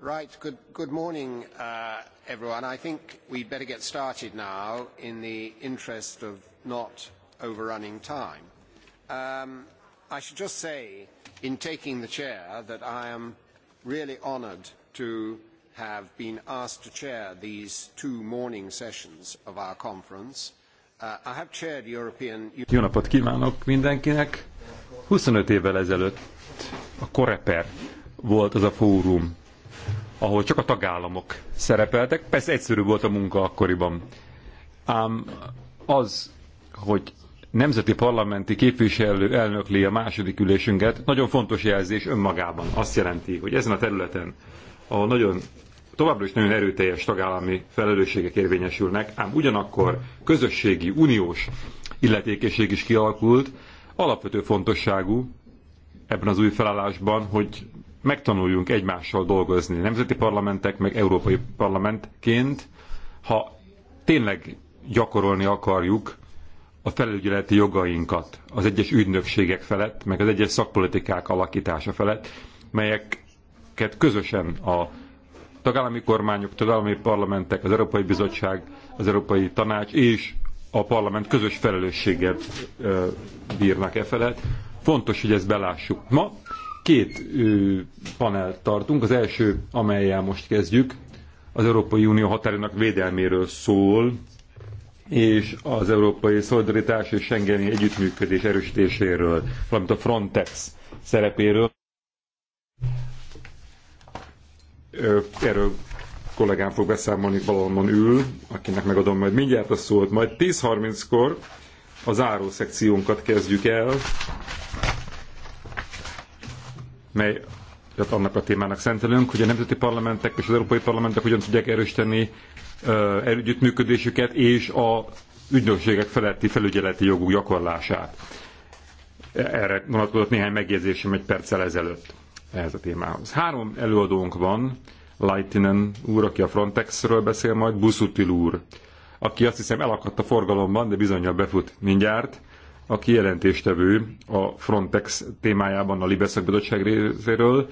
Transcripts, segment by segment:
Right, good, good morning, uh, everyone. I think we'd better get started now in the interest of not overrunning time. Um, I should just say, in taking the chair, that I am really honoured to have been asked to chair these two morning sessions of our conference. Uh, I have chaired European... Jó napot kívánok mindenkinek! 25 évvel ezelőtt a Koreper volt az a fórum, ahol csak a tagállamok szerepeltek. Persze egyszerű volt a munka akkoriban. Ám az, hogy nemzeti parlamenti képviselő elnökli a második ülésünket, nagyon fontos jelzés önmagában. Azt jelenti, hogy ezen a területen, ahol nagyon továbbra is nagyon erőteljes tagállami felelősségek érvényesülnek, ám ugyanakkor közösségi, uniós illetékesség is kialakult, alapvető fontosságú ebben az új felállásban, hogy megtanuljunk egymással dolgozni, nemzeti parlamentek, meg európai parlamentként, ha tényleg gyakorolni akarjuk a felügyeleti jogainkat az egyes ügynökségek felett, meg az egyes szakpolitikák alakítása felett, melyeket közösen a tagállami kormányok, tagállami parlamentek, az Európai Bizottság, az Európai Tanács és a parlament közös felelősséget bírnak e felett. Fontos, hogy ezt belássuk. Ma két panel tartunk. Az első, amelyel most kezdjük, az Európai Unió határainak védelméről szól, és az Európai Szolidaritás és Schengeni Együttműködés erősítéséről, valamint a Frontex szerepéről. Erről kollégám fog beszámolni, valahonnan ül, akinek megadom majd mindjárt a szót. Majd 10.30-kor a záró szekciónkat kezdjük el, mely annak a témának szentelünk, hogy a nemzeti parlamentek és az európai parlamentek hogyan tudják erősíteni uh, együttműködésüket és a ügynökségek feletti felügyeleti jogú gyakorlását. Erre vonatkozott néhány megjegyzésem egy perccel ezelőtt ehhez a témához. Három előadónk van, Leitinen úr, aki a Frontexről beszél majd, Buszutil úr, aki azt hiszem elakadt a forgalomban, de bizonyal befut mindjárt, a jelentéstevő a Frontex témájában a Libeszak Bizottság részéről,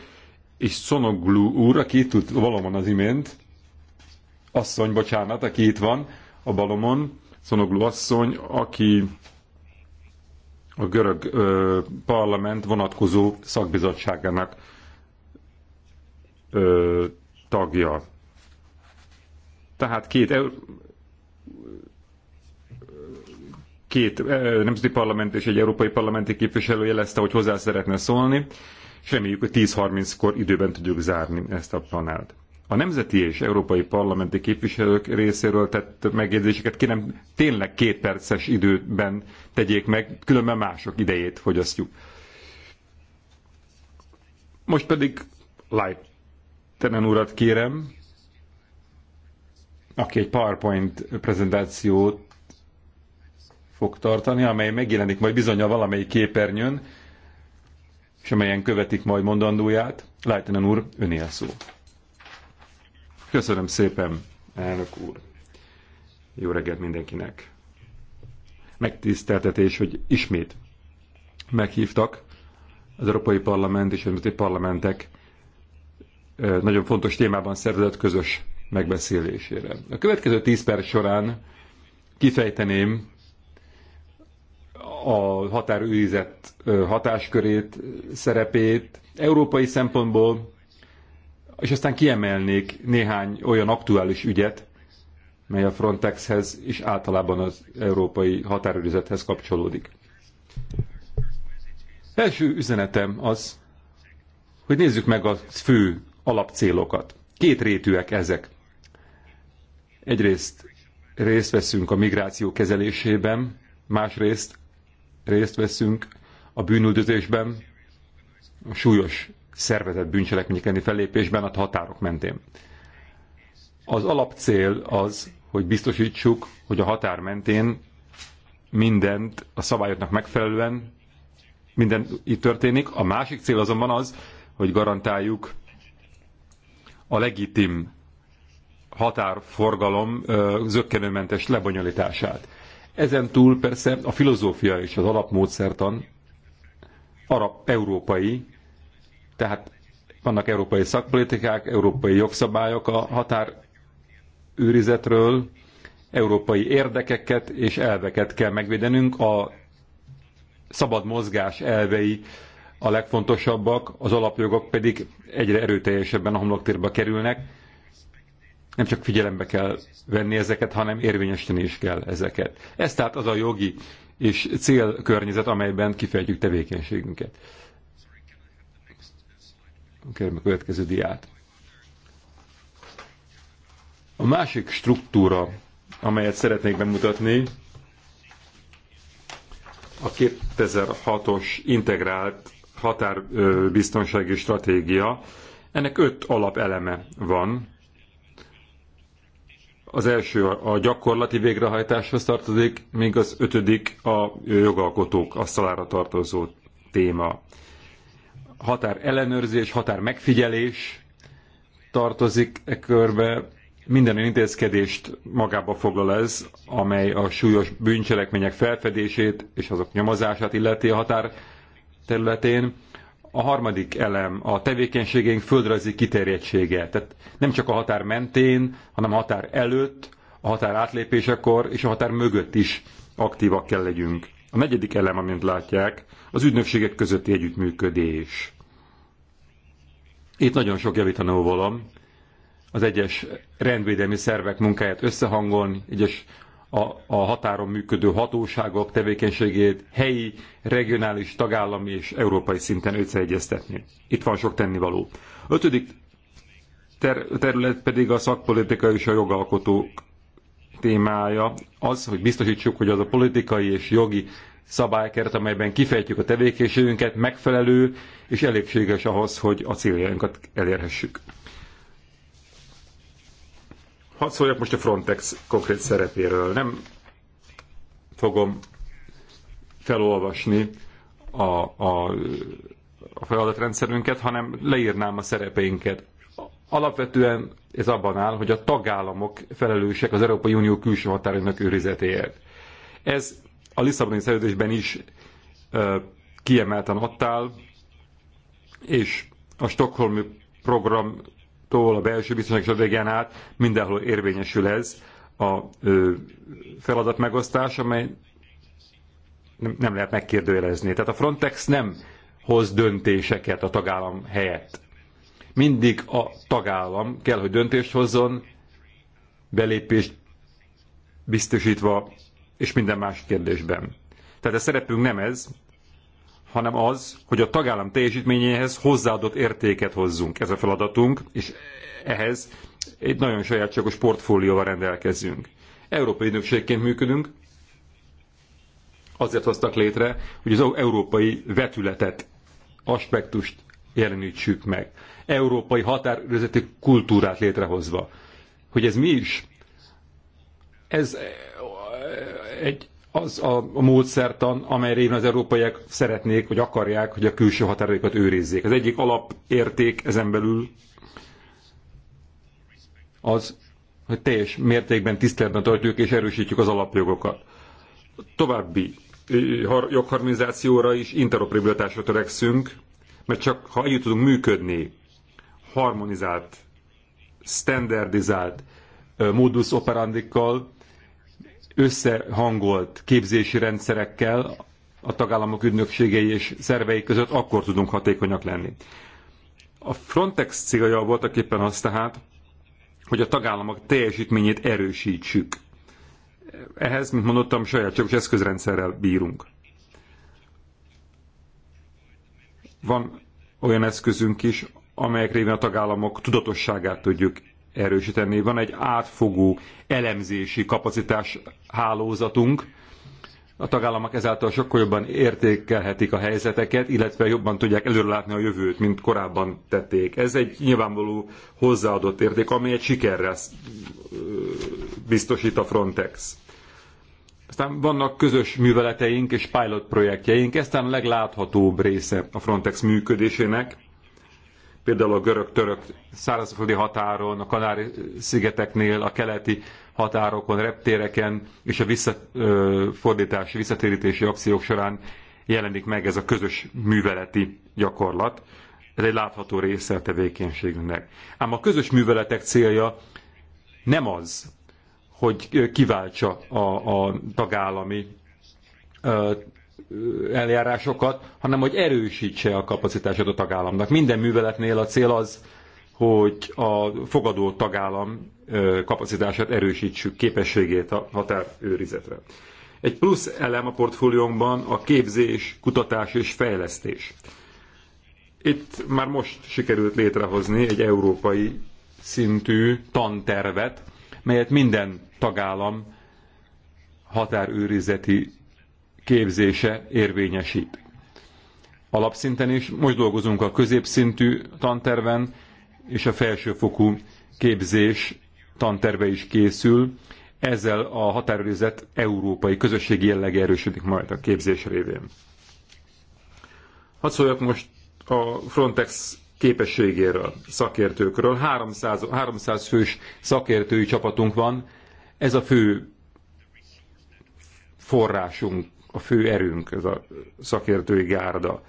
és Szonoglu úr, aki itt tud valóban az imént, asszony, bocsánat, aki itt van, a balomon, Szonoglu asszony, aki a görög ö, parlament vonatkozó szakbizottságának ö, tagja. Tehát két két nemzeti parlament és egy európai parlamenti képviselő jelezte, hogy hozzá szeretne szólni, és reméljük, hogy 1030 kor időben tudjuk zárni ezt a panelt. A nemzeti és európai parlamenti képviselők részéről tett megjegyzéseket kérem tényleg két perces időben tegyék meg, különben mások idejét fogyasztjuk. Most pedig Light urat kérem, aki egy PowerPoint prezentációt fog tartani, amely megjelenik majd a valamelyik képernyőn, és amelyen követik majd mondandóját. Lájtenen úr, öné a szó. Köszönöm szépen, elnök úr. Jó reggelt mindenkinek. Megtiszteltetés, hogy ismét meghívtak az Európai Parlament és az Parlamentek nagyon fontos témában szervezett közös megbeszélésére. A következő tíz perc során kifejteném a határőrizet hatáskörét, szerepét európai szempontból, és aztán kiemelnék néhány olyan aktuális ügyet, mely a Frontexhez és általában az európai határőrizethez kapcsolódik. Első üzenetem az, hogy nézzük meg a fő alapcélokat. Két rétűek ezek. Egyrészt részt veszünk a migráció kezelésében, másrészt részt veszünk a bűnüldözésben, a súlyos szervezett bűncselekmények elleni fellépésben a határok mentén. Az alapcél az, hogy biztosítsuk, hogy a határ mentén mindent a szabályoknak megfelelően minden itt történik. A másik cél azonban az, hogy garantáljuk a legitim határforgalom zöggenőmentes lebonyolítását. Ezen túl persze a filozófia és az alapmódszertan arab-európai, tehát vannak európai szakpolitikák, európai jogszabályok a őrizetről, európai érdekeket és elveket kell megvédenünk. A szabad mozgás elvei a legfontosabbak, az alapjogok pedig egyre erőteljesebben a homloktérbe kerülnek nem csak figyelembe kell venni ezeket, hanem érvényesíteni is kell ezeket. Ez tehát az a jogi és célkörnyezet, amelyben kifejtjük tevékenységünket. Kérem a következő diát. A másik struktúra, amelyet szeretnék bemutatni, a 2006-os integrált határbiztonsági stratégia. Ennek öt alapeleme van, az első a gyakorlati végrehajtáshoz tartozik, még az ötödik a jogalkotók asztalára tartozó téma. Határ ellenőrzés, határ megfigyelés tartozik e körbe. Minden intézkedést magába foglal ez, amely a súlyos bűncselekmények felfedését és azok nyomozását illeti a határ területén a harmadik elem a tevékenységeink földrajzi kiterjedtsége. Tehát nem csak a határ mentén, hanem a határ előtt, a határ átlépésekor és a határ mögött is aktívak kell legyünk. A negyedik elem, amint látják, az ügynökségek közötti együttműködés. Itt nagyon sok javítanó valam. Az egyes rendvédelmi szervek munkáját összehangolni, egyes a, a határon működő hatóságok tevékenységét helyi, regionális, tagállami és európai szinten összeegyeztetni. Itt van sok tennivaló. Ötödik ter- terület pedig a szakpolitika és a jogalkotók témája az, hogy biztosítsuk, hogy az a politikai és jogi szabálykeret, amelyben kifejtjük a tevékenységünket, megfelelő és elégséges ahhoz, hogy a céljainkat elérhessük. Hadd szóljak most a Frontex konkrét szerepéről. Nem fogom felolvasni a, a, a feladatrendszerünket, hanem leírnám a szerepeinket. Alapvetően ez abban áll, hogy a tagállamok felelősek az Európai Unió külső határainak őrizetéért. Ez a Lisszaboni szerződésben is ö, kiemelten ott áll, és a Stockholmi program tól a belső biztonsági át mindenhol érvényesül ez a feladat megosztás, amely nem, nem lehet megkérdőjelezni. Tehát a Frontex nem hoz döntéseket a tagállam helyett. Mindig a tagállam kell, hogy döntést hozzon, belépést biztosítva, és minden más kérdésben. Tehát a szerepünk nem ez, hanem az, hogy a tagállam teljesítményéhez hozzáadott értéket hozzunk. Ez a feladatunk, és ehhez egy nagyon sajátságos portfólióval rendelkezünk. Európai ügynökségként működünk, azért hoztak létre, hogy az európai vetületet, aspektust jelenítsük meg. Európai határőrzeti kultúrát létrehozva. Hogy ez mi is? Ez eh, egy az a, módszertan, amely révén az európaiak szeretnék, vagy akarják, hogy a külső határaikat őrizzék. Az egyik alapérték ezen belül az, hogy teljes mértékben tiszteletben tartjuk és erősítjük az alapjogokat. További jogharmonizációra is interoperabilitásra törekszünk, mert csak ha együtt tudunk működni, harmonizált, standardizált modus operandikkal, összehangolt képzési rendszerekkel a tagállamok ügynökségei és szervei között akkor tudunk hatékonyak lenni. A Frontex célja voltak éppen az tehát, hogy a tagállamok teljesítményét erősítsük. Ehhez, mint mondottam, csak eszközrendszerrel bírunk. Van olyan eszközünk is, amelyek révén a tagállamok tudatosságát tudjuk erősíteni. Van egy átfogó elemzési kapacitás hálózatunk, a tagállamok ezáltal sokkal jobban értékelhetik a helyzeteket, illetve jobban tudják előrelátni a jövőt, mint korábban tették. Ez egy nyilvánvaló hozzáadott érték, ami egy sikerre biztosít a Frontex. Aztán vannak közös műveleteink és pilot projektjeink, eztán a legláthatóbb része a Frontex működésének például a görög-török szárazföldi határon, a Kanári-szigeteknél, a keleti határokon, reptéreken és a visszafordítási, visszatérítési akciók során jelenik meg ez a közös műveleti gyakorlat. Ez egy látható része a tevékenységünknek. Ám a közös műveletek célja nem az, hogy kiváltsa a, a tagállami eljárásokat, hanem hogy erősítse a kapacitását a tagállamnak. Minden műveletnél a cél az, hogy a fogadó tagállam kapacitását erősítsük, képességét a határőrizetre. Egy plusz elem a portfóliónkban a képzés, kutatás és fejlesztés. Itt már most sikerült létrehozni egy európai szintű tantervet, melyet minden tagállam határőrizeti képzése érvényesít. Alapszinten is most dolgozunk a középszintű tanterven, és a felsőfokú képzés tanterve is készül. Ezzel a határőrizet európai közösségi jellege erősödik majd a képzés révén. Hadd szóljak most a Frontex képességéről, szakértőkről. 300, 300 fős szakértői csapatunk van. Ez a fő forrásunk a fő erőnk, ez a szakértői gárda.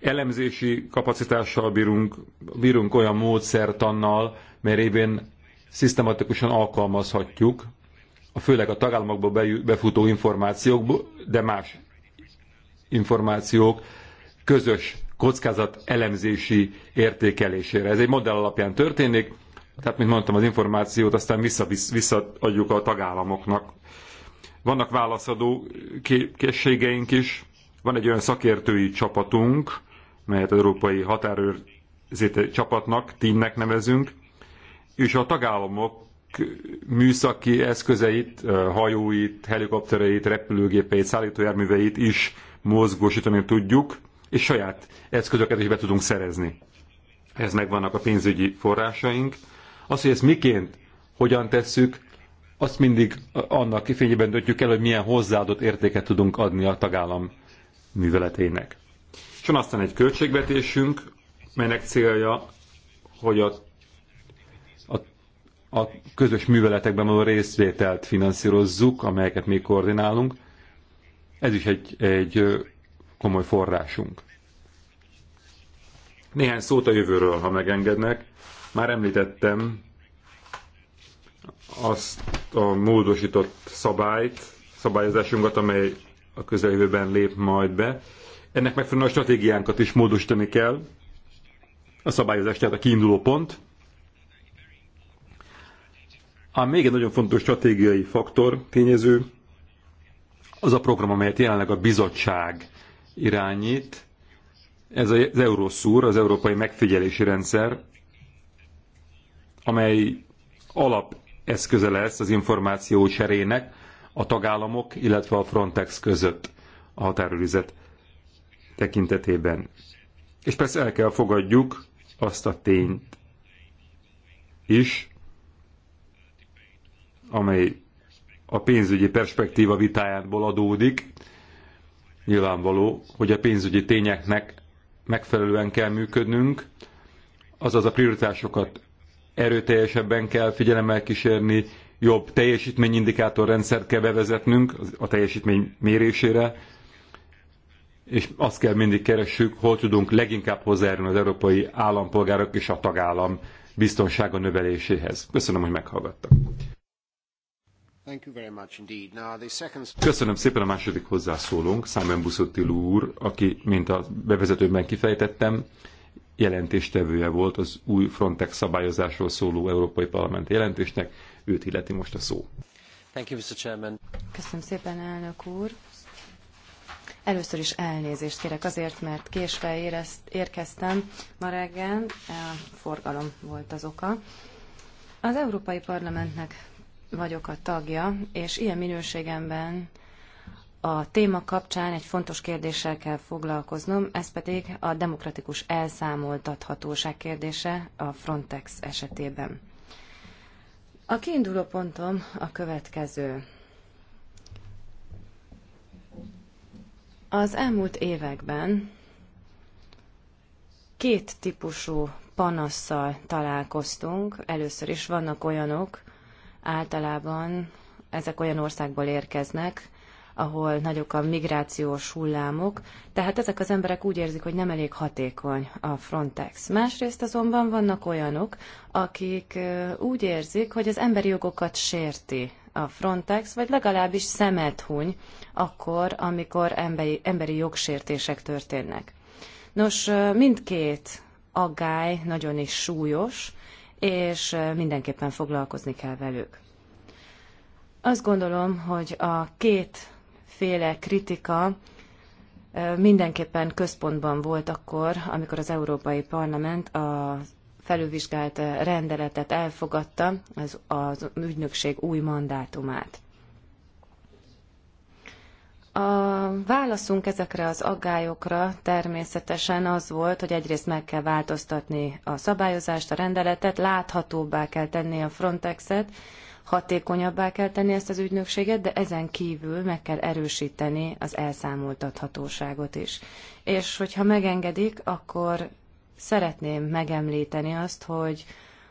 Elemzési kapacitással bírunk, bírunk olyan módszertannal, mert évén szisztematikusan alkalmazhatjuk, a főleg a tagállamokba befutó információk, de más információk közös kockázat elemzési értékelésére. Ez egy modell alapján történik, tehát, mint mondtam, az információt aztán visszaadjuk vissza a tagállamoknak vannak válaszadó készségeink is, van egy olyan szakértői csapatunk, melyet Európai Határőrzéte csapatnak, tímnek nevezünk, és a tagállamok műszaki eszközeit, hajóit, helikoptereit, repülőgépeit, szállítójárműveit is mozgósítani tudjuk, és saját eszközöket is be tudunk szerezni. Ez megvannak a pénzügyi forrásaink. Az, hogy ezt miként, hogyan tesszük, azt mindig annak fényében döntjük el, hogy milyen hozzáadott értéket tudunk adni a tagállam műveletének. És van aztán egy költségvetésünk, melynek célja, hogy a, a, a közös műveletekben való részvételt finanszírozzuk, amelyeket mi koordinálunk. Ez is egy, egy komoly forrásunk. Néhány szót a jövőről, ha megengednek. Már említettem, azt a módosított szabályt, szabályozásunkat, amely a közeljövőben lép majd be. Ennek megfelelően a stratégiánkat is módosítani kell. A szabályozás tehát a kiinduló pont. A még egy nagyon fontos stratégiai faktor, tényező, az a program, amelyet jelenleg a bizottság irányít, ez az Euroszúr, az Európai Megfigyelési Rendszer, amely alap eszköze lesz az információ cserének a tagállamok, illetve a Frontex között a határőrizet tekintetében. És persze el kell fogadjuk azt a tényt is, amely a pénzügyi perspektíva vitájából adódik. Nyilvánvaló, hogy a pénzügyi tényeknek megfelelően kell működnünk, azaz a prioritásokat erőteljesebben kell figyelemmel kísérni, jobb teljesítményindikátorrendszert kell bevezetnünk a teljesítmény mérésére, és azt kell mindig keressük, hol tudunk leginkább hozzájárulni az európai állampolgárok és a tagállam biztonsága növeléséhez. Köszönöm, hogy meghallgattak. Köszönöm szépen a második hozzászólónk, Simon Busuttil úr, aki, mint a bevezetőben kifejtettem, jelentéstevője volt az új Frontex szabályozásról szóló Európai Parlament jelentésnek, őt illeti most a szó. Thank you, Mr. Chairman. Köszönöm szépen, elnök úr. Először is elnézést kérek azért, mert késve érezt, érkeztem ma reggel, a forgalom volt az oka. Az Európai Parlamentnek vagyok a tagja, és ilyen minőségemben a téma kapcsán egy fontos kérdéssel kell foglalkoznom, ez pedig a demokratikus elszámoltathatóság kérdése a Frontex esetében. A kiinduló pontom a következő. Az elmúlt években két típusú panasszal találkoztunk. Először is vannak olyanok, általában ezek olyan országból érkeznek, ahol nagyok a migrációs hullámok, tehát ezek az emberek úgy érzik, hogy nem elég hatékony a Frontex. Másrészt azonban vannak olyanok, akik úgy érzik, hogy az emberi jogokat sérti a Frontex, vagy legalábbis szemet huny akkor, amikor emberi, emberi jogsértések történnek. Nos, mindkét aggály nagyon is súlyos, és mindenképpen foglalkozni kell velük. Azt gondolom, hogy a két féle kritika mindenképpen központban volt akkor, amikor az Európai Parlament a felülvizsgált rendeletet elfogadta, az, az ügynökség új mandátumát. A válaszunk ezekre az aggályokra természetesen az volt, hogy egyrészt meg kell változtatni a szabályozást, a rendeletet, láthatóbbá kell tenni a Frontexet, hatékonyabbá kell tenni ezt az ügynökséget, de ezen kívül meg kell erősíteni az elszámoltathatóságot is. És hogyha megengedik, akkor szeretném megemlíteni azt, hogy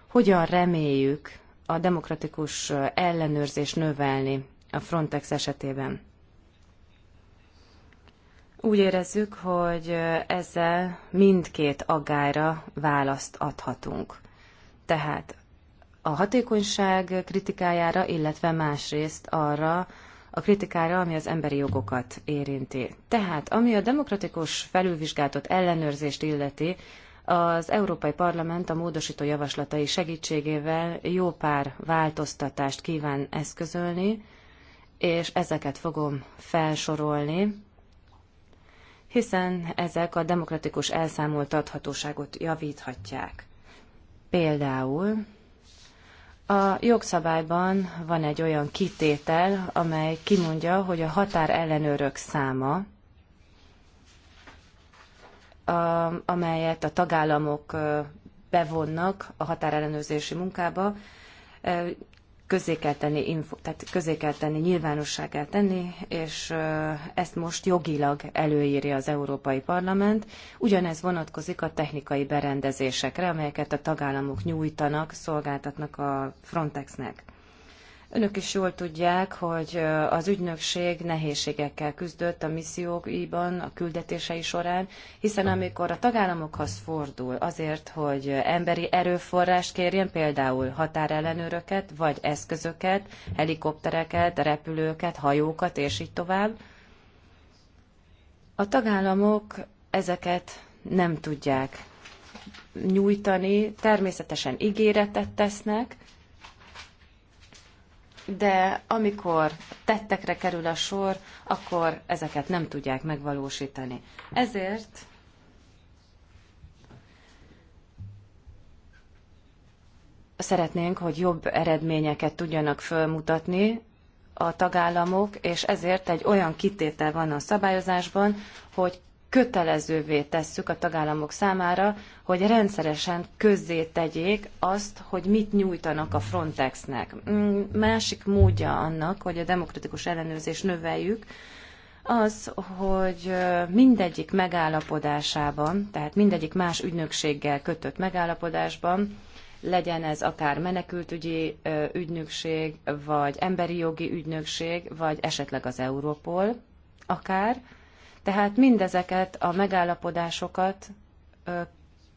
hogyan reméljük a demokratikus ellenőrzés növelni a Frontex esetében. Úgy érezzük, hogy ezzel mindkét agályra választ adhatunk. Tehát a hatékonyság kritikájára, illetve másrészt arra a kritikára, ami az emberi jogokat érinti. Tehát, ami a demokratikus felülvizsgálatot, ellenőrzést illeti, az Európai Parlament a módosító javaslatai segítségével jó pár változtatást kíván eszközölni, és ezeket fogom felsorolni, hiszen ezek a demokratikus elszámoltathatóságot javíthatják. Például a jogszabályban van egy olyan kitétel, amely kimondja, hogy a határ ellenőrök száma, a, amelyet a tagállamok bevonnak a határellenőrzési munkába, közé kell tenni, info, tehát közé kell tenni, nyilvánossá kell tenni, és ezt most jogilag előírja az Európai Parlament. Ugyanez vonatkozik a technikai berendezésekre, amelyeket a tagállamok nyújtanak, szolgáltatnak a Frontexnek. Önök is jól tudják, hogy az ügynökség nehézségekkel küzdött a misszióiban, a küldetései során, hiszen amikor a tagállamokhoz fordul azért, hogy emberi erőforrást kérjen, például határellenőröket, vagy eszközöket, helikoptereket, repülőket, hajókat, és így tovább, a tagállamok ezeket nem tudják nyújtani, természetesen ígéretet tesznek, de amikor tettekre kerül a sor, akkor ezeket nem tudják megvalósítani. Ezért szeretnénk, hogy jobb eredményeket tudjanak fölmutatni a tagállamok, és ezért egy olyan kitétel van a szabályozásban, hogy kötelezővé tesszük a tagállamok számára, hogy rendszeresen közzé tegyék azt, hogy mit nyújtanak a Frontexnek. Mm, másik módja annak, hogy a demokratikus ellenőrzést növeljük, az, hogy mindegyik megállapodásában, tehát mindegyik más ügynökséggel kötött megállapodásban, legyen ez akár menekültügyi ügynökség, vagy emberi jogi ügynökség, vagy esetleg az Europol akár, tehát mindezeket a megállapodásokat ö,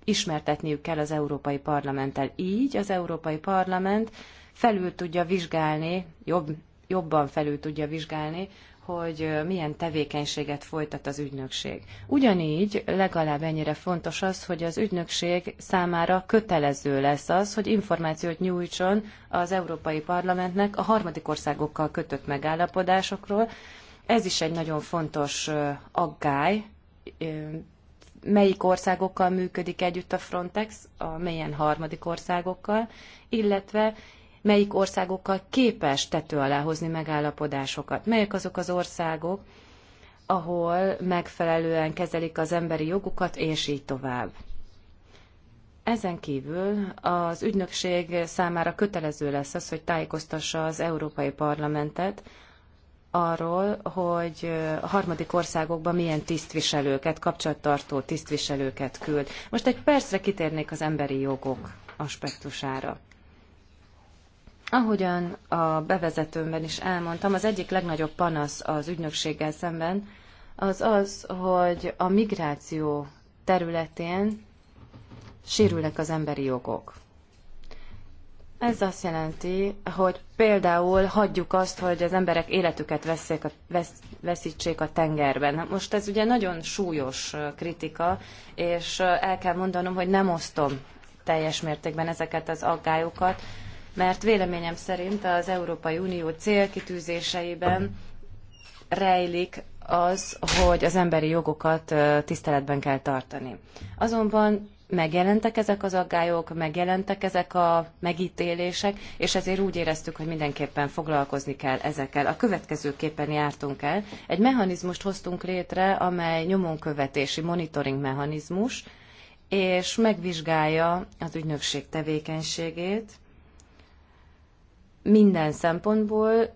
ismertetniük kell az Európai Parlamenttel. Így az Európai Parlament felül tudja vizsgálni, jobb, jobban felül tudja vizsgálni, hogy milyen tevékenységet folytat az ügynökség. Ugyanígy legalább ennyire fontos az, hogy az ügynökség számára kötelező lesz az, hogy információt nyújtson az Európai Parlamentnek a harmadik országokkal kötött megállapodásokról, ez is egy nagyon fontos aggály. Melyik országokkal működik együtt a Frontex, a melyen harmadik országokkal, illetve melyik országokkal képes tető alá hozni megállapodásokat. Melyek azok az országok, ahol megfelelően kezelik az emberi jogokat, és így tovább. Ezen kívül az ügynökség számára kötelező lesz az, hogy tájékoztassa az Európai Parlamentet arról, hogy a harmadik országokban milyen tisztviselőket, kapcsolattartó tisztviselőket küld. Most egy percre kitérnék az emberi jogok aspektusára. Ahogyan a bevezetőmben is elmondtam, az egyik legnagyobb panasz az ügynökséggel szemben az az, hogy a migráció területén sérülnek az emberi jogok. Ez azt jelenti, hogy például hagyjuk azt, hogy az emberek életüket veszik a, vesz, veszítsék a tengerben. Hát most ez ugye nagyon súlyos kritika, és el kell mondanom, hogy nem osztom teljes mértékben ezeket az aggályokat, mert véleményem szerint az Európai Unió célkitűzéseiben rejlik az, hogy az emberi jogokat tiszteletben kell tartani. Azonban megjelentek ezek az aggályok, megjelentek ezek a megítélések, és ezért úgy éreztük, hogy mindenképpen foglalkozni kell ezekkel. A következőképpen jártunk el. Egy mechanizmust hoztunk létre, amely nyomonkövetési monitoring mechanizmus, és megvizsgálja az ügynökség tevékenységét minden szempontból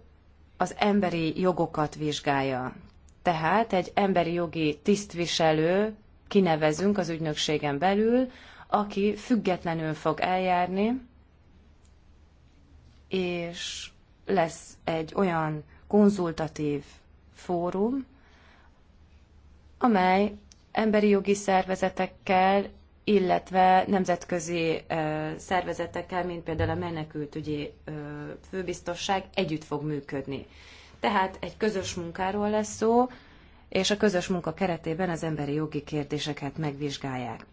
az emberi jogokat vizsgálja. Tehát egy emberi jogi tisztviselő kinevezünk az ügynökségen belül, aki függetlenül fog eljárni, és lesz egy olyan konzultatív fórum, amely emberi jogi szervezetekkel, illetve nemzetközi szervezetekkel, mint például a menekültügyi ö, főbiztosság együtt fog működni. Tehát egy közös munkáról lesz szó, és a közös munka keretében az emberi jogi kérdéseket megvizsgálják.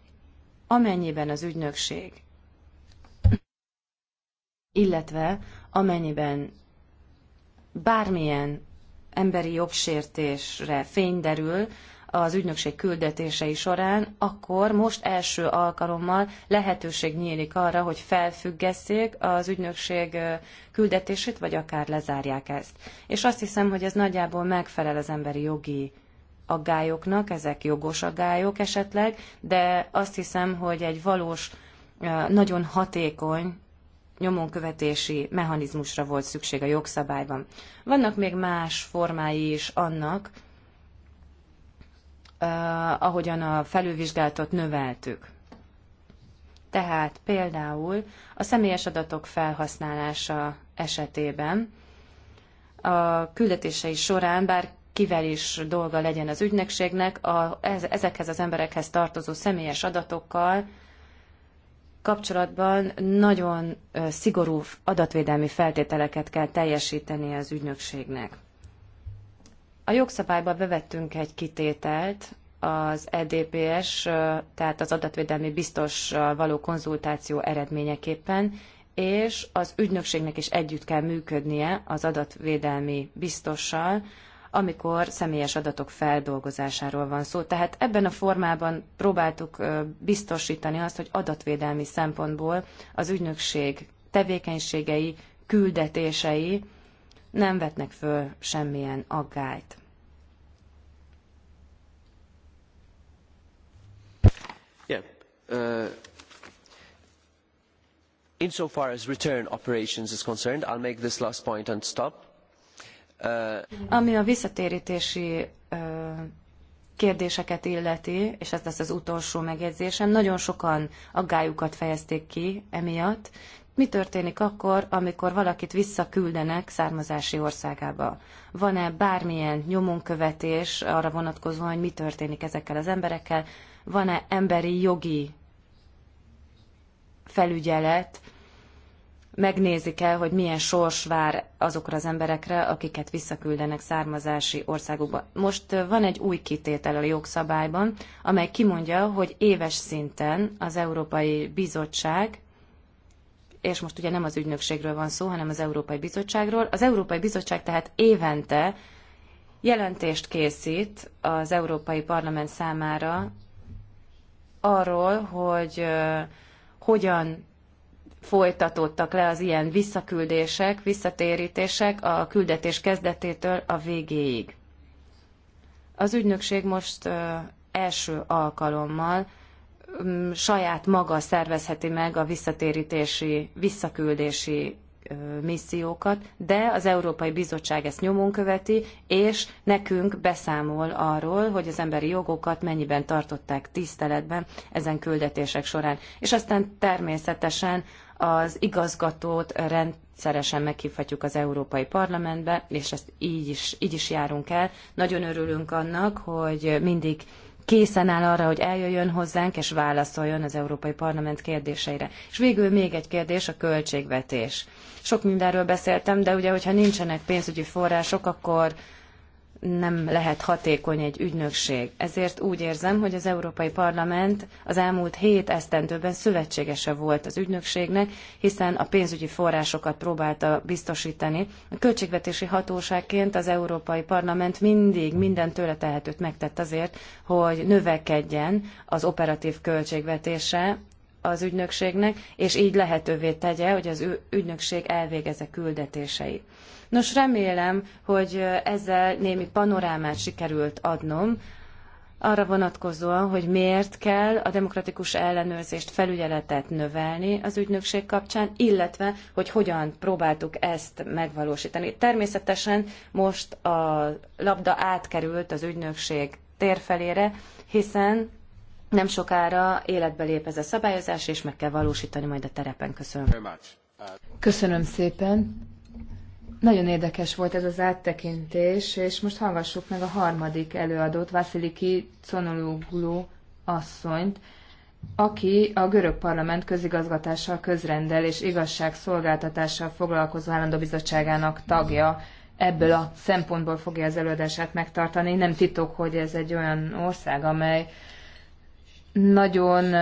Amennyiben az ügynökség, illetve amennyiben bármilyen emberi jogsértésre fény derül az ügynökség küldetései során, akkor most első alkalommal lehetőség nyílik arra, hogy felfüggesszék az ügynökség küldetését, vagy akár lezárják ezt. És azt hiszem, hogy ez nagyjából megfelel az emberi jogi aggályoknak, ezek jogos aggályok esetleg, de azt hiszem, hogy egy valós, nagyon hatékony nyomonkövetési mechanizmusra volt szükség a jogszabályban. Vannak még más formái is annak, ahogyan a felülvizsgálatot növeltük. Tehát például a személyes adatok felhasználása esetében a küldetései során, bár kivel is dolga legyen az ügynökségnek, a, ezekhez az emberekhez tartozó személyes adatokkal kapcsolatban nagyon szigorú adatvédelmi feltételeket kell teljesíteni az ügynökségnek. A jogszabályba bevettünk egy kitételt az EDPS, tehát az adatvédelmi biztos való konzultáció eredményeképpen, és az ügynökségnek is együtt kell működnie az adatvédelmi biztossal, amikor személyes adatok feldolgozásáról van szó. Tehát ebben a formában próbáltuk biztosítani azt, hogy adatvédelmi szempontból az ügynökség tevékenységei, küldetései nem vetnek föl semmilyen aggályt. Yeah. Uh... Insofar as return operations is concerned, I'll make this last point and stop ami a visszatérítési kérdéseket illeti, és ez lesz az utolsó megjegyzésem, nagyon sokan aggályukat fejezték ki emiatt. Mi történik akkor, amikor valakit visszaküldenek származási országába? Van-e bármilyen nyomonkövetés arra vonatkozóan, hogy mi történik ezekkel az emberekkel? Van-e emberi jogi felügyelet megnézik-e, hogy milyen sors vár azokra az emberekre, akiket visszaküldenek származási országukba. Most van egy új kitétel a jogszabályban, amely kimondja, hogy éves szinten az Európai Bizottság és most ugye nem az ügynökségről van szó, hanem az Európai Bizottságról. Az Európai Bizottság tehát évente jelentést készít az Európai Parlament számára arról, hogy hogyan folytatódtak le az ilyen visszaküldések, visszatérítések a küldetés kezdetétől a végéig. Az ügynökség most első alkalommal saját maga szervezheti meg a visszatérítési, visszaküldési missziókat, de az Európai Bizottság ezt nyomon követi, és nekünk beszámol arról, hogy az emberi jogokat mennyiben tartották tiszteletben ezen küldetések során. És aztán természetesen az igazgatót rendszeresen meghívhatjuk az Európai Parlamentbe, és ezt így is, így is járunk el. Nagyon örülünk annak, hogy mindig készen áll arra, hogy eljöjjön hozzánk, és válaszoljon az Európai Parlament kérdéseire. És végül még egy kérdés, a költségvetés. Sok mindenről beszéltem, de ugye, hogyha nincsenek pénzügyi források, akkor nem lehet hatékony egy ügynökség. Ezért úgy érzem, hogy az Európai Parlament az elmúlt hét esztendőben szövetségese volt az ügynökségnek, hiszen a pénzügyi forrásokat próbálta biztosítani. A költségvetési hatóságként az Európai Parlament mindig minden tőle tehetőt megtett azért, hogy növekedjen az operatív költségvetése az ügynökségnek, és így lehetővé tegye, hogy az ügynökség elvégezze küldetéseit. Nos, remélem, hogy ezzel némi panorámát sikerült adnom, arra vonatkozóan, hogy miért kell a demokratikus ellenőrzést, felügyeletet növelni az ügynökség kapcsán, illetve hogy hogyan próbáltuk ezt megvalósítani. Természetesen most a labda átkerült az ügynökség térfelére, hiszen nem sokára életbe lép ez a szabályozás, és meg kell valósítani majd a terepen. Köszönöm. Köszönöm szépen. Nagyon érdekes volt ez az áttekintés, és most hallgassuk meg a harmadik előadót, Vasiliki Conologlu asszonyt, aki a görög parlament közigazgatással, közrendel és igazságszolgáltatással foglalkozó állandó bizottságának tagja. Ebből a szempontból fogja az előadását megtartani. Nem titok, hogy ez egy olyan ország, amely nagyon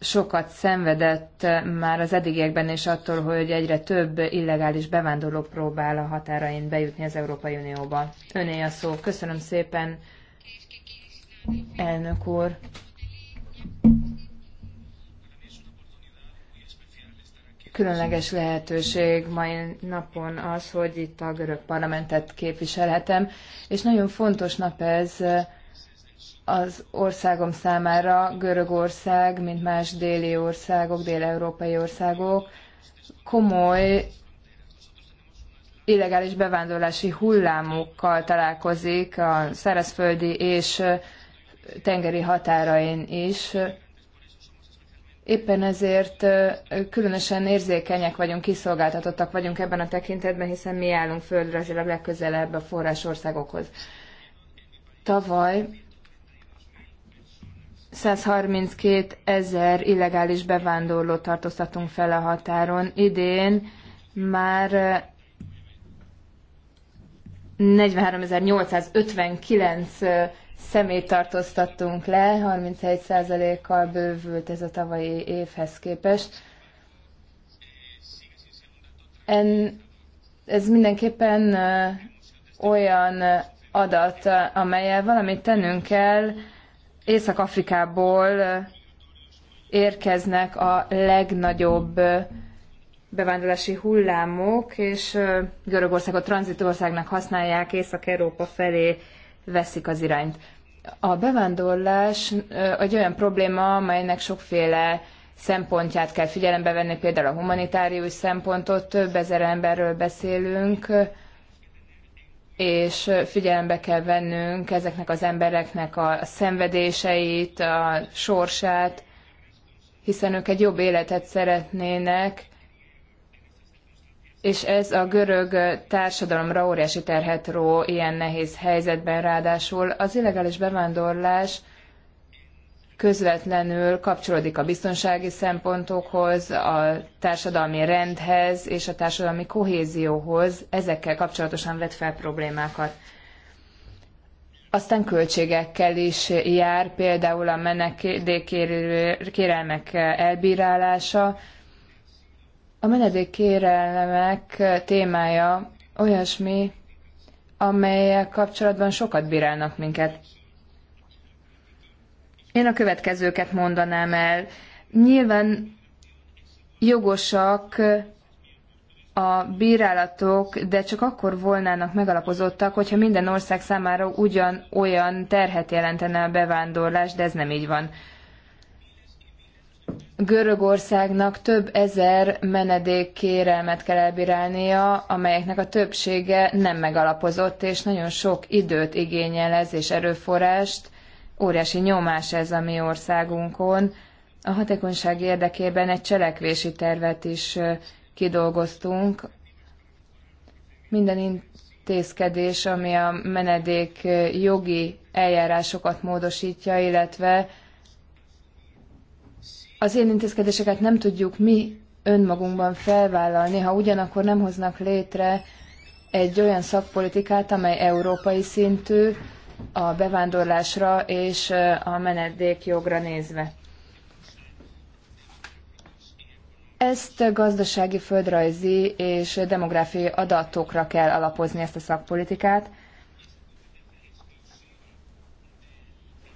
sokat szenvedett már az eddigiekben is attól, hogy egyre több illegális bevándorló próbál a határain bejutni az Európai Unióba. Öné a szó. Köszönöm szépen, elnök úr. Különleges lehetőség mai napon az, hogy itt a görög parlamentet képviselhetem, és nagyon fontos nap ez, az országom számára Görögország, mint más déli országok, dél-európai országok komoly illegális bevándorlási hullámokkal találkozik a szárazföldi és tengeri határain is. Éppen ezért különösen érzékenyek vagyunk, kiszolgáltatottak vagyunk ebben a tekintetben, hiszen mi állunk földrajzilag legközelebb a forrásországokhoz. Tavaly 132 ezer illegális bevándorlót tartóztatunk fel a határon. Idén már 43.859 eh, eh, személyt tartóztattunk le, 31%-kal bővült ez a tavalyi évhez képest. En, ez mindenképpen eh, olyan adat, amelyel valamit tennünk kell, Észak-Afrikából érkeznek a legnagyobb bevándorlási hullámok, és Görögországot tranzitországnak használják, Észak-Európa felé veszik az irányt. A bevándorlás egy olyan probléma, amelynek sokféle szempontját kell figyelembe venni, például a humanitárius szempontot, több ezer emberről beszélünk, és figyelembe kell vennünk ezeknek az embereknek a szenvedéseit, a sorsát, hiszen ők egy jobb életet szeretnének, és ez a görög társadalomra óriási terhet ró ilyen nehéz helyzetben ráadásul. Az illegális bevándorlás közvetlenül kapcsolódik a biztonsági szempontokhoz, a társadalmi rendhez és a társadalmi kohézióhoz, ezekkel kapcsolatosan vet fel problémákat. Aztán költségekkel is jár, például a menedékkérelmek elbírálása. A menedékkérelmek témája olyasmi, amelyek kapcsolatban sokat bírálnak minket. Én a következőket mondanám el. Nyilván jogosak a bírálatok, de csak akkor volnának megalapozottak, hogyha minden ország számára ugyan olyan terhet jelentene a bevándorlás, de ez nem így van. Görögországnak több ezer menedék kérelmet kell elbírálnia, amelyeknek a többsége nem megalapozott, és nagyon sok időt igényel ez és erőforrást, Óriási nyomás ez a mi országunkon. A hatékonyság érdekében egy cselekvési tervet is kidolgoztunk. Minden intézkedés, ami a menedék jogi eljárásokat módosítja, illetve az én intézkedéseket nem tudjuk mi önmagunkban felvállalni, ha ugyanakkor nem hoznak létre egy olyan szakpolitikát, amely európai szintű, a bevándorlásra és a menedékjogra nézve. Ezt gazdasági, földrajzi és demográfiai adatokra kell alapozni ezt a szakpolitikát.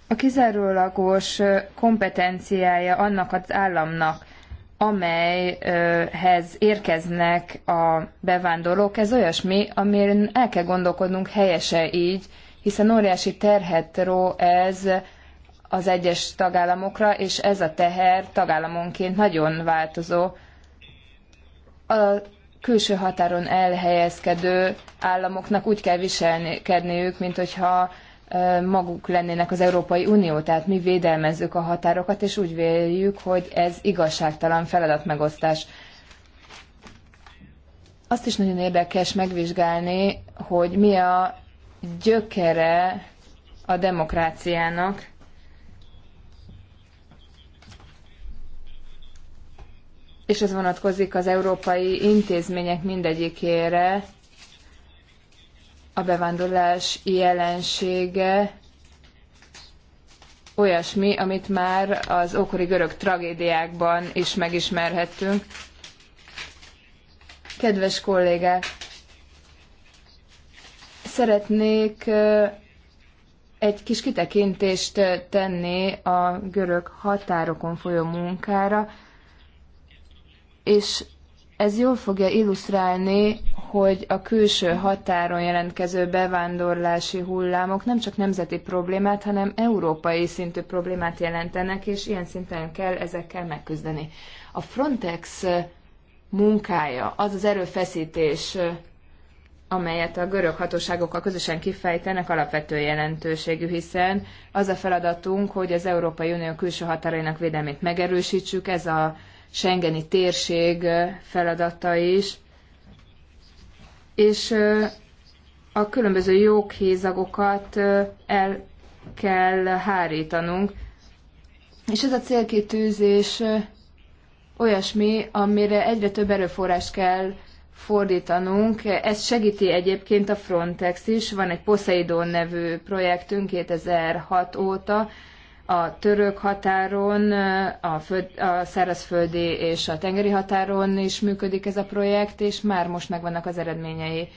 A kizárólagos kompetenciája annak az államnak, amelyhez érkeznek a bevándorlók, ez olyasmi, amiről el kell gondolkodnunk helyese így, hiszen óriási terhet ró ez az egyes tagállamokra, és ez a teher tagállamonként nagyon változó. A külső határon elhelyezkedő államoknak úgy kell viselkedniük, mint hogyha maguk lennének az Európai Unió, tehát mi védelmezzük a határokat, és úgy véljük, hogy ez igazságtalan feladatmegosztás. Azt is nagyon érdekes megvizsgálni, hogy mi a gyökere a demokráciának. És ez vonatkozik az európai intézmények mindegyikére. A bevándorlás jelensége olyasmi, amit már az ókori görög tragédiákban is megismerhettünk. Kedves kollégák, Szeretnék egy kis kitekintést tenni a görög határokon folyó munkára, és ez jól fogja illusztrálni, hogy a külső határon jelentkező bevándorlási hullámok nem csak nemzeti problémát, hanem európai szintű problémát jelentenek, és ilyen szinten kell ezekkel megküzdeni. A Frontex munkája, az az erőfeszítés, amelyet a görög hatóságokkal közösen kifejtenek, alapvető jelentőségű, hiszen az a feladatunk, hogy az Európai Unió külső határainak védelmét megerősítsük, ez a Schengeni térség feladata is, és a különböző joghézagokat el kell hárítanunk. És ez a célkitűzés olyasmi, amire egyre több erőforrás kell fordítanunk. Ez segíti egyébként a Frontex is. Van egy Poseidon nevű projektünk 2006 óta, a török határon, a, föld, a szárazföldi és a tengeri határon is működik ez a projekt, és már most megvannak az eredményei.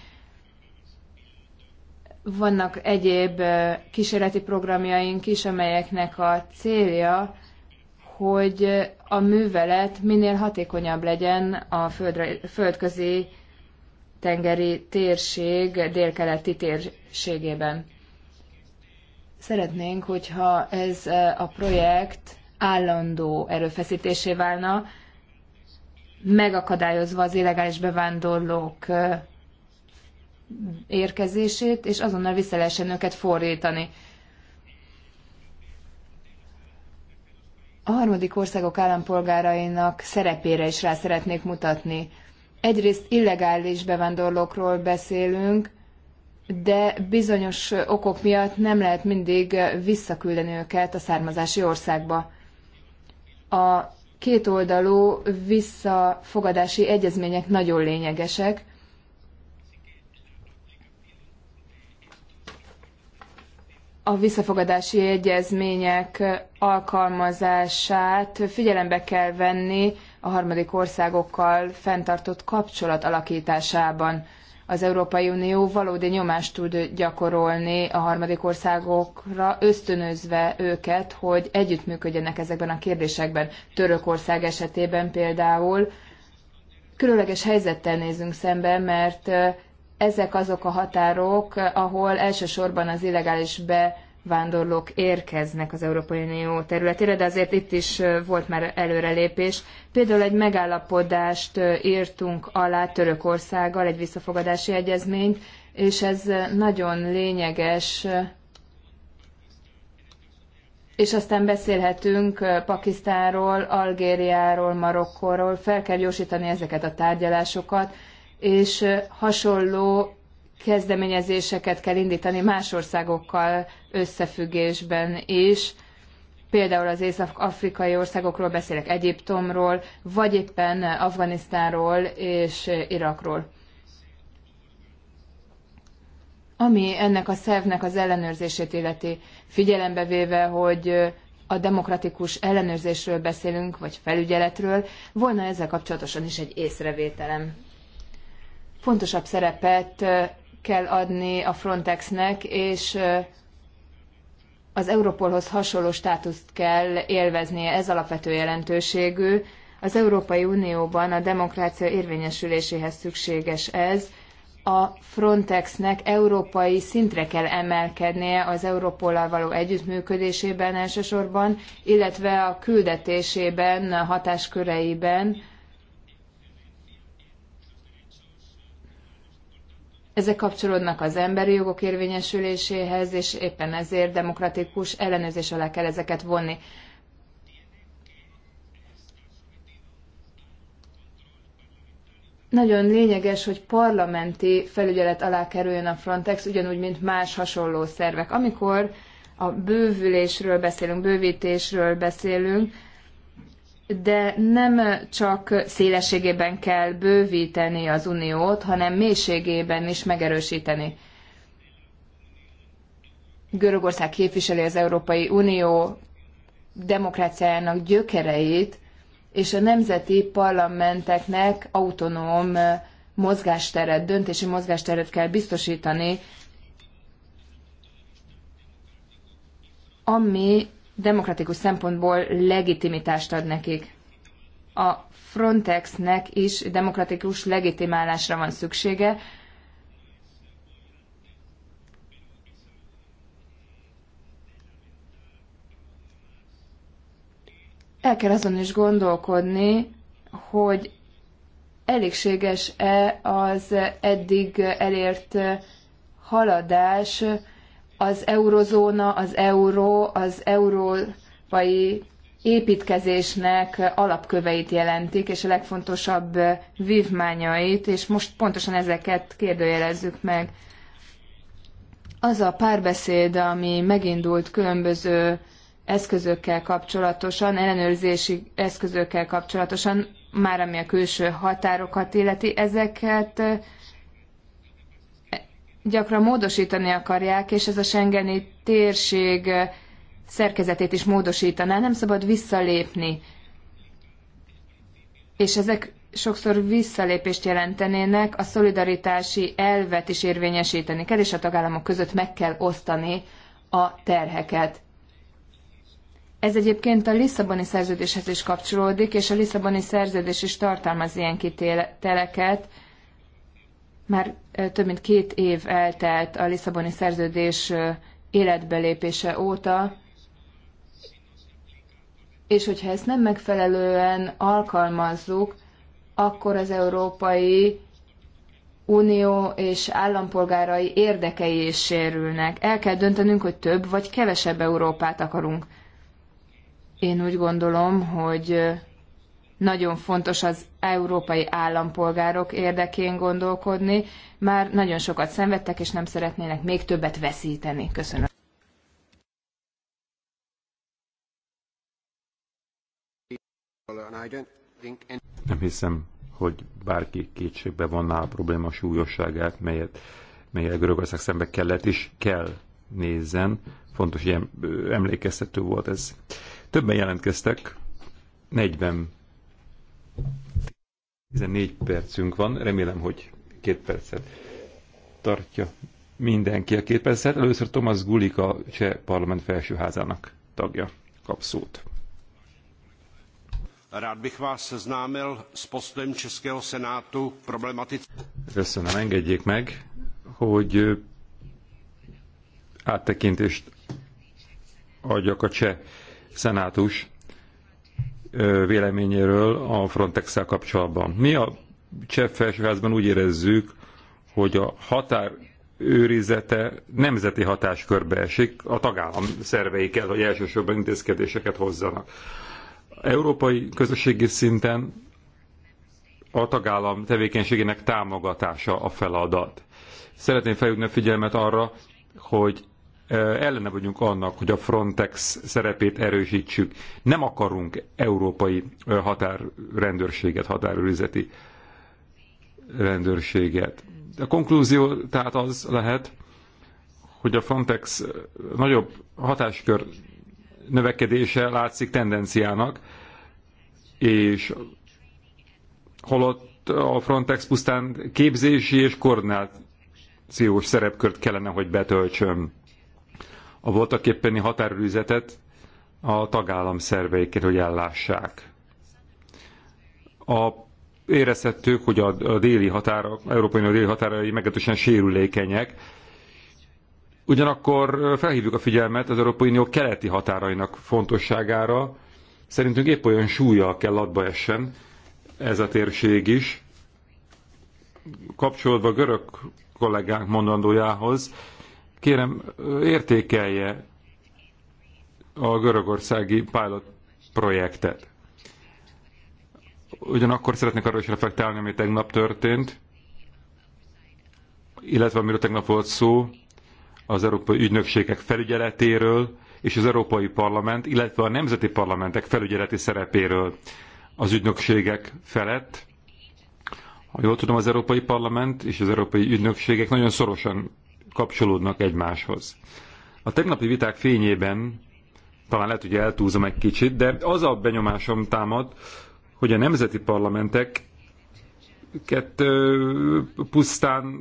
Vannak egyéb eh, kísérleti programjaink is, amelyeknek a célja hogy a művelet minél hatékonyabb legyen a földre, földközi tengeri térség délkeleti térségében. Szeretnénk, hogyha ez e, a projekt állandó erőfeszítésé válna, megakadályozva az illegális bevándorlók e, érkezését, és azonnal vissza lehessen őket fordítani. a harmadik országok állampolgárainak szerepére is rá szeretnék mutatni. Egyrészt illegális bevándorlókról beszélünk, de bizonyos okok miatt nem lehet mindig visszaküldeni őket a származási országba. A kétoldalú visszafogadási egyezmények nagyon lényegesek, a visszafogadási egyezmények alkalmazását figyelembe kell venni a harmadik országokkal fenntartott kapcsolat alakításában. Az Európai Unió valódi nyomást tud gyakorolni a harmadik országokra, ösztönözve őket, hogy együttműködjenek ezekben a kérdésekben. Törökország esetében például különleges helyzettel nézünk szembe, mert eh, ezek azok a határok, ahol elsősorban az illegális be vándorlók érkeznek az Európai Unió területére, de azért itt is volt már előrelépés. Például egy megállapodást írtunk alá Törökországgal, egy visszafogadási egyezményt, és ez nagyon lényeges. És aztán beszélhetünk Pakisztánról, Algériáról, Marokkóról, fel kell gyorsítani ezeket a tárgyalásokat, és hasonló kezdeményezéseket kell indítani más országokkal összefüggésben is, például az észak-afrikai országokról beszélek, Egyiptomról, vagy éppen Afganisztánról és Irakról. Ami ennek a szervnek az ellenőrzését illeti, figyelembe véve, hogy a demokratikus ellenőrzésről beszélünk, vagy felügyeletről, volna ezzel kapcsolatosan is egy észrevételem. Fontosabb szerepet kell adni a Frontexnek, és az Europolhoz hasonló státuszt kell élveznie, ez alapvető jelentőségű. Az Európai Unióban a demokrácia érvényesüléséhez szükséges ez. A Frontexnek európai szintre kell emelkednie az Europollal való együttműködésében elsősorban, illetve a küldetésében, a hatásköreiben, Ezek kapcsolódnak az emberi jogok érvényesüléséhez, és éppen ezért demokratikus ellenőrzés alá kell ezeket vonni. Nagyon lényeges, hogy parlamenti felügyelet alá kerüljön a Frontex, ugyanúgy, mint más hasonló szervek. Amikor a bővülésről beszélünk, bővítésről beszélünk, de nem csak szélességében kell bővíteni az uniót, hanem mélységében is megerősíteni. Görögország képviseli az Európai Unió demokráciájának gyökereit, és a nemzeti parlamenteknek autonóm mozgásteret, döntési mozgásteret kell biztosítani, ami demokratikus szempontból legitimitást ad nekik. A Frontexnek is demokratikus legitimálásra van szüksége, el kell azon is gondolkodni, hogy elégséges-e az eddig elért haladás, az eurozóna, az euró, az európai építkezésnek alapköveit jelentik, és a legfontosabb vívmányait, és most pontosan ezeket kérdőjelezzük meg. Az a párbeszéd, ami megindult különböző eszközökkel kapcsolatosan, ellenőrzési eszközökkel kapcsolatosan, már ami a külső határokat illeti, ezeket gyakran módosítani akarják, és ez a Schengeni térség szerkezetét is módosítaná, nem szabad visszalépni. És ezek sokszor visszalépést jelentenének, a szolidaritási elvet is érvényesíteni kell, és a tagállamok között meg kell osztani a terheket. Ez egyébként a Lisszaboni szerződéshez is kapcsolódik, és a Lisszaboni szerződés is tartalmaz ilyen kitételeket, már több mint két év eltelt a Lisszaboni szerződés életbelépése óta, és hogyha ezt nem megfelelően alkalmazzuk, akkor az Európai Unió és állampolgárai érdekei is sérülnek. El kell döntenünk, hogy több vagy kevesebb Európát akarunk. Én úgy gondolom, hogy nagyon fontos az európai állampolgárok érdekén gondolkodni. Már nagyon sokat szenvedtek, és nem szeretnének még többet veszíteni. Köszönöm. Nem hiszem, hogy bárki kétségbe vonná a probléma súlyosságát, melyet, melyet Görögország szembe kellett és kell nézzen. Fontos, hogy emlékeztető volt ez. Többen jelentkeztek, 40 14 percünk van, remélem, hogy két percet tartja mindenki a két percet. Először Thomas Gulik, a Cseh Parlament felsőházának tagja kap szót. Rád bych vás seznámil s postojem Českého senátu k problematice. Köszönöm, engedjék meg, hogy áttekintést adjak a cseh senátus véleményéről a frontex kapcsolatban. Mi a Cseh Felsőházban úgy érezzük, hogy a határ őrizete nemzeti hatáskörbe esik, a tagállam szervei kell, hogy elsősorban intézkedéseket hozzanak. Európai közösségi szinten a tagállam tevékenységének támogatása a feladat. Szeretném felhívni a figyelmet arra, hogy ellene vagyunk annak, hogy a Frontex szerepét erősítsük. Nem akarunk európai határrendőrséget, határőrizeti rendőrséget. A konklúzió tehát az lehet, hogy a Frontex nagyobb hatáskör növekedése látszik tendenciának, és holott a Frontex pusztán képzési és koordinációs szerepkört kellene, hogy betöltsön a voltak éppeni határőrizetet a tagállam szervei hogy ellássák. A érezhettük, hogy a, a déli határok, Európai Unió déli határai meglehetősen sérülékenyek, Ugyanakkor felhívjuk a figyelmet az Európai Unió keleti határainak fontosságára. Szerintünk épp olyan súlya kell adba essen ez a térség is. Kapcsolódva a görög kollégánk mondandójához, Kérem, értékelje a görögországi pilot projektet. Ugyanakkor szeretnék arra is reflektálni, ami tegnap történt, illetve amiről tegnap volt szó, az európai ügynökségek felügyeletéről és az Európai Parlament, illetve a nemzeti parlamentek felügyeleti szerepéről az ügynökségek felett. Ha jól tudom, az Európai Parlament és az Európai Ügynökségek nagyon szorosan kapcsolódnak egymáshoz. A tegnapi viták fényében talán lehet, hogy eltúzom egy kicsit, de az a benyomásom támad, hogy a nemzeti parlamentek kettő pusztán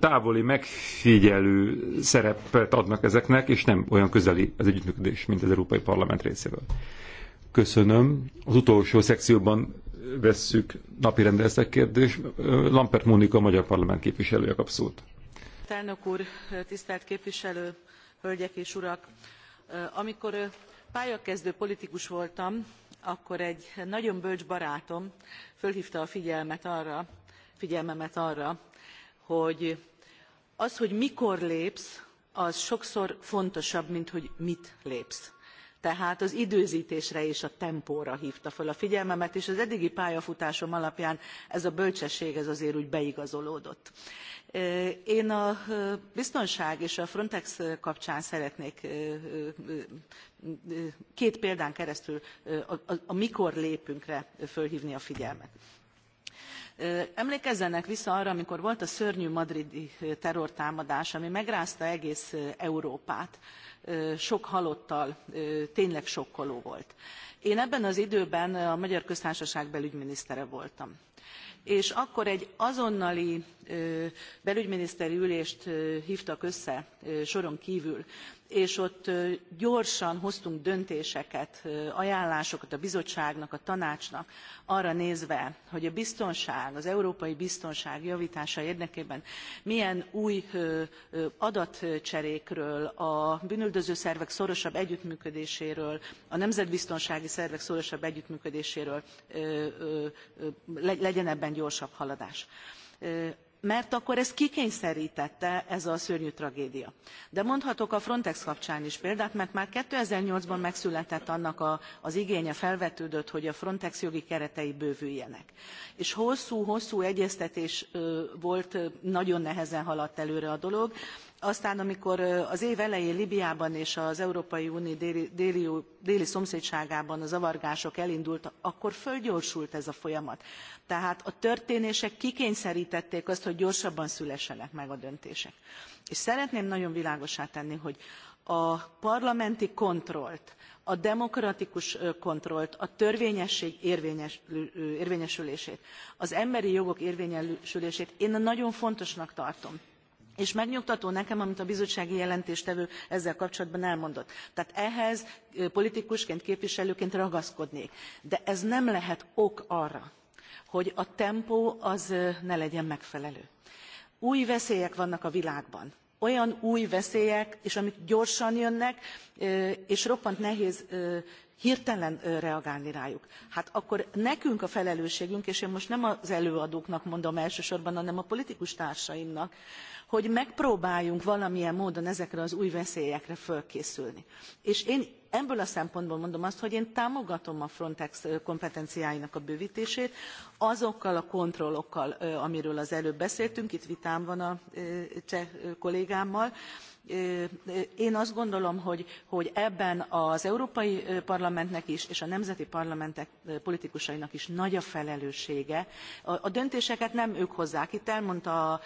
távoli megfigyelő szerepet adnak ezeknek, és nem olyan közeli az együttműködés, mint az Európai Parlament részéről. Köszönöm. Az utolsó szekcióban vesszük napirendre ezt a kérdést. Lampert Mónika, a Magyar Parlament képviselője kap szót elnök úr tisztelt képviselő hölgyek és urak! amikor pályakezdő politikus voltam akkor egy nagyon bölcs barátom fölhvta a figyelmet arra, figyelmemet arra hogy az hogy mikor lépsz az sokszor fontosabb mint hogy mit lépsz tehát az időztésre és a tempóra hvta fel a figyelmemet és az eddigi pályafutásom alapján ez a bölcsesség ez azért úgy beigazolódott. én a biztonság és a frontex kapcsán szeretnék két példán keresztül a, a, a mikor lépünkre fölhvni a figyelmet emlékezzenek vissza arra amikor volt a szörnyű madridi terrortámadás ami megrázta egész európát sok halottal tényleg sokkoló volt. Én ebben az időben a Magyar Köztársaság belügyminisztere voltam és akkor egy azonnali belügyminiszteri ülést hívtak össze soron kívül és ott gyorsan hoztunk döntéseket ajánlásokat a bizottságnak a tanácsnak arra nézve hogy a biztonság az európai biztonság javtása érdekében milyen új adatcserékről a bűnüldöző szervek szorosabb együttműködéséről a nemzetbiztonsági szervek szorosabb együttműködéséről legyen ebben gyorsabb haladás mert akkor ezt kikényszertette ez a szörnyű tragédia. de mondhatok a frontex kapcsán is példát mert már two thousand and eight ban megszületett annak a, az igénye felvetődött hogy a frontex jogi keretei bővüljenek és hosszú hosszú egyeztetés volt nagyon nehezen haladt előre a dolog aztán amikor az év elején libiában és az európai unió déli, déli, déli szomszédságában a zavargások elindultak akkor fölgyorsult ez a folyamat tehát a történések kikényszertették azt hogy gyorsabban szülessenek meg a döntések. és szeretném nagyon világossá tenni hogy a parlamenti kontrollt a demokratikus kontrollt a törvényesség érvényes, érvényesülését az emberi jogok érvényesülését én nagyon fontosnak tartom és megnyugtató nekem amit a bizottsági jelentéstevő ezzel kapcsolatban elmondott tehát ehhez politikusként képviselőként ragaszkodnék de ez nem lehet ok arra hogy a tempó az ne legyen megfelelő. új veszélyek vannak a világban olyan új veszélyek és amik gyorsan jönnek és roppant nehéz hirtelen reagálni rájuk. hát akkor nekünk a felelősségünk és én most nem az előadóknak mondom elsősorban hanem a politikus társaimnak hogy megpróbáljunk valamilyen módon ezekre az új veszélyekre fölkészülni. És én ebből a szempontból mondom azt, hogy én támogatom a Frontex kompetenciáinak a bővítését azokkal a kontrollokkal, amiről az előbb beszéltünk, itt vitám van a cseh kollégámmal, én azt gondolom hogy, hogy ebben az európai parlamentnek is és a nemzeti parlamentek politikusainak is nagy a felelőssége. a, a döntéseket nem ők hozzák itt elmondta a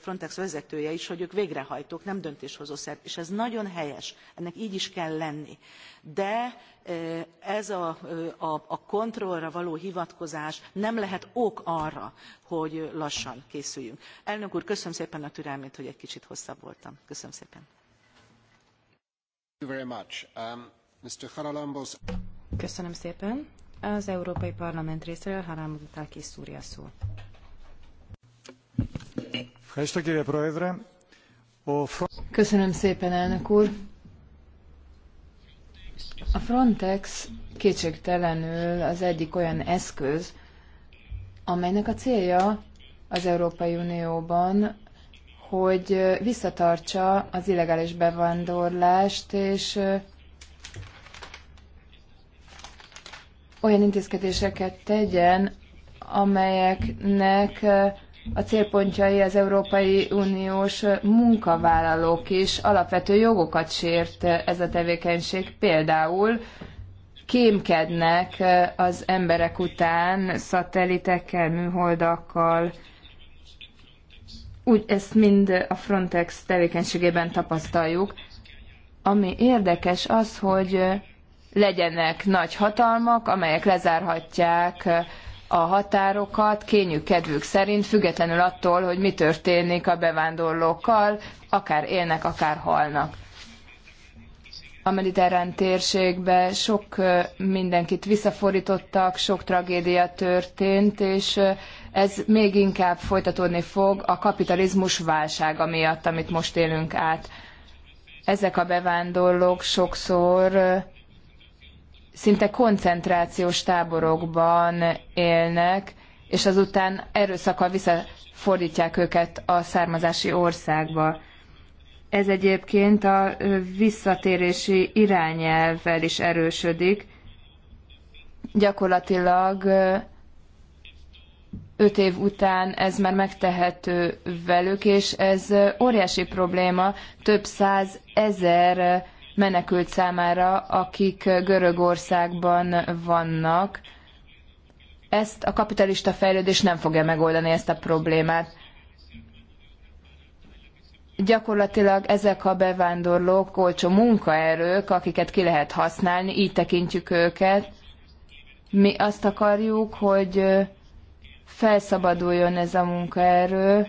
frontex vezetője is hogy ők végrehajtók nem döntéshozó szerv és ez nagyon helyes ennek gy is kell lenni de ez a, a, a kontrollra való hivatkozás nem lehet ok arra, hogy lassan készüljünk. Elnök úr, köszönöm szépen a türelmét, hogy egy kicsit hosszabb voltam. Köszönöm szépen. Um, köszönöm szépen. Az Európai Parlament részéről Harambutákis Szúria szó. Köszönöm szépen, elnök úr. A Frontex kétségtelenül az egyik olyan eszköz, amelynek a célja az Európai Unióban, hogy visszatartsa az illegális bevándorlást, és olyan intézkedéseket tegyen, amelyeknek a célpontjai az Európai Uniós munkavállalók is alapvető jogokat sért eh, ez a tevékenység. Például kémkednek eh, az emberek után szatelitekkel, műholdakkal, úgy ezt mind a Frontex tevékenységében tapasztaljuk. Ami érdekes az, hogy eh, legyenek nagy hatalmak, amelyek lezárhatják a határokat kényük kedvük szerint, függetlenül attól, hogy mi történik a bevándorlókkal, akár élnek, akár halnak. A mediterrán térségbe sok mindenkit visszafordítottak, sok tragédia történt, és ez még inkább folytatódni fog a kapitalizmus válsága miatt, amit most élünk át. Ezek a bevándorlók sokszor szinte koncentrációs táborokban élnek, és azután erőszakkal visszafordítják őket a származási országba. Ez egyébként a visszatérési irányelvvel is erősödik. Gyakorlatilag öt év után ez már megtehető velük, és ez óriási probléma. Több száz ezer menekült számára, akik Görögországban vannak. Ezt a kapitalista fejlődés nem fogja megoldani ezt a problémát. Gyakorlatilag ezek a bevándorlók olcsó munkaerők, akiket ki lehet használni, így tekintjük őket. Mi azt akarjuk, hogy felszabaduljon ez a munkaerő,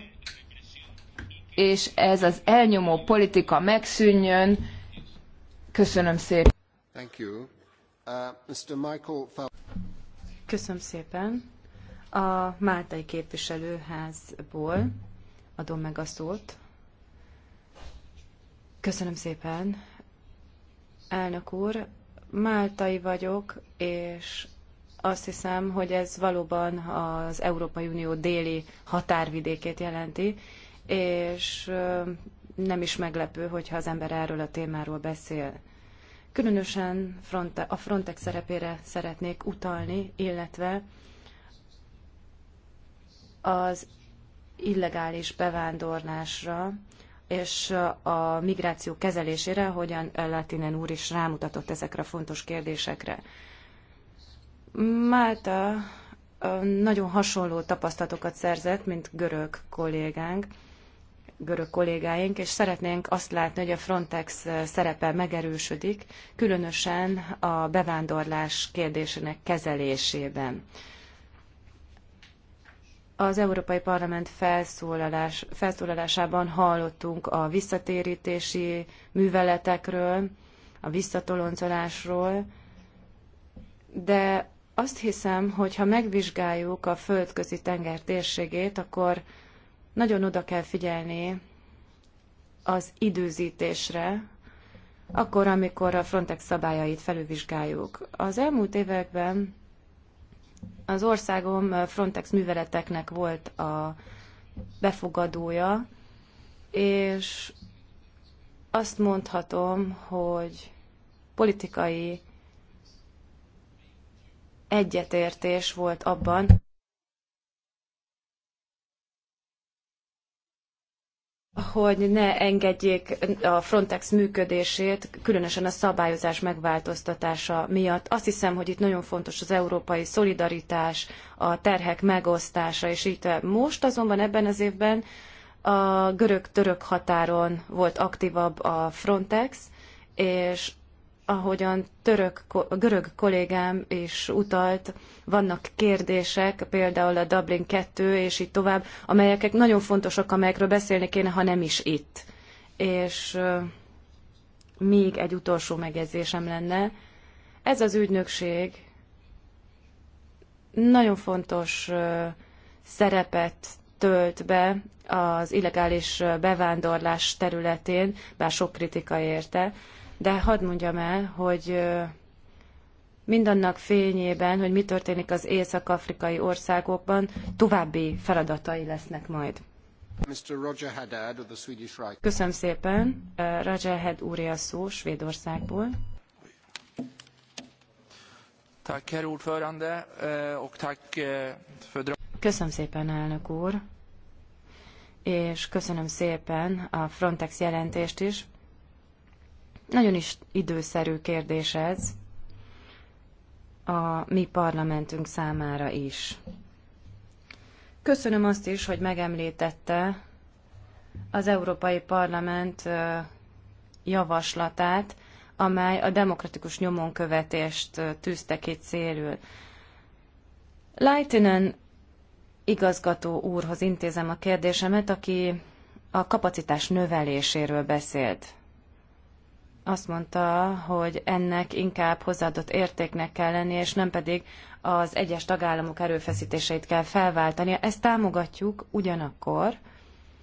és ez az elnyomó politika megszűnjön, Köszönöm szépen. Thank you. Uh, Mr. Michael Fal- Köszönöm szépen. A Máltai képviselőházból adom meg a szót. Köszönöm szépen. Elnök úr, máltai vagyok, és azt hiszem, hogy ez valóban az Európai Unió déli határvidékét jelenti, és nem is meglepő, hogyha az ember erről a témáról beszél. Különösen a Frontex szerepére szeretnék utalni, illetve az illegális bevándorlásra és a migráció kezelésére, hogyan Latinen úr is rámutatott ezekre a fontos kérdésekre. Málta nagyon hasonló tapasztalatokat szerzett, mint görög kollégánk görög kollégáink, és szeretnénk azt látni, hogy a Frontex szerepe megerősödik, különösen a bevándorlás kérdésének kezelésében. Az Európai Parlament felszólalás, felszólalásában hallottunk a visszatérítési műveletekről, a visszatoloncolásról, de azt hiszem, hogy ha megvizsgáljuk a földközi tenger térségét, akkor nagyon oda kell figyelni az időzítésre, akkor, amikor a Frontex szabályait felülvizsgáljuk. Az elmúlt években az országom Frontex műveleteknek volt a befogadója, és azt mondhatom, hogy politikai egyetértés volt abban, hogy ne engedjék a Frontex működését, különösen a szabályozás megváltoztatása miatt. Azt hiszem, hogy itt nagyon fontos az európai szolidaritás, a terhek megosztása, és itt most azonban ebben az évben a görög-török határon volt aktívabb a Frontex, és ahogyan török, görög kollégám is utalt, vannak kérdések, például a Dublin 2 és így tovább, amelyek nagyon fontosak, amelyekről beszélni kéne, ha nem is itt. És még egy utolsó megjegyzésem lenne. Ez az ügynökség nagyon fontos szerepet tölt be az illegális bevándorlás területén, bár sok kritika érte, de hadd mondjam el, hogy mindannak fényében, hogy mi történik az észak-afrikai országokban, további feladatai lesznek majd. Köszönöm szépen. Roger Hedd úré a szó Svédországból. Köszönöm szépen, elnök úr, és köszönöm szépen a Frontex jelentést is. Nagyon is időszerű kérdés ez a mi parlamentünk számára is. Köszönöm azt is, hogy megemlítette az Európai Parlament javaslatát, amely a demokratikus nyomonkövetést tűzte ki célül. Leitinen igazgató úrhoz intézem a kérdésemet, aki a kapacitás növeléséről beszélt azt mondta, hogy ennek inkább hozzáadott értéknek kell lennie, és nem pedig az egyes tagállamok erőfeszítéseit kell felváltania. Ezt támogatjuk ugyanakkor.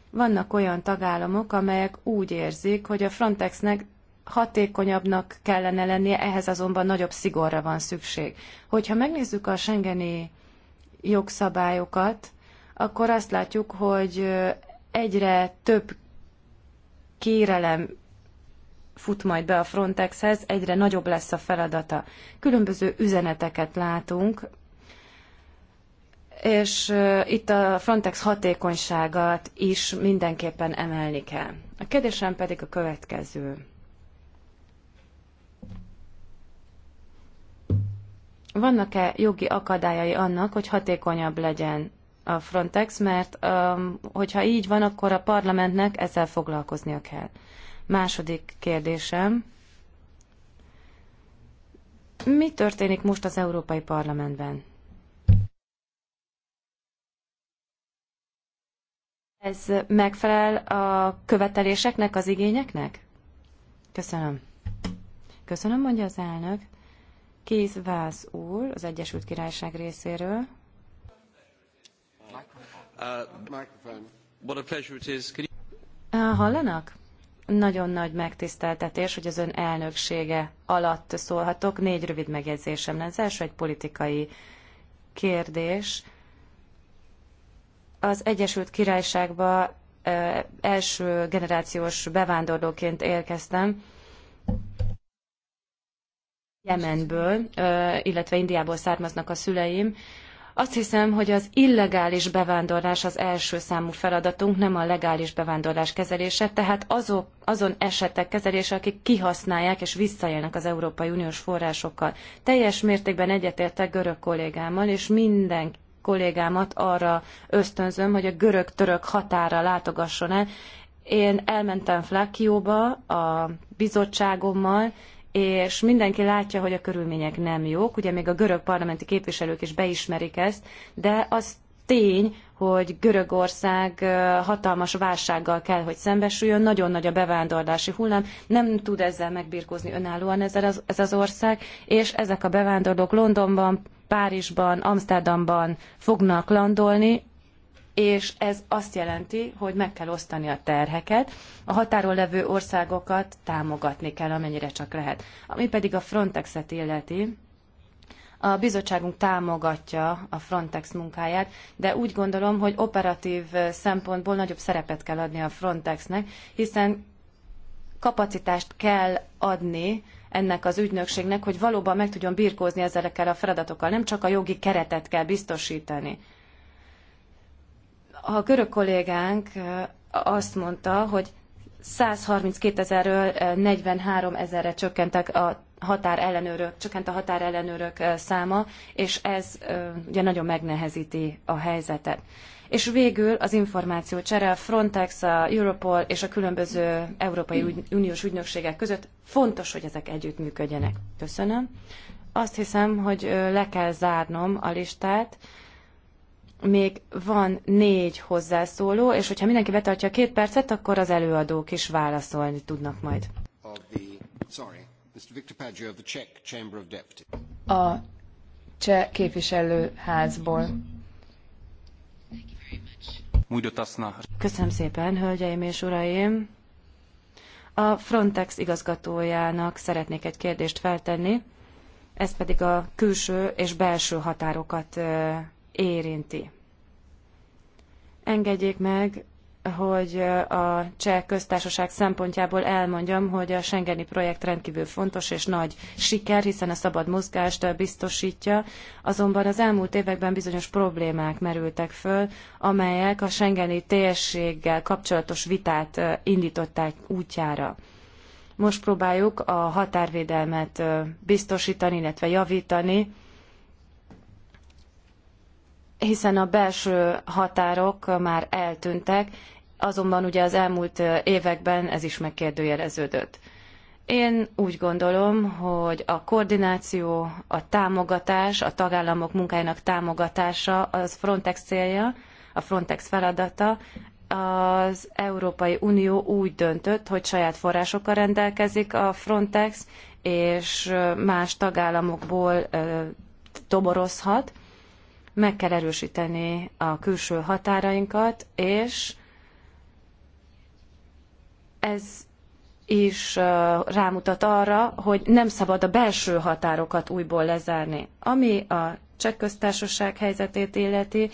Vannak olyan tagállamok, amelyek úgy érzik, hogy a Frontexnek hatékonyabbnak kellene lennie, ehhez azonban nagyobb szigorra van szükség. Hogyha megnézzük a Schengeni jogszabályokat, akkor azt látjuk, hogy egyre több kérelem fut majd be a Frontexhez, egyre nagyobb lesz a feladata. Különböző üzeneteket látunk, és itt a Frontex hatékonyságát is mindenképpen emelni kell. A kérdésem pedig a következő. Vannak-e jogi akadályai annak, hogy hatékonyabb legyen a Frontex, mert um, hogyha így van, akkor a parlamentnek ezzel foglalkoznia kell. Második kérdésem. Mi történik most az Európai Parlamentben? Ez megfelel a követeléseknek, az igényeknek? Köszönöm. Köszönöm, mondja az elnök. Kész Vász úr az Egyesült Királyság részéről. Uh, what a pleasure it is. Can you... Hallanak? Nagyon nagy megtiszteltetés, hogy az ön elnöksége alatt szólhatok. Négy rövid megjegyzésem lenne. Az első egy politikai kérdés. Az Egyesült Királyságba első generációs bevándorlóként érkeztem. Jemenből, illetve Indiából származnak a szüleim. Azt hiszem, hogy az illegális bevándorlás az első számú feladatunk, nem a legális bevándorlás kezelése, tehát azok, azon esetek kezelése, akik kihasználják és visszaélnek az Európai Uniós forrásokkal. Teljes mértékben egyetértek görög kollégámmal, és minden kollégámat arra ösztönzöm, hogy a görög-török határa látogasson el. Én elmentem Flakióba a bizottságommal, és mindenki látja, hogy a körülmények nem jók. Ugye még a görög parlamenti képviselők is beismerik ezt, de az tény, hogy Görögország hatalmas válsággal kell, hogy szembesüljön, nagyon nagy a bevándorlási hullám, nem tud ezzel megbirkózni önállóan ez az, ez az ország, és ezek a bevándorlók Londonban, Párizsban, Amsterdamban fognak landolni, és ez azt jelenti, hogy meg kell osztani a terheket, a határon levő országokat támogatni kell, amennyire csak lehet. Ami pedig a Frontexet illeti, a bizottságunk támogatja a Frontex munkáját, de úgy gondolom, hogy operatív szempontból nagyobb szerepet kell adni a Frontexnek, hiszen kapacitást kell adni ennek az ügynökségnek, hogy valóban meg tudjon birkózni ezekkel a feladatokkal. Nem csak a jogi keretet kell biztosítani, a görög kollégánk azt mondta, hogy 132 ezerről 43 ezerre csökkentek a határellenőrök, csökkent a határellenőrök száma, és ez ugye nagyon megnehezíti a helyzetet. És végül az információcsere a Frontex, a Europol és a különböző Európai Uniós ügynökségek között fontos, hogy ezek együttműködjenek. Köszönöm. Azt hiszem, hogy le kell zárnom a listát még van négy hozzászóló, és hogyha mindenki betartja a két percet, akkor az előadók is válaszolni tudnak majd. A cseh képviselőházból. Köszönöm szépen, hölgyeim és uraim! A Frontex igazgatójának szeretnék egy kérdést feltenni, ez pedig a külső és belső határokat érinti. Engedjék meg, hogy a cseh köztársaság szempontjából elmondjam, hogy a Schengeni projekt rendkívül fontos és nagy siker, hiszen a szabad mozgást biztosítja, azonban az elmúlt években bizonyos problémák merültek föl, amelyek a Schengeni térséggel kapcsolatos vitát indították útjára. Most próbáljuk a határvédelmet biztosítani, illetve javítani, hiszen a belső határok már eltűntek, azonban ugye az elmúlt években ez is megkérdőjeleződött. Én úgy gondolom, hogy a koordináció, a támogatás, a tagállamok munkájának támogatása az Frontex célja, a Frontex feladata. Az Európai Unió úgy döntött, hogy saját forrásokkal rendelkezik a Frontex, és más tagállamokból toborozhat meg kell erősíteni a külső határainkat, és ez is rámutat arra, hogy nem szabad a belső határokat újból lezárni. Ami a cseh köztársaság helyzetét illeti,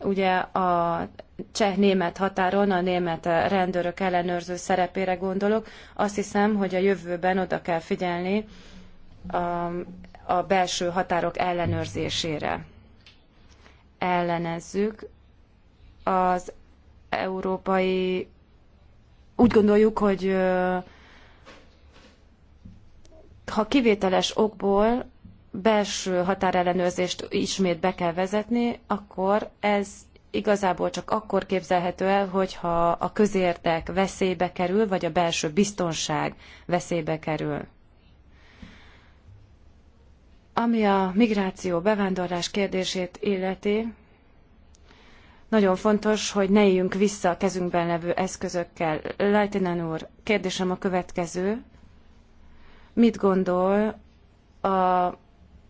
ugye a cseh-német határon a német rendőrök ellenőrző szerepére gondolok, azt hiszem, hogy a jövőben oda kell figyelni a, a belső határok ellenőrzésére ellenezzük. Az európai... Úgy gondoljuk, hogy ha kivételes okból belső határellenőrzést ismét be kell vezetni, akkor ez igazából csak akkor képzelhető el, hogyha a közérdek veszélybe kerül, vagy a belső biztonság veszélybe kerül. Ami a migráció, bevándorlás kérdését illeti, nagyon fontos, hogy ne éljünk vissza a kezünkben levő eszközökkel. Leitinen úr, kérdésem a következő. Mit gondol a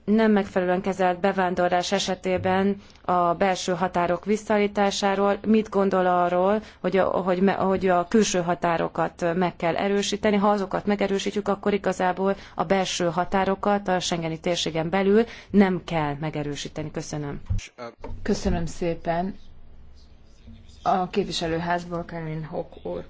nem megfelelően kezelt bevándorlás esetében a belső határok visszaállításáról, mit gondol arról, hogy a, hogy, hogy a külső határokat meg kell erősíteni. Ha azokat megerősítjük, akkor igazából a belső határokat a Schengeni térségen belül nem kell megerősíteni. Köszönöm. Köszönöm szépen. A képviselőházból Karin Hock úr.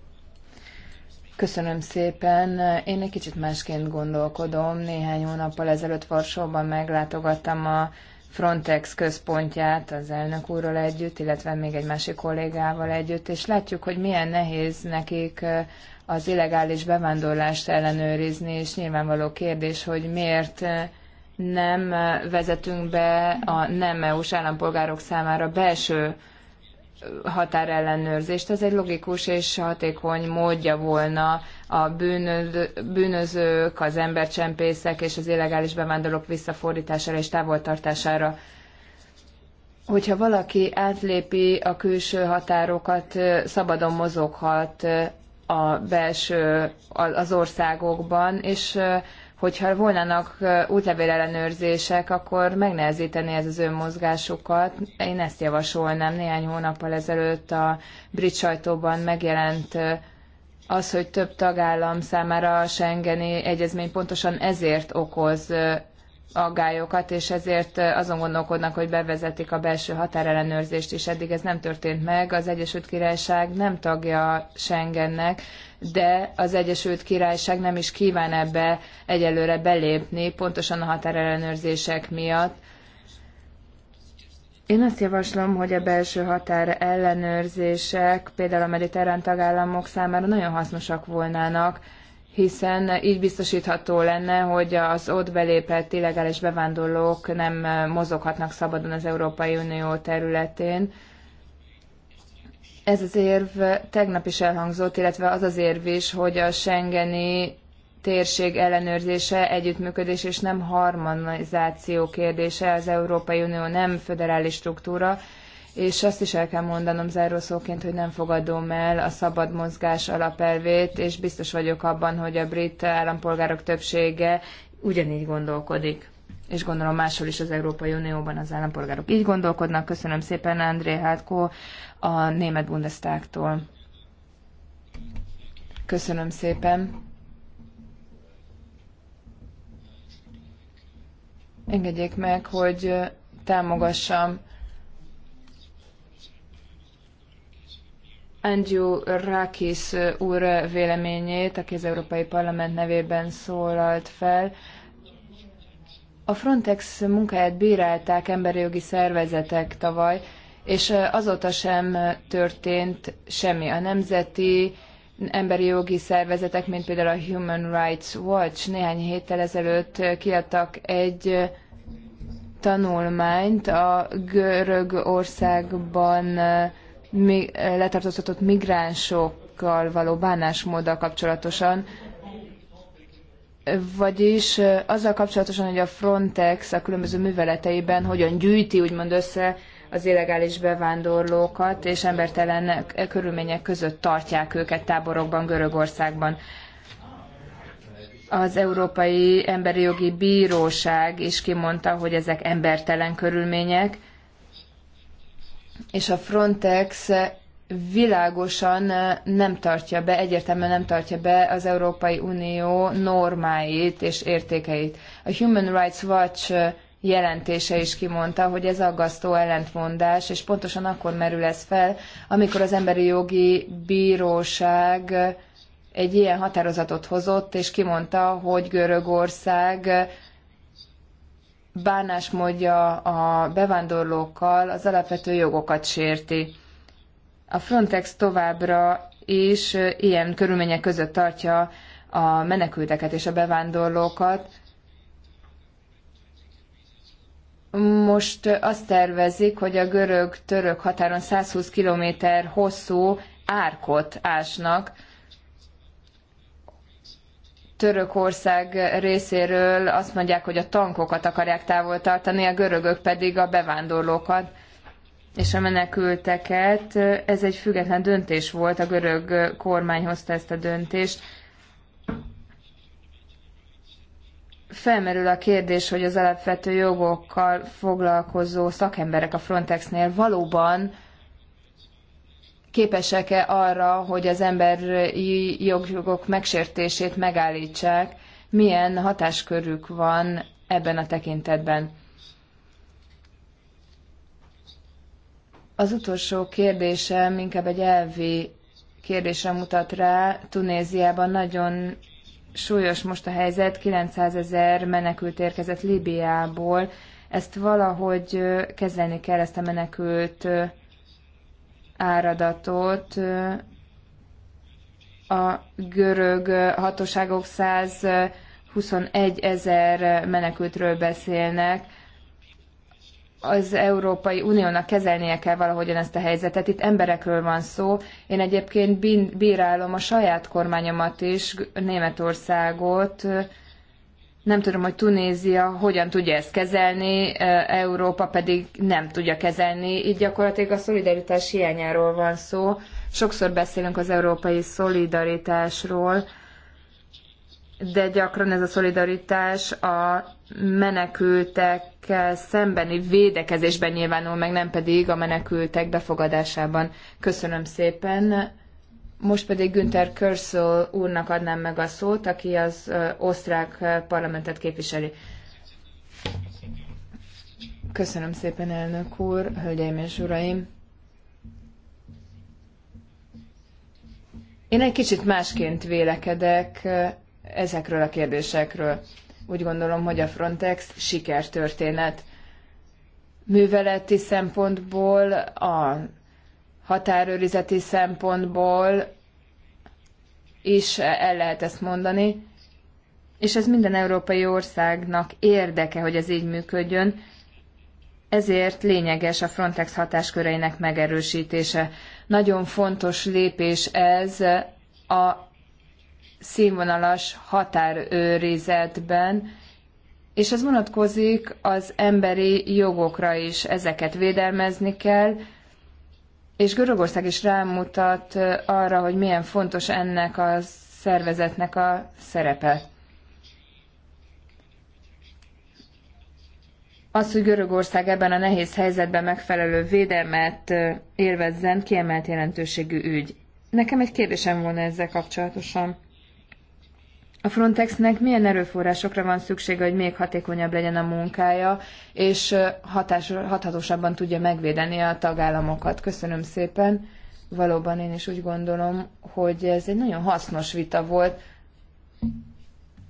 Köszönöm szépen. Én egy kicsit másként gondolkodom. Néhány hónappal ezelőtt Varsóban meglátogattam a Frontex központját az elnök úrral együtt, illetve még egy másik kollégával együtt, és látjuk, hogy milyen nehéz nekik az illegális bevándorlást ellenőrizni, és nyilvánvaló kérdés, hogy miért nem vezetünk be a nem EU-s állampolgárok számára belső határellenőrzést. Ez egy logikus és hatékony módja volna a bűnözők, az embercsempészek és az illegális bevándorlók visszafordítására és távoltartására. Hogyha valaki átlépi a külső határokat, szabadon mozoghat a belső az országokban, és hogyha volnának útlevél ellenőrzések, akkor megnehezíteni ez az önmozgásukat. Én ezt javasolnám. Néhány hónappal ezelőtt a brit sajtóban megjelent az, hogy több tagállam számára a Schengeni egyezmény pontosan ezért okoz aggályokat, és ezért azon gondolkodnak, hogy bevezetik a belső határellenőrzést is. Eddig ez nem történt meg. Az Egyesült Királyság nem tagja Schengennek, de az Egyesült Királyság nem is kíván ebbe egyelőre belépni, pontosan a határellenőrzések miatt. Én azt javaslom, hogy a belső határ ellenőrzések például a mediterrán tagállamok számára nagyon hasznosak volnának, hiszen így biztosítható lenne, hogy az ott belépett illegális bevándorlók nem eh, mozoghatnak szabadon az Európai Unió területén. Ez az érv tegnap is elhangzott, illetve az az érv is, hogy a Schengeni térség ellenőrzése, együttműködés és nem harmonizáció kérdése, az Európai Unió nem föderális struktúra, és azt is el kell mondanom zárószóként, hogy nem fogadom el a szabad mozgás alapelvét, és biztos vagyok abban, hogy a brit állampolgárok többsége ugyanígy gondolkodik és gondolom máshol is az Európai Unióban az állampolgárok így gondolkodnak. Köszönöm szépen André Hátkó a Német Bundestagtól. Köszönöm szépen. Engedjék meg, hogy támogassam Andrew Rakis úr véleményét, aki az Európai Parlament nevében szólalt fel. A Frontex munkáját bírálták emberi jogi szervezetek tavaly, és azóta sem történt semmi. A nemzeti emberi jogi szervezetek, mint például a Human Rights Watch néhány héttel ezelőtt kiadtak egy tanulmányt a Görögországban Eh, letartóztatott migránsokkal való bánásmóddal kapcsolatosan, vagyis eh, azzal kapcsolatosan, hogy a Frontex a különböző műveleteiben hogyan gyűjti úgymond össze az illegális bevándorlókat, és embertelen eh, körülmények között tartják őket táborokban Görögországban. Az Európai Emberi Jogi Bíróság is kimondta, hogy ezek embertelen körülmények, és a Frontex világosan nem tartja be, egyértelműen nem tartja be az Európai Unió normáit és értékeit. A Human Rights Watch jelentése is kimondta, hogy ez aggasztó ellentmondás, és pontosan akkor merül ez fel, amikor az Emberi Jogi Bíróság egy ilyen határozatot hozott, és kimondta, hogy Görögország bánásmódja a bevándorlókkal az alapvető jogokat sérti. A Frontex továbbra is ilyen körülmények között tartja a menekülteket és a bevándorlókat. Most azt tervezik, hogy a görög-török határon 120 km hosszú árkot ásnak, Törökország részéről azt mondják, hogy a tankokat akarják távol tartani, a görögök pedig a bevándorlókat és a menekülteket. Ez egy független döntés volt, a görög kormány hozta ezt a döntést. Felmerül a kérdés, hogy az alapvető jogokkal foglalkozó szakemberek a Frontexnél valóban képesek-e arra, hogy az emberi jogok megsértését megállítsák, milyen hatáskörük van ebben a tekintetben. Az utolsó kérdésem inkább egy elvi kérdésre mutat rá. Tunéziában nagyon súlyos most a helyzet, 900 ezer menekült érkezett Libiából. Ezt valahogy kezelni kell, ezt a menekült áradatot. A görög hatóságok 121 ezer menekültről beszélnek. Az Európai Uniónak kezelnie kell valahogyan ezt a helyzetet. Itt emberekről van szó. Én egyébként bírálom a saját kormányomat is, Németországot, nem tudom, hogy Tunézia hogyan tudja ezt kezelni, e, Európa pedig nem tudja kezelni, így gyakorlatilag a szolidaritás hiányáról van szó. Sokszor beszélünk az európai szolidaritásról, de gyakran ez a szolidaritás a menekültekkel szembeni védekezésben nyilvánul meg, nem pedig a menekültek befogadásában. Köszönöm szépen. Most pedig Günther Körszó úrnak adnám meg a szót, aki az osztrák parlamentet képviseli. Köszönöm szépen, elnök úr, hölgyeim és uraim! Én egy kicsit másként vélekedek ezekről a kérdésekről. Úgy gondolom, hogy a Frontex sikertörténet. Műveleti szempontból a határőrizeti szempontból is el lehet ezt mondani, és ez minden európai országnak érdeke, hogy ez így működjön, ezért lényeges a Frontex hatásköreinek megerősítése. Nagyon fontos lépés ez a színvonalas határőrizetben, és ez vonatkozik az emberi jogokra is, ezeket védelmezni kell, és Görögország is rámutat arra, hogy milyen fontos ennek a szervezetnek a szerepe. Az, hogy Görögország ebben a nehéz helyzetben megfelelő védelmet élvezzen, kiemelt jelentőségű ügy. Nekem egy kérdésem volna ezzel kapcsolatosan a Frontexnek milyen erőforrásokra van szüksége, hogy még hatékonyabb legyen a munkája, és hatás, hathatósabban tudja megvédeni a tagállamokat. Köszönöm szépen. Valóban én is úgy gondolom, hogy ez egy nagyon hasznos vita volt,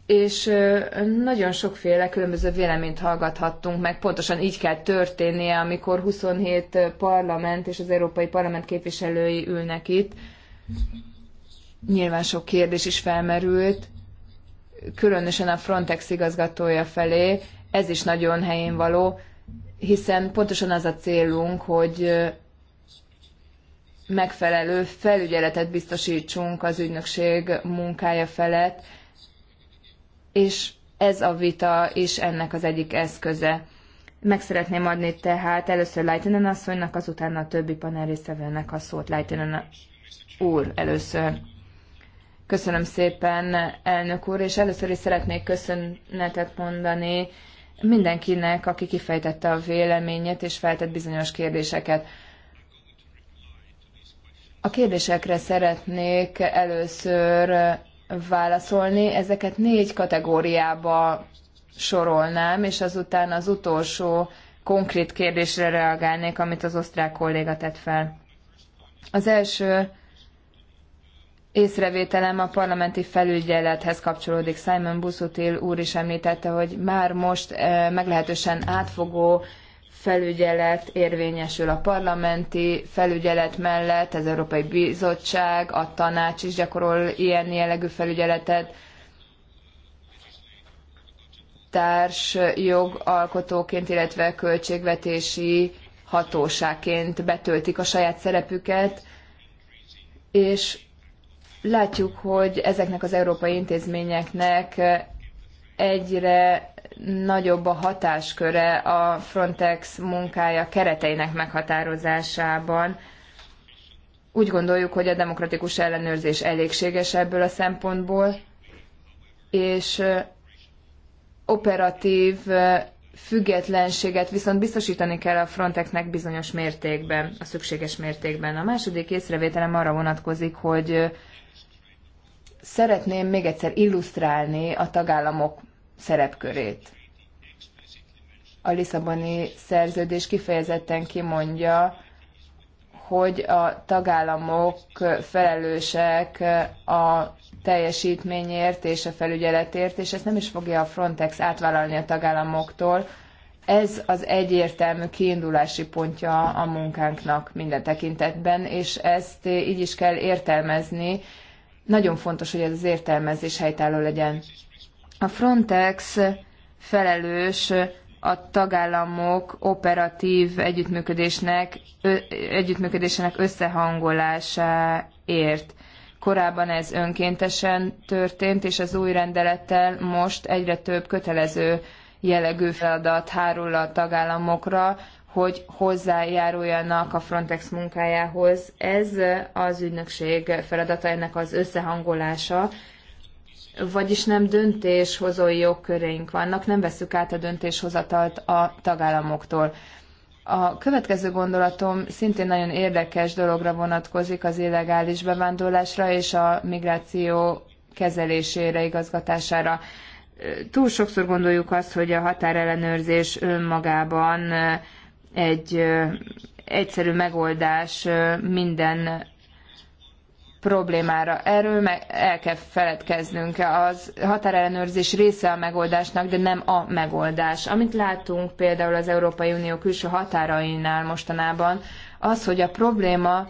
és nagyon sokféle különböző véleményt hallgathattunk meg. Pontosan így kell történnie, amikor 27 parlament és az Európai Parlament képviselői ülnek itt. Nyilván sok kérdés is felmerült, különösen a Frontex igazgatója felé, ez is nagyon helyén való, hiszen pontosan az a célunk, hogy megfelelő felügyeletet biztosítsunk az ügynökség munkája felett, és ez a vita is ennek az egyik eszköze. Meg szeretném adni tehát először Leitenen asszonynak, azután a többi panel résztvevőnek a szót Leitenen úr először. Köszönöm szépen, elnök úr, és először is szeretnék köszönetet mondani mindenkinek, aki kifejtette a véleményét és feltett bizonyos kérdéseket. A kérdésekre szeretnék először válaszolni. Ezeket négy kategóriába sorolnám, és azután az utolsó konkrét kérdésre reagálnék, amit az osztrák kolléga tett fel. Az első észrevételem a parlamenti felügyelethez kapcsolódik. Simon Busuttil úr is említette, hogy már most eh, meglehetősen átfogó felügyelet érvényesül a parlamenti felügyelet mellett, az Európai Bizottság, a tanács is gyakorol ilyen jellegű felügyeletet, társ jogalkotóként, illetve költségvetési hatóságként betöltik a saját szerepüket, és Látjuk, hogy ezeknek az európai intézményeknek egyre nagyobb a hatásköre a Frontex munkája kereteinek meghatározásában. Úgy gondoljuk, hogy a demokratikus ellenőrzés elégséges ebből a szempontból, és operatív függetlenséget viszont biztosítani kell a Frontexnek bizonyos mértékben, a szükséges mértékben. A második észrevételem arra vonatkozik, hogy szeretném még egyszer illusztrálni a tagállamok szerepkörét. A Lisszaboni szerződés kifejezetten kimondja, hogy a tagállamok felelősek a teljesítményért és a felügyeletért, és ezt nem is fogja a Frontex átvállalni a tagállamoktól. Ez az egyértelmű kiindulási pontja a munkánknak minden tekintetben, és ezt így is kell értelmezni, nagyon fontos, hogy ez az értelmezés helytálló legyen. A Frontex felelős a tagállamok operatív együttműködésnek, ö, együttműködésének összehangolásáért. Korábban ez önkéntesen történt, és az új rendelettel most egyre több kötelező jellegű feladat hárul a tagállamokra, hogy hozzájáruljanak a Frontex munkájához. Ez az ügynökség feladata, ennek az összehangolása, vagyis nem döntéshozói jogköreink vannak, nem veszük át a döntéshozatalt a tagállamoktól. A következő gondolatom szintén nagyon érdekes dologra vonatkozik az illegális bevándorlásra és a migráció kezelésére, igazgatására. Túl sokszor gondoljuk azt, hogy a határellenőrzés önmagában egy egyszerű megoldás minden problémára. Erről meg el kell feledkeznünk. Az határellenőrzés része a megoldásnak, de nem a megoldás. Amit látunk például az Európai Unió külső határainál mostanában, az, hogy a probléma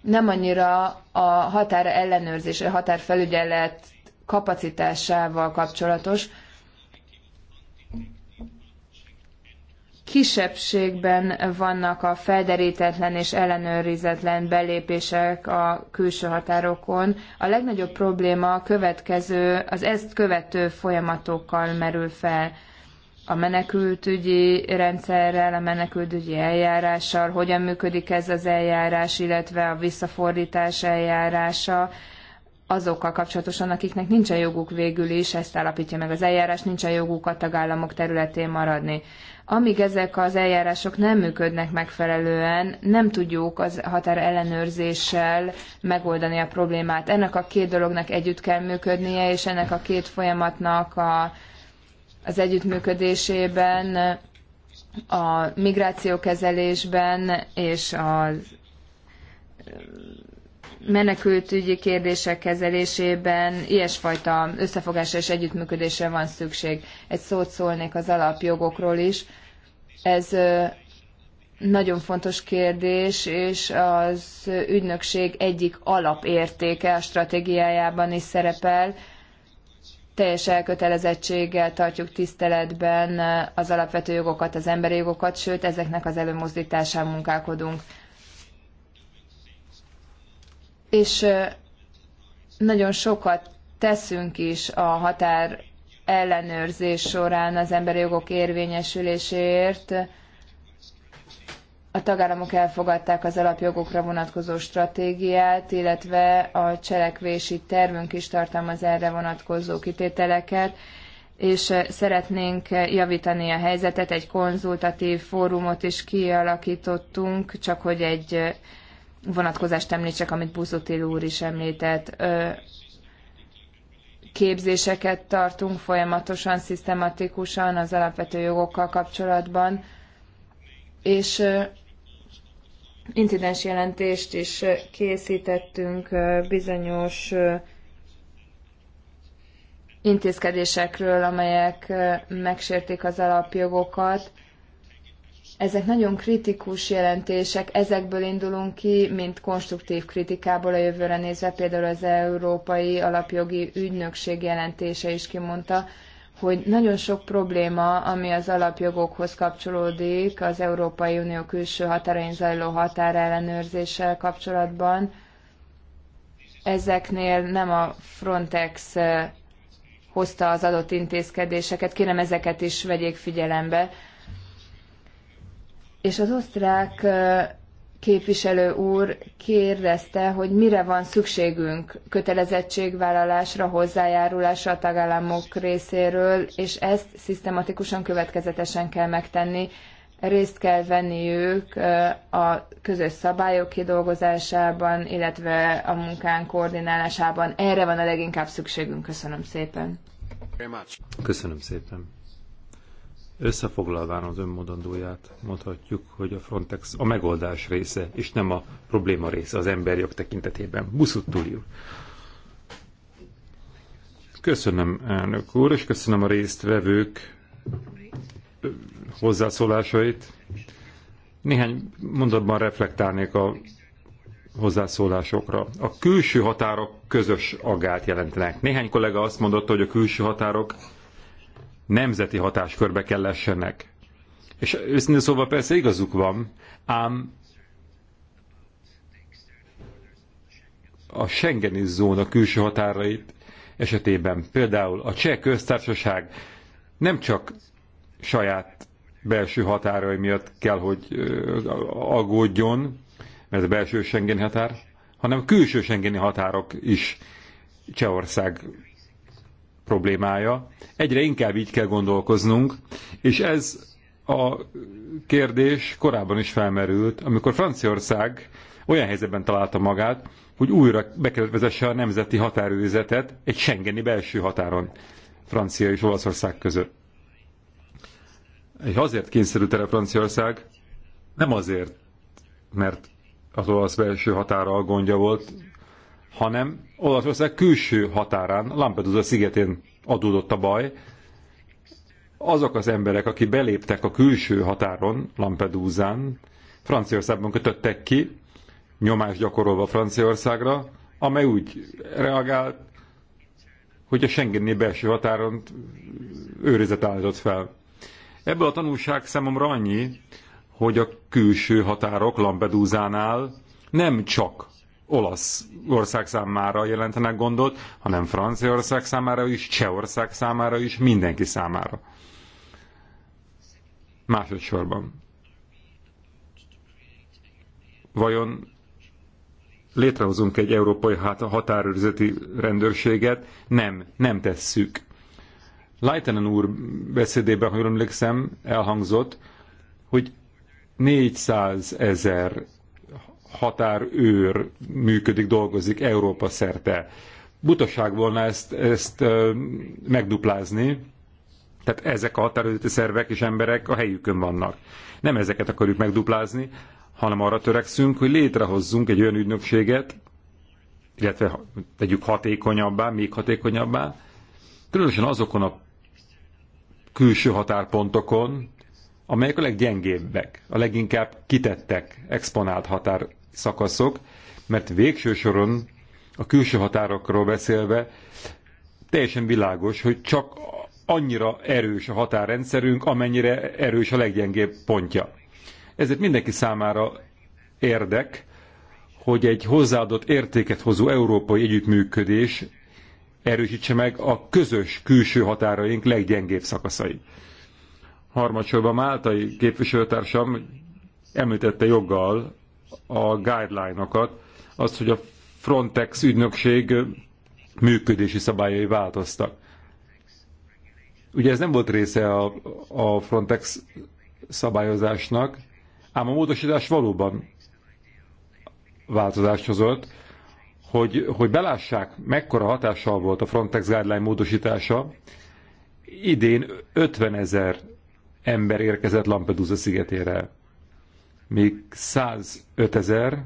nem annyira a határ ellenőrzés, a határfelügyelet kapacitásával kapcsolatos, kisebbségben vannak a felderítetlen és ellenőrizetlen belépések a külső határokon. A legnagyobb probléma a következő, az ezt követő folyamatokkal merül fel a menekültügyi rendszerrel, a menekültügyi eljárással, hogyan működik ez az eljárás, illetve a visszafordítás eljárása, azokkal kapcsolatosan, akiknek nincsen joguk végül is, ezt állapítja meg az eljárás, nincsen joguk a tagállamok területén maradni. Amíg ezek az eljárások nem működnek megfelelően, nem tudjuk az határ ellenőrzéssel megoldani a problémát. Ennek a két dolognak együtt kell működnie, és ennek a két folyamatnak a, az együttműködésében, a migrációkezelésben és az menekültügyi kérdések kezelésében ilyesfajta összefogásra és együttműködésre van szükség. Egy szót szólnék az alapjogokról is. Ez nagyon fontos kérdés, és az ügynökség egyik alapértéke a stratégiájában is szerepel. Teljes elkötelezettséggel tartjuk tiszteletben az alapvető jogokat, az emberi jogokat, sőt ezeknek az előmozdításán munkálkodunk és nagyon sokat teszünk is a határ ellenőrzés során az emberi jogok érvényesüléséért. A tagállamok elfogadták az alapjogokra vonatkozó stratégiát, illetve a cselekvési tervünk is tartalmaz erre vonatkozó kitételeket, és szeretnénk javítani a helyzetet, egy konzultatív fórumot is kialakítottunk, csak hogy egy vonatkozást említsek, amit Buzotil úr is említett. Képzéseket tartunk folyamatosan, szisztematikusan az alapvető jogokkal kapcsolatban, és incidens jelentést is készítettünk bizonyos intézkedésekről, amelyek megsértik az alapjogokat, ezek nagyon kritikus jelentések, ezekből indulunk ki, mint konstruktív kritikából a jövőre nézve. Például az Európai Alapjogi Ügynökség jelentése is kimondta, hogy nagyon sok probléma, ami az alapjogokhoz kapcsolódik, az Európai Unió külső határain zajló határellenőrzéssel kapcsolatban, ezeknél nem a Frontex eh, hozta az adott intézkedéseket, kérem ezeket is vegyék figyelembe, és az osztrák képviselő úr kérdezte, hogy mire van szükségünk kötelezettségvállalásra, hozzájárulásra a tagállamok részéről, és ezt szisztematikusan, következetesen kell megtenni. Részt kell venniük a közös szabályok kidolgozásában, illetve a munkánk koordinálásában. Erre van a leginkább szükségünk. Köszönöm szépen. Köszönöm szépen. Összefoglalván az önmondandóját mondhatjuk, hogy a Frontex a megoldás része, és nem a probléma része az emberjog tekintetében. Buszuttul Köszönöm, elnök úr, és köszönöm a résztvevők hozzászólásait. Néhány mondatban reflektálnék a hozzászólásokra. A külső határok közös agát jelentenek. Néhány kollega azt mondotta, hogy a külső határok nemzeti hatáskörbe kellessenek. És őszintén szóval persze igazuk van, ám a Schengeni zóna külső határait esetében például a cseh köztársaság nem csak saját belső határai miatt kell, hogy aggódjon, mert a belső Schengeni határ, hanem a külső Schengeni határok is Csehország problémája. Egyre inkább így kell gondolkoznunk, és ez a kérdés korábban is felmerült, amikor Franciaország olyan helyzetben találta magát, hogy újra be kellett vezesse a nemzeti határőrizetet egy Schengeni belső határon Francia és Olaszország között. És azért kényszerült erre Franciaország, nem azért, mert az olasz belső határa a gondja volt, hanem Olaszország külső határán, Lampedusa szigetén adódott a baj. Azok az emberek, akik beléptek a külső határon, Lampedusán, Franciaországban kötöttek ki, nyomást gyakorolva Franciaországra, amely úgy reagált, hogy a Schengeni belső határon őrizet állított fel. Ebből a tanulság számomra annyi, hogy a külső határok Lampedusánál nem csak olasz ország számára jelentenek gondot, hanem Franciaország számára is, Csehország számára is, mindenki számára. Másodszorban. Vajon létrehozunk egy európai határőrzeti rendőrséget? Nem, nem tesszük. Leitenen úr beszédében, ha jól emlékszem, elhangzott, hogy 400 ezer határőr működik, dolgozik Európa szerte. Butaság volna ezt, ezt megduplázni, tehát ezek a határőrzeti szervek és emberek a helyükön vannak. Nem ezeket akarjuk megduplázni, hanem arra törekszünk, hogy létrehozzunk egy olyan ügynökséget, illetve tegyük hatékonyabbá, még hatékonyabbá, különösen azokon a külső határpontokon, amelyek a leggyengébbek, a leginkább kitettek, exponált határ szakaszok, mert végső soron a külső határokról beszélve teljesen világos, hogy csak annyira erős a határrendszerünk, amennyire erős a leggyengébb pontja. Ezért mindenki számára érdek, hogy egy hozzáadott értéket hozó európai együttműködés erősítse meg a közös külső határaink leggyengébb szakaszai. Harmadsorban Máltai képviselőtársam említette joggal a guideline-okat, azt, hogy a Frontex ügynökség működési szabályai változtak. Ugye ez nem volt része a, a Frontex szabályozásnak, ám a módosítás valóban változást hozott, hogy, hogy belássák, mekkora hatással volt a Frontex Guideline módosítása, idén 50 ezer ember érkezett Lampedusa szigetére még 105 ezer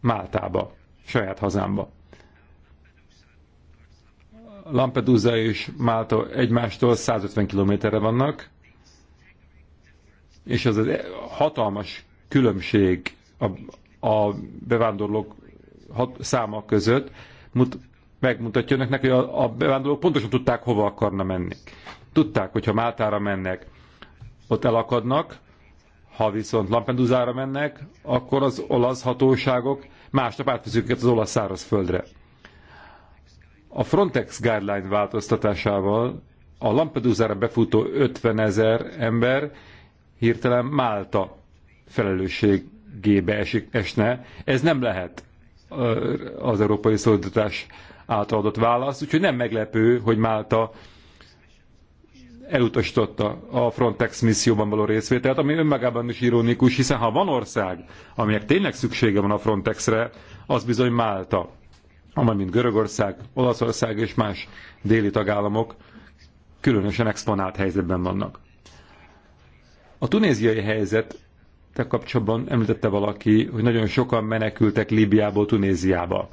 Máltába, saját hazámba. Lampedusa és Málta egymástól 150 kilométerre vannak, és az, egy hatalmas különbség a, a bevándorlók hat, száma között mut, megmutatja önöknek, hogy a, a bevándorlók pontosan tudták, hova akarna menni. Tudták, hogy ha Máltára mennek, ott elakadnak, ha viszont Lampedusa-ra mennek, akkor az olasz hatóságok másnap átviszik őket az olasz szárazföldre. A Frontex guideline változtatásával a Lampedusa-ra befutó 50 ezer ember hirtelen Málta felelősségébe esik, esne. Ez nem lehet az európai szolidaritás által adott válasz, úgyhogy nem meglepő, hogy Málta elutasította a Frontex misszióban való részvételt, ami önmagában is ironikus, hiszen ha van ország, aminek tényleg szüksége van a Frontexre, az bizony Málta, amely mint Görögország, Olaszország és más déli tagállamok különösen exponált helyzetben vannak. A tunéziai helyzet te kapcsolatban említette valaki, hogy nagyon sokan menekültek Líbiából Tunéziába.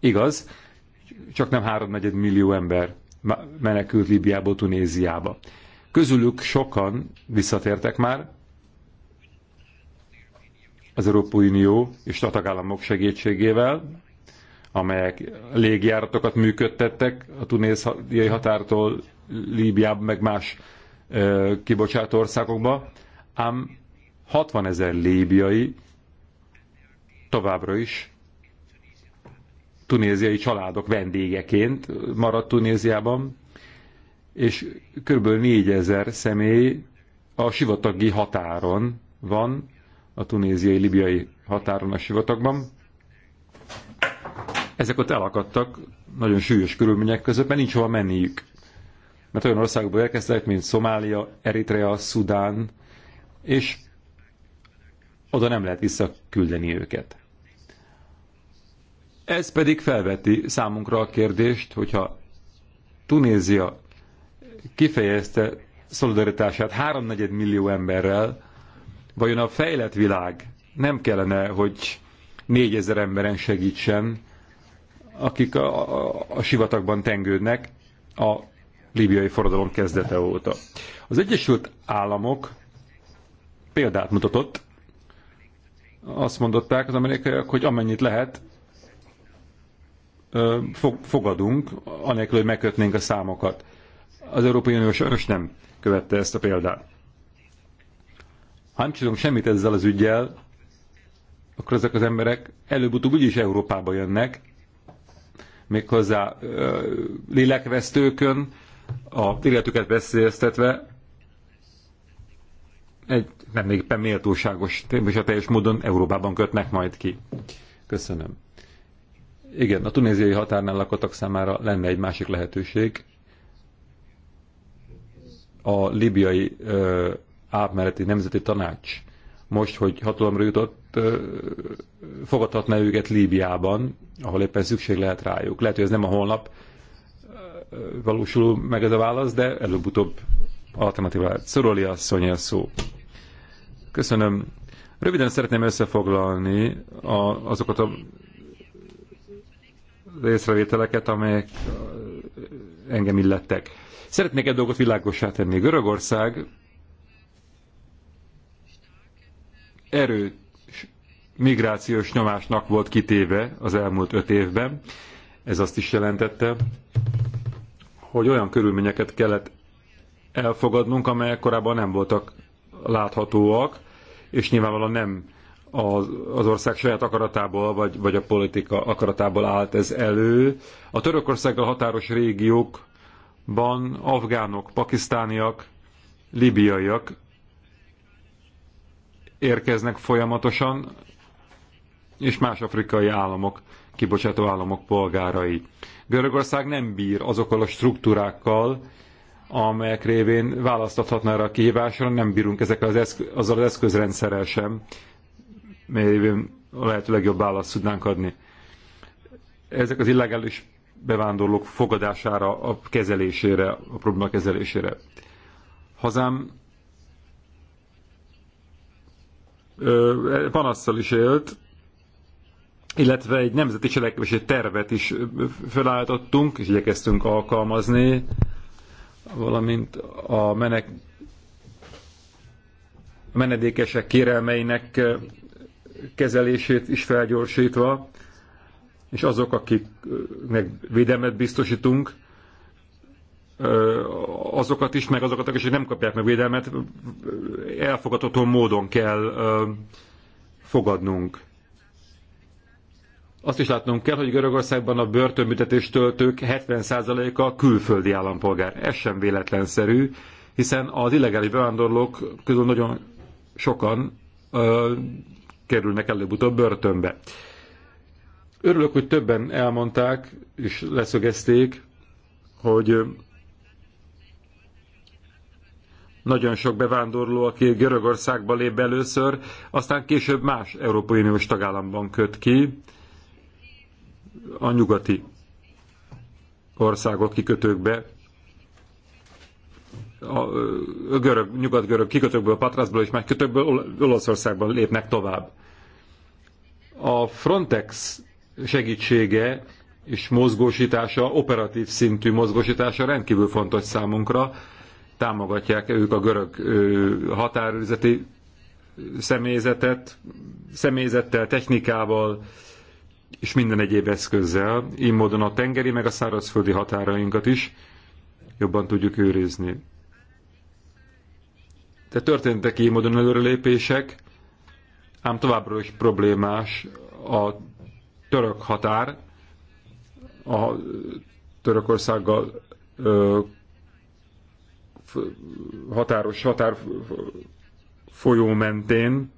Igaz, csak nem 3 millió ember menekült Libiából Tunéziába. Közülük sokan visszatértek már, az Európai Unió és a tagállamok segítségével, amelyek légjáratokat működtettek a tunéziai határtól Líbiába, meg más ö, kibocsátó országokba, ám 60 ezer líbiai továbbra is tunéziai családok vendégeként maradt Tunéziában, és kb. 4000 személy a sivatagi határon van, a tunéziai-libiai határon a sivatagban. Ezek ott elakadtak nagyon súlyos körülmények között, mert nincs hova menniük. Mert olyan országokból érkeztek, mint Szomália, Eritrea, Szudán, és oda nem lehet visszaküldeni őket. Ez pedig felveti számunkra a kérdést, hogyha Tunézia kifejezte szolidaritását háromnegyed millió emberrel, vajon a fejlett világ nem kellene, hogy négyezer emberen segítsen, akik a, a, a sivatagban tengődnek a libiai forradalom kezdete óta. Az Egyesült Államok példát mutatott, azt mondották az amerikaiak, hogy amennyit lehet, fogadunk, anélkül, hogy megkötnénk a számokat. Az Európai Unió sajnos nem követte ezt a példát. Ha nem csinálunk semmit ezzel az ügyjel, akkor ezek az emberek előbb-utóbb úgyis Európába jönnek, méghozzá lélekvesztőkön, a életüket veszélyeztetve, egy nem éppen méltóságos és a teljes módon Európában kötnek majd ki. Köszönöm. Igen, a tunéziai határnál lakottak számára lenne egy másik lehetőség. A libiai ö, átmeneti nemzeti tanács most, hogy hatalomra jutott, fogadhatná őket Líbiában, ahol éppen szükség lehet rájuk. Lehet, hogy ez nem a holnap valósul meg ez a válasz, de előbb-utóbb lehet. Szoroli a szó. Köszönöm. Röviden szeretném összefoglalni a, azokat a részrevételeket, amelyek engem illettek. Szeretnék egy dolgot világosá tenni. Görögország erős migrációs nyomásnak volt kitéve az elmúlt öt évben. Ez azt is jelentette, hogy olyan körülményeket kellett elfogadnunk, amelyek korábban nem voltak láthatóak, és nyilvánvalóan nem az, az ország saját akaratából, vagy, vagy a politika akaratából állt ez elő. A Törökországgal határos régiókban afgánok, pakisztániak, libiaiak érkeznek folyamatosan, és más afrikai államok, kibocsátó államok polgárai. Görögország nem bír azokkal a struktúrákkal, amelyek révén választathatna erre a kihívásra, nem bírunk ezekkel az eszk- azzal az eszközrendszerrel sem, melyben a lehető legjobb választ tudnánk adni. Ezek az illegális bevándorlók fogadására, a kezelésére, a probléma kezelésére. Hazám panasszal is élt, illetve egy nemzeti cselekvési tervet is felállítottunk, és igyekeztünk alkalmazni, valamint a menek, menedékesek kérelmeinek kezelését is felgyorsítva, és azok, akiknek védelmet biztosítunk, azokat is, meg azokat, akik nem kapják meg védelmet, elfogadható módon kell fogadnunk. Azt is látnunk kell, hogy Görögországban a börtönbüntetés töltők 70%-a külföldi állampolgár. Ez sem véletlenszerű, hiszen az illegális bevándorlók közül nagyon sokan kerülnek előbb-utóbb börtönbe. Örülök, hogy többen elmondták és leszögezték, hogy nagyon sok bevándorló, aki Görögországba lép először, aztán később más Európai Uniós tagállamban köt ki, a nyugati országok kikötőkbe, a görög, nyugat-görög kikötőkből, Patrasból és más kikötőkből Olaszországban lépnek tovább. A Frontex segítsége és mozgósítása, operatív szintű mozgósítása rendkívül fontos számunkra. Támogatják ők a görög határőrzeti személyzetet, személyzettel, technikával és minden egyéb eszközzel. Így módon a tengeri meg a szárazföldi határainkat is jobban tudjuk őrizni. De történtek ilyen módon előrelépések, ám továbbra is problémás a török határ, a Törökországgal ö, határos határ folyó mentén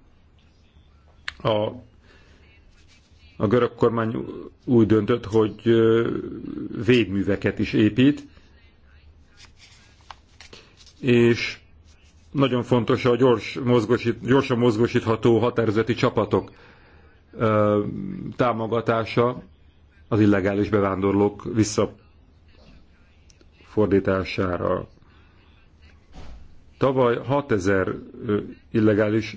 a, a görög kormány úgy döntött, hogy védműveket is épít, és nagyon fontos a gyors mozgósít, gyorsan mozgósítható határozati csapatok ö, támogatása, az illegális bevándorlók visszafordítására. Tavaly 6000 illegális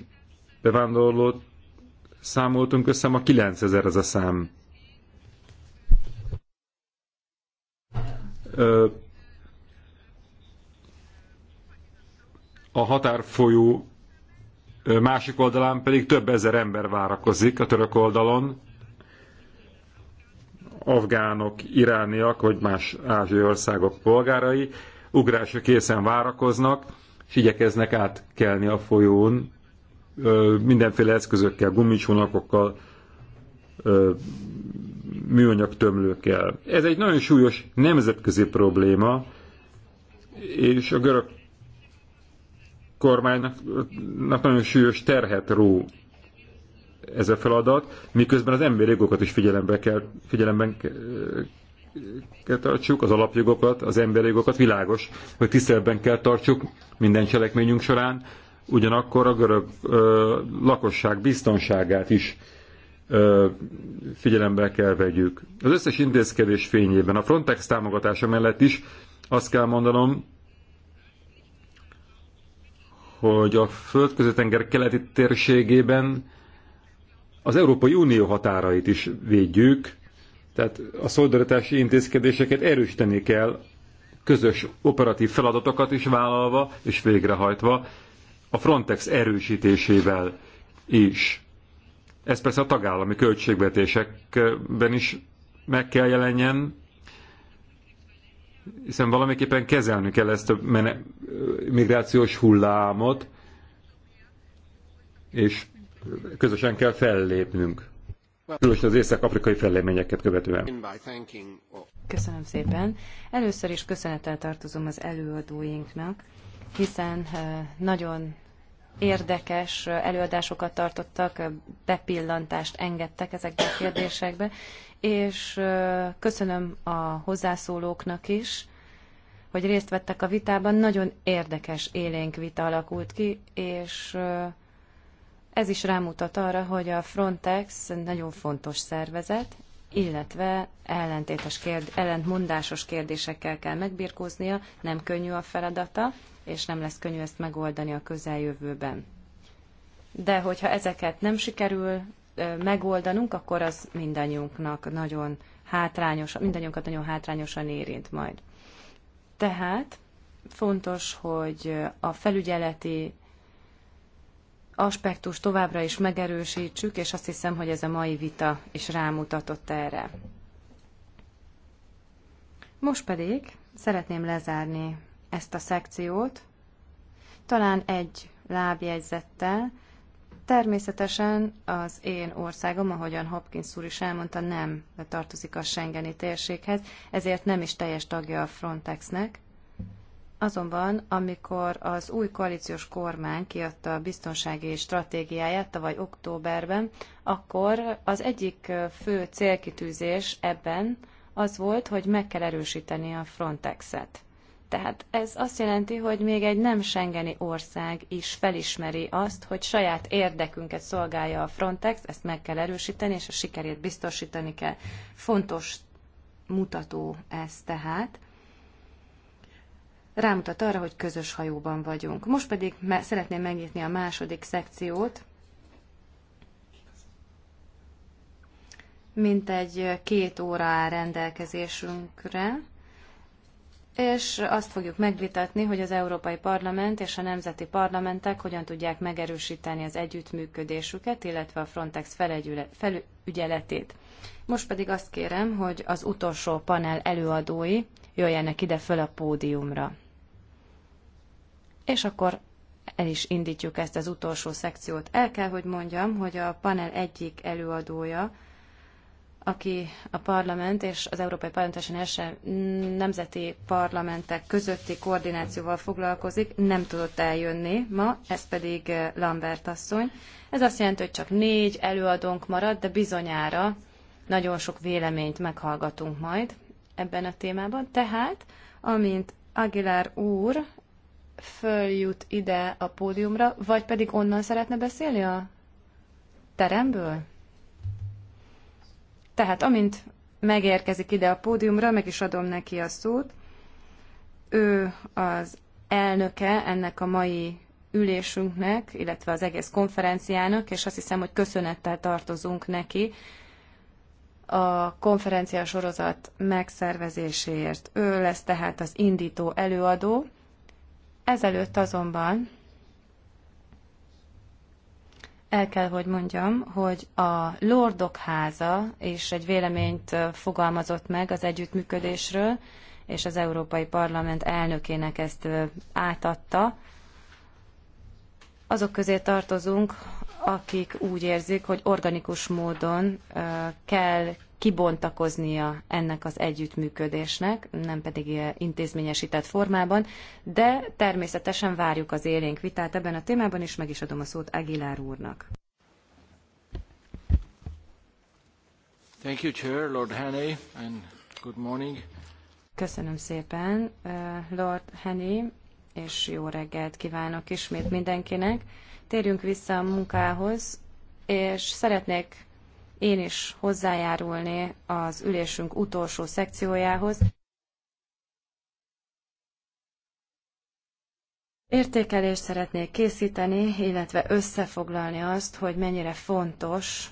bevándorlót számoltunk össze, ma 9000 ez a szám. Ö, a határfolyó másik oldalán pedig több ezer ember várakozik a török oldalon, afgánok, irániak vagy más ázsiai országok polgárai, ugrásra készen várakoznak, és igyekeznek átkelni a folyón mindenféle eszközökkel, gumicsónakokkal, műanyag tömlőkkel. Ez egy nagyon súlyos nemzetközi probléma, és a görög kormánynak nagyon súlyos terhet ró ez a feladat, miközben az emberi jogokat is figyelembe kell, figyelemben kell tartsuk, az alapjogokat, az emberi jogokat, világos, hogy tiszteletben kell tartsuk minden cselekményünk során, ugyanakkor a görög ö, lakosság biztonságát is ö, figyelembe kell vegyük. Az összes intézkedés fényében, a Frontex támogatása mellett is azt kell mondanom, hogy a földközi-tenger keleti térségében az Európai Unió határait is védjük, tehát a szolidaritási intézkedéseket erősíteni kell, közös operatív feladatokat is vállalva és végrehajtva, a Frontex erősítésével is. Ez persze a tagállami költségvetésekben is meg kell jelenjen, hiszen valamiképpen kezelni kell ezt a mene, migrációs hullámot, és közösen kell fellépnünk. Különösen az észak-afrikai fellépményeket követően. Köszönöm szépen. Először is köszönettel tartozom az előadóinknak, hiszen eh, nagyon érdekes eh, előadásokat tartottak, eh, bepillantást engedtek ezekbe a kérdésekbe, és köszönöm a hozzászólóknak is, hogy részt vettek a vitában. Nagyon érdekes élénk vita alakult ki, és ez is rámutat arra, hogy a Frontex nagyon fontos szervezet, illetve ellentétes kérd, ellentmondásos kérdésekkel kell megbirkóznia, nem könnyű a feladata, és nem lesz könnyű ezt megoldani a közeljövőben. De hogyha ezeket nem sikerül megoldanunk, akkor az mindannyiunknak nagyon hátrányos, mindannyiunkat nagyon hátrányosan érint majd. Tehát fontos, hogy a felügyeleti aspektus továbbra is megerősítsük, és azt hiszem, hogy ez a mai vita is rámutatott erre. Most pedig szeretném lezárni ezt a szekciót, talán egy lábjegyzettel, Természetesen az én országom, ahogyan Hopkins úr is elmondta, nem tartozik a Schengeni térséghez, ezért nem is teljes tagja a Frontexnek. Azonban, amikor az új koalíciós kormány kiadta a biztonsági stratégiáját tavaly októberben, akkor az egyik fő célkitűzés ebben az volt, hogy meg kell erősíteni a Frontexet. Tehát ez azt jelenti, hogy még egy nem Schengeni ország is felismeri azt, hogy saját érdekünket szolgálja a Frontex, ezt meg kell erősíteni, és a sikerét biztosítani kell. Fontos mutató ez tehát. Rámutat arra, hogy közös hajóban vagyunk. Most pedig szeretném megnyitni a második szekciót. Mint egy két óra áll rendelkezésünkre és azt fogjuk megvitatni, hogy az Európai Parlament és a nemzeti parlamentek hogyan tudják megerősíteni az együttműködésüket, illetve a Frontex felügyeletét. Most pedig azt kérem, hogy az utolsó panel előadói jöjjenek ide föl a pódiumra. És akkor el is indítjuk ezt az utolsó szekciót. El kell, hogy mondjam, hogy a panel egyik előadója, aki a parlament és az Európai Parlamentáson első nemzeti parlamentek közötti koordinációval foglalkozik, nem tudott eljönni ma, ez pedig eh, Lambert asszony. Ez azt jelenti, hogy csak négy előadónk maradt, de bizonyára nagyon sok véleményt meghallgatunk majd ebben a témában. Tehát, amint Aguilar úr följut ide a pódiumra, vagy pedig onnan szeretne beszélni a teremből? Tehát amint megérkezik ide a pódiumra, meg is adom neki a szót. Ő az elnöke ennek a mai ülésünknek, illetve az egész konferenciának, és azt hiszem, hogy köszönettel tartozunk neki a konferencia sorozat megszervezéséért. Ő lesz tehát az indító előadó. Ezelőtt azonban el kell, hogy mondjam, hogy a Lordok háza és egy véleményt fogalmazott meg az együttműködésről, és az Európai Parlament elnökének ezt átadta. Azok közé tartozunk, akik úgy érzik, hogy organikus módon kell kibontakoznia ennek az együttműködésnek, nem pedig intézményesített formában, de természetesen várjuk az élénk vitát ebben a témában, és meg is adom a szót Aguilar úrnak. Thank you, Chair, Lord Haney, and good morning. Köszönöm szépen, uh, Lord Henny, és jó reggelt kívánok ismét mindenkinek. Térjünk vissza a munkához, és szeretnék én is hozzájárulni az ülésünk utolsó szekciójához. Értékelést szeretnék készíteni, illetve összefoglalni azt, hogy mennyire fontos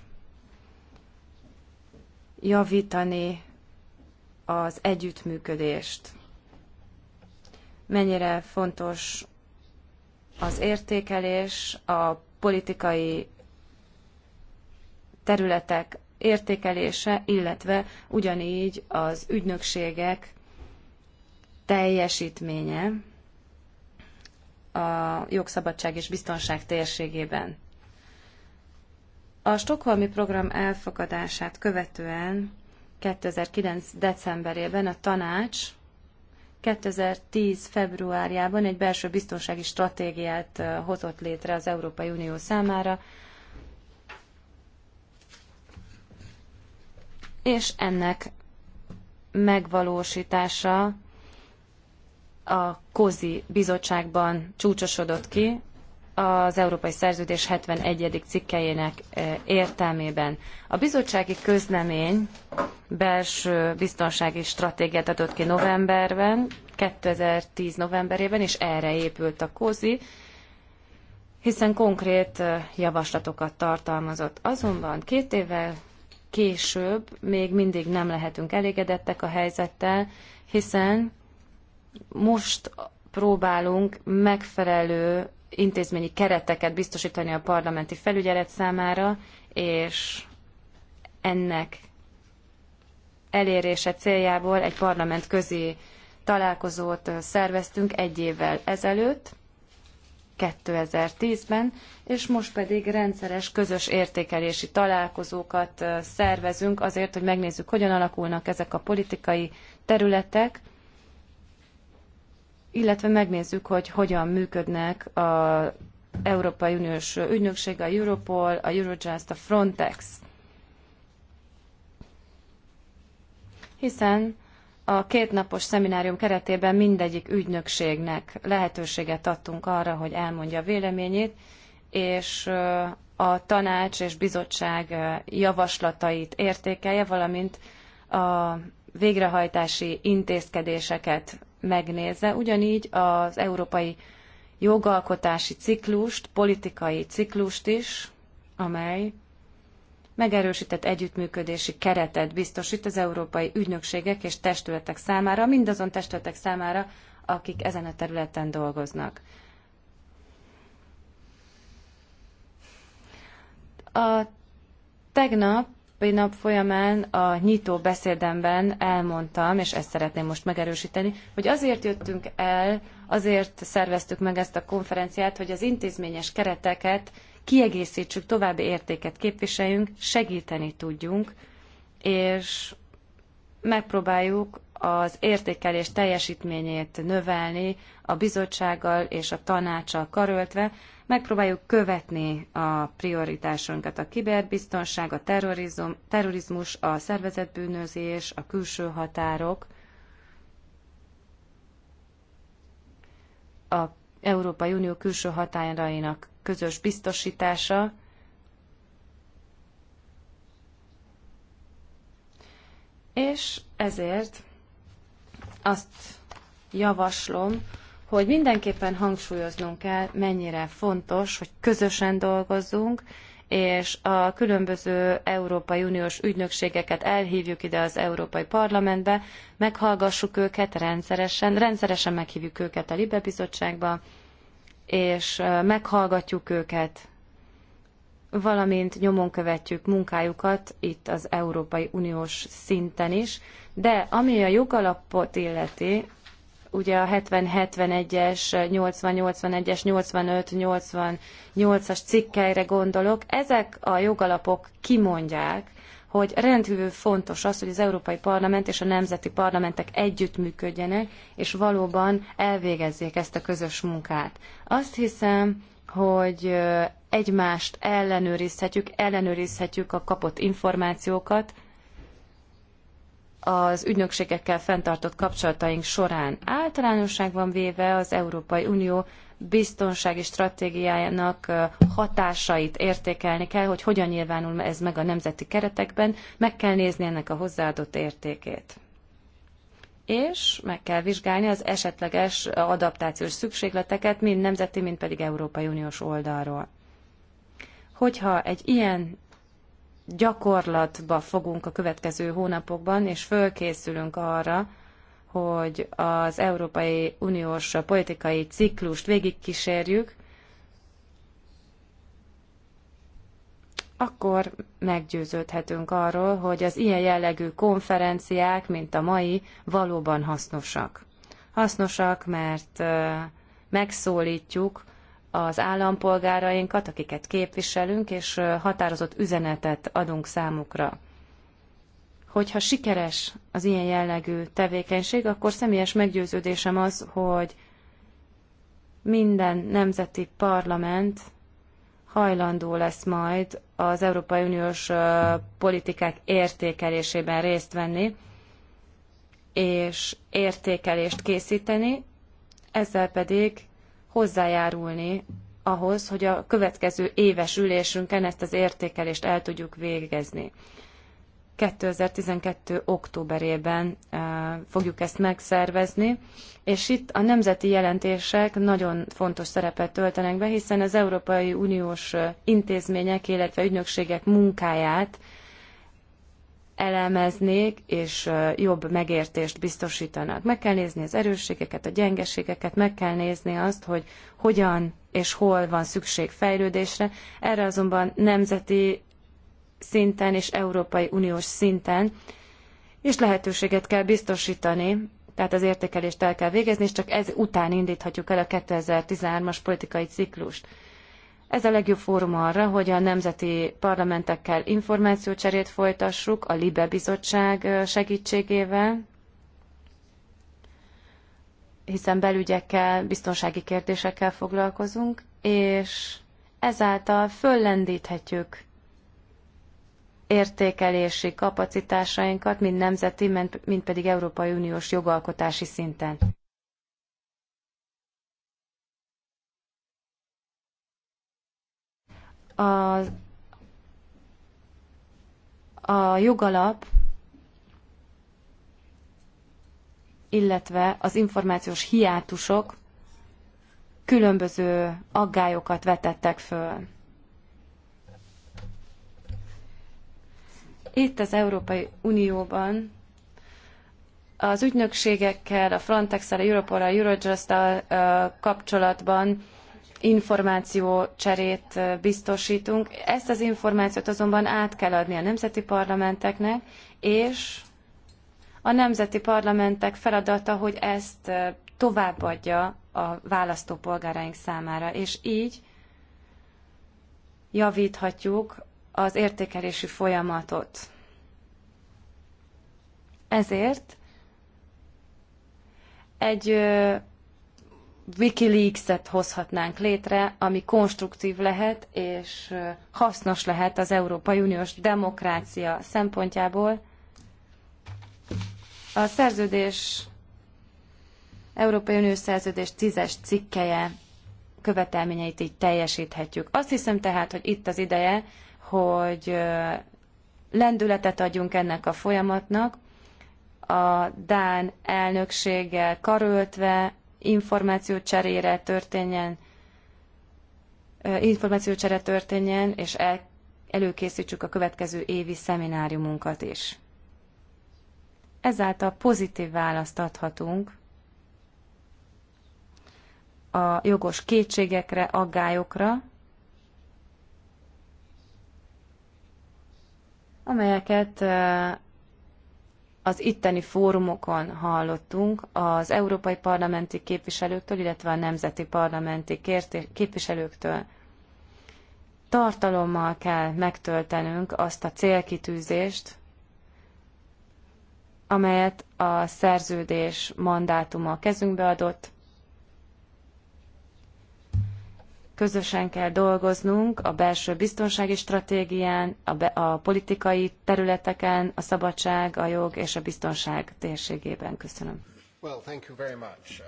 javítani az együttműködést. Mennyire fontos az értékelés, a politikai területek értékelése, illetve ugyanígy az ügynökségek teljesítménye a jogszabadság és biztonság térségében. A Stockholmi program elfogadását követően 2009. decemberében a tanács 2010. februárjában egy belső biztonsági stratégiát hozott létre az Európai Unió számára, és ennek megvalósítása a COZI bizottságban csúcsosodott ki az Európai Szerződés 71. cikkejének e, értelmében. A bizottsági közlemény belső biztonsági stratégiát adott ki novemberben, 2010 novemberében, és erre épült a COZI, hiszen konkrét e, javaslatokat tartalmazott. Azonban két évvel később még mindig nem lehetünk elégedettek a helyzettel, hiszen most próbálunk megfelelő intézményi kereteket biztosítani a parlamenti felügyelet számára, és ennek elérése céljából egy parlament találkozót szerveztünk egy évvel ezelőtt, 2010-ben, és most pedig rendszeres közös értékelési találkozókat szervezünk azért, hogy megnézzük, hogyan alakulnak ezek a politikai területek, illetve megnézzük, hogy hogyan működnek az Európai Uniós ügynökség, a Europol, a Eurojust, a Frontex. Hiszen a kétnapos szeminárium keretében mindegyik ügynökségnek lehetőséget adtunk arra, hogy elmondja véleményét, és a tanács és bizottság javaslatait értékelje, valamint a végrehajtási intézkedéseket megnézze. Ugyanígy az európai jogalkotási ciklust, politikai ciklust is, amely megerősített együttműködési keretet biztosít az európai ügynökségek és testületek számára, mindazon testületek számára, akik ezen a területen dolgoznak. A tegnapi nap folyamán a nyitó beszédemben elmondtam, és ezt szeretném most megerősíteni, hogy azért jöttünk el, azért szerveztük meg ezt a konferenciát, hogy az intézményes kereteket kiegészítsük, további értéket képviseljünk, segíteni tudjunk, és megpróbáljuk az értékelés teljesítményét növelni a bizottsággal és a tanácssal karöltve, megpróbáljuk követni a prioritásunkat, a kiberbiztonság, a terrorizm, terrorizmus, a szervezetbűnözés, a külső határok, a Európai Unió külső határainak közös biztosítása, és ezért azt javaslom, hogy mindenképpen hangsúlyoznunk kell, mennyire fontos, hogy közösen dolgozzunk, és a különböző Európai Uniós ügynökségeket elhívjuk ide az Európai Parlamentbe, meghallgassuk őket rendszeresen, rendszeresen meghívjuk őket a Libe Bizottságba, és meghallgatjuk őket, valamint nyomon követjük munkájukat itt az Európai Uniós szinten is, de ami a jogalapot illeti, ugye a 70-71-es, 80-81-es, 85-88-as cikkeire gondolok, ezek a jogalapok kimondják, hogy rendkívül fontos az, hogy az Európai Parlament és a nemzeti parlamentek együttműködjenek, és valóban elvégezzék ezt a közös munkát. Azt hiszem, hogy egymást ellenőrizhetjük, ellenőrizhetjük a kapott információkat, az ügynökségekkel fenntartott kapcsolataink során. Általánosságban véve az Európai Unió biztonsági stratégiájának hatásait értékelni kell, hogy hogyan nyilvánul ez meg a nemzeti keretekben, meg kell nézni ennek a hozzáadott értékét és meg kell vizsgálni az esetleges adaptációs szükségleteket, mind nemzeti, mind pedig Európai Uniós oldalról. Hogyha egy ilyen gyakorlatba fogunk a következő hónapokban, és fölkészülünk arra, hogy az Európai Uniós politikai ciklust végigkísérjük, akkor meggyőződhetünk arról, hogy az ilyen jellegű konferenciák, mint a mai, valóban hasznosak. Hasznosak, mert megszólítjuk az állampolgárainkat, akiket képviselünk, és határozott üzenetet adunk számukra hogyha sikeres az ilyen jellegű tevékenység, akkor személyes meggyőződésem az, hogy minden nemzeti parlament hajlandó lesz majd az Európai Uniós politikák értékelésében részt venni, és értékelést készíteni, ezzel pedig hozzájárulni ahhoz, hogy a következő éves ülésünkön ezt az értékelést el tudjuk végezni. 2012. októberében eh, fogjuk ezt megszervezni, és itt a nemzeti jelentések nagyon fontos szerepet töltenek be, hiszen az Európai Uniós eh, intézmények, illetve ügynökségek munkáját elemeznék, és eh, jobb megértést biztosítanak. Meg kell nézni az erősségeket, a gyengeségeket, meg kell nézni azt, hogy hogyan és hol van szükség fejlődésre. Erre azonban nemzeti szinten és Európai Uniós szinten, és lehetőséget kell biztosítani, tehát az értékelést el kell végezni, és csak ez után indíthatjuk el a 2013-as politikai ciklust. Ez a legjobb fórum arra, hogy a nemzeti parlamentekkel információcserét folytassuk, a LIBE bizottság segítségével, hiszen belügyekkel, biztonsági kérdésekkel foglalkozunk, és ezáltal föllendíthetjük értékelési kapacitásainkat, mind nemzeti, mind pedig Európai Uniós jogalkotási szinten. A, a jogalap, illetve az információs hiátusok különböző aggályokat vetettek föl Itt az Európai Unióban az ügynökségekkel, a Frontex-el, a europol a eurojust kapcsolatban információcserét biztosítunk. Ezt az információt azonban át kell adni a nemzeti parlamenteknek, és a nemzeti parlamentek feladata, hogy ezt továbbadja a választópolgáraink számára, és így javíthatjuk az értékelési folyamatot. Ezért egy Wikileaks-et hozhatnánk létre, ami konstruktív lehet és hasznos lehet az Európai Uniós demokrácia szempontjából. A szerződés, Európai Uniós szerződés tízes cikkeje követelményeit így teljesíthetjük. Azt hiszem tehát, hogy itt az ideje, hogy lendületet adjunk ennek a folyamatnak. A Dán elnökséggel karöltve információcserére történjen, információcsere történjen, és el, előkészítsük a következő évi szemináriumunkat is. Ezáltal pozitív választ adhatunk a jogos kétségekre, aggályokra, amelyeket az itteni fórumokon hallottunk az európai parlamenti képviselőktől, illetve a nemzeti parlamenti képviselőktől. Tartalommal kell megtöltenünk azt a célkitűzést, amelyet a szerződés mandátuma kezünkbe adott, Közösen kell dolgoznunk a belső biztonsági stratégián, a, be, a politikai területeken, a szabadság, a jog és a biztonság térségében. Köszönöm. Well, thank you very much. Uh,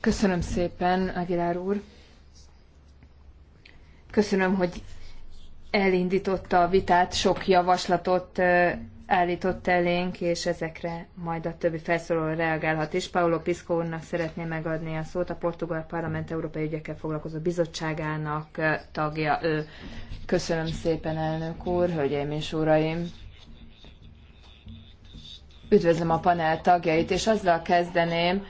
Köszönöm szépen, Aguilar úr. Köszönöm, hogy elindította a vitát, sok javaslatot uh, állított elénk, és ezekre majd a többi felszólaló reagálhat is. Paulo Pisco úrnak szeretné megadni a szót, a Portugál Parlament Európai Ügyekkel Foglalkozó Bizottságának tagja ő. Köszönöm szépen, elnök úr, hölgyeim és uraim! Üdvözlöm a panel tagjait, és azzal kezdeném,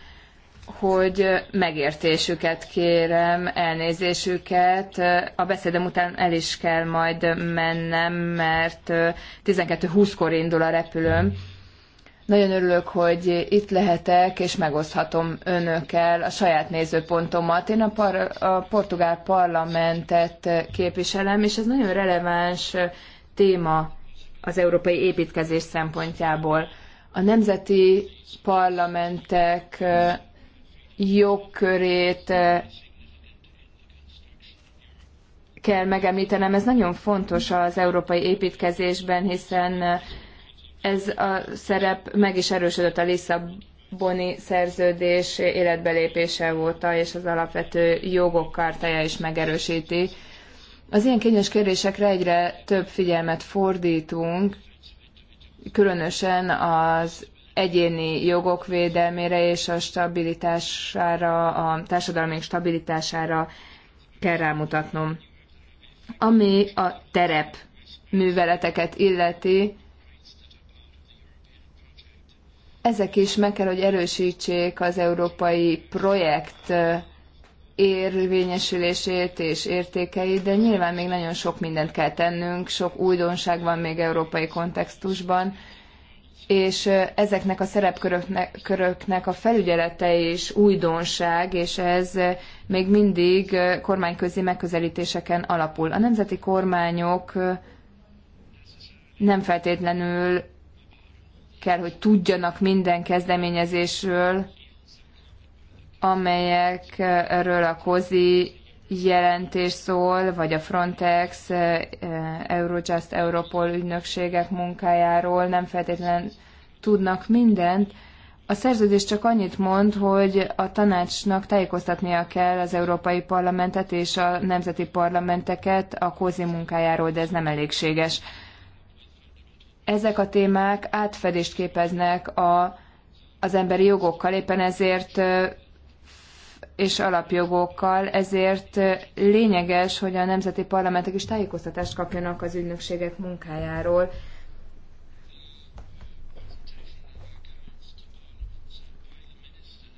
hogy megértésüket kérem, elnézésüket. A beszédem után el is kell majd mennem, mert 12.20-kor indul a repülőm. Nagyon örülök, hogy itt lehetek, és megoszthatom önökkel a saját nézőpontomat. Én a, par- a portugál parlamentet képviselem, és ez nagyon releváns téma az európai építkezés szempontjából. A nemzeti parlamentek jogkörét eh, kell megemlítenem. Ez nagyon fontos az európai építkezésben, hiszen eh, ez a szerep meg is erősödött a Lisszaboni szerződés életbelépése óta, és az alapvető jogok kártája is megerősíti. Az ilyen kényes kérdésekre egyre több figyelmet fordítunk, különösen az egyéni jogok védelmére és a stabilitására, a társadalmi stabilitására kell rámutatnom. Ami a terep műveleteket illeti, ezek is meg kell, hogy erősítsék az európai projekt érvényesülését és értékeit, de nyilván még nagyon sok mindent kell tennünk, sok újdonság van még európai kontextusban, és ezeknek a szerepköröknek a felügyelete is újdonság, és ez még mindig kormányközi megközelítéseken alapul. A nemzeti kormányok nem feltétlenül kell, hogy tudjanak minden kezdeményezésről, amelyekről a kozi jelentés szól, vagy a Frontex, eh, eh, Eurojust, Europol ügynökségek munkájáról nem feltétlenül tudnak mindent. A szerződés csak annyit mond, hogy a tanácsnak tájékoztatnia kell az Európai Parlamentet és a nemzeti parlamenteket a kózi munkájáról, de ez nem elégséges. Ezek a témák átfedést képeznek a, az emberi jogokkal, éppen ezért eh, és alapjogokkal, ezért lényeges, hogy a nemzeti parlamentek is tájékoztatást kapjanak az ügynökségek munkájáról.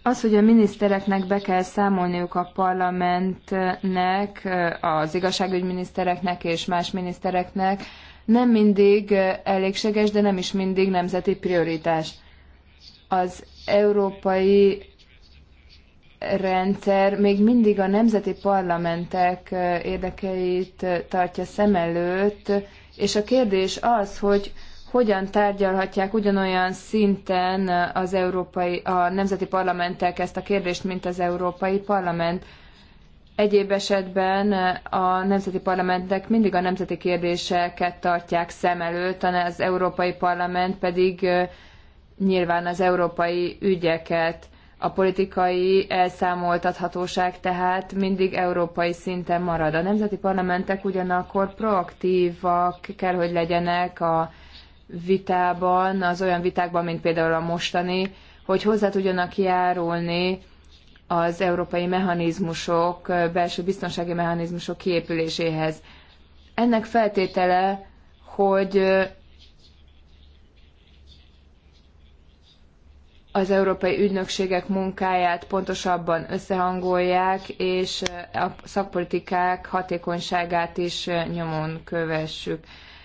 Az, hogy a minisztereknek be kell számolniuk a parlamentnek, az igazságügyminisztereknek és más minisztereknek, nem mindig elégséges, de nem is mindig nemzeti prioritás. Az európai rendszer még mindig a nemzeti parlamentek érdekeit tartja szem előtt, és a kérdés az, hogy hogyan tárgyalhatják ugyanolyan szinten az európai, a nemzeti parlamentek ezt a kérdést, mint az Európai Parlament. Egyéb esetben a nemzeti parlamentek mindig a nemzeti kérdéseket tartják szem előtt, az Európai Parlament pedig nyilván az európai ügyeket. A politikai elszámoltathatóság tehát mindig európai szinten marad. A nemzeti parlamentek ugyanakkor proaktívak kell, hogy legyenek a vitában, az olyan vitákban, mint például a mostani, hogy hozzá tudjanak járulni az európai mechanizmusok, belső biztonsági mechanizmusok kiépüléséhez. Ennek feltétele, hogy az európai ügynökségek munkáját pontosabban összehangolják, és eh, a szakpolitikák hatékonyságát is eh, nyomon kövessük.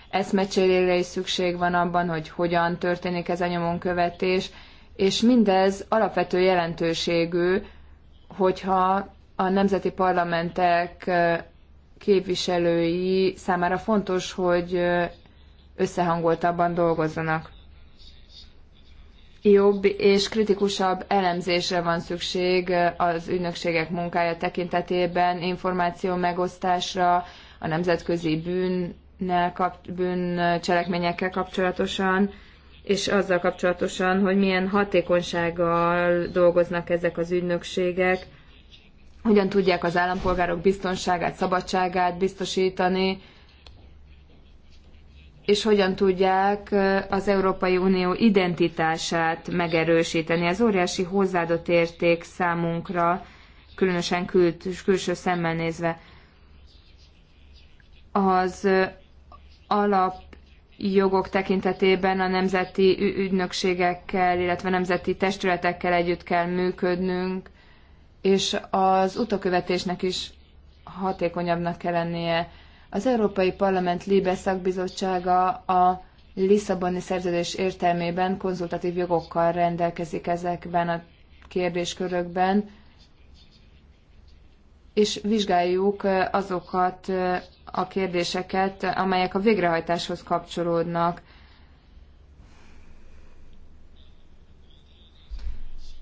Eszmecserére is szükség van abban, hogy hogyan történik ez a nyomonkövetés, és mindez alapvető jelentőségű, hogyha a nemzeti parlamentek eh, képviselői számára fontos, hogy összehangoltabban dolgozzanak jobb és kritikusabb elemzésre van szükség az ügynökségek munkája tekintetében, információ megosztásra, a nemzetközi bűnnel kap, bűncselekményekkel kapcsolatosan, és azzal kapcsolatosan, hogy milyen hatékonysággal dolgoznak ezek az ügynökségek, hogyan tudják az állampolgárok biztonságát, szabadságát biztosítani, és hogyan tudják az Európai Unió identitását megerősíteni. Ez óriási hozzáadott érték számunkra, különösen kül, külső szemmel nézve. Az alapjogok tekintetében a nemzeti ügynökségekkel, illetve nemzeti testületekkel együtt kell működnünk, és az utakövetésnek is hatékonyabbnak kell lennie az Európai Parlament Libe szakbizottsága a Lisszaboni szerződés értelmében konzultatív jogokkal rendelkezik ezekben a kérdéskörökben, és vizsgáljuk azokat a kérdéseket, amelyek a végrehajtáshoz kapcsolódnak.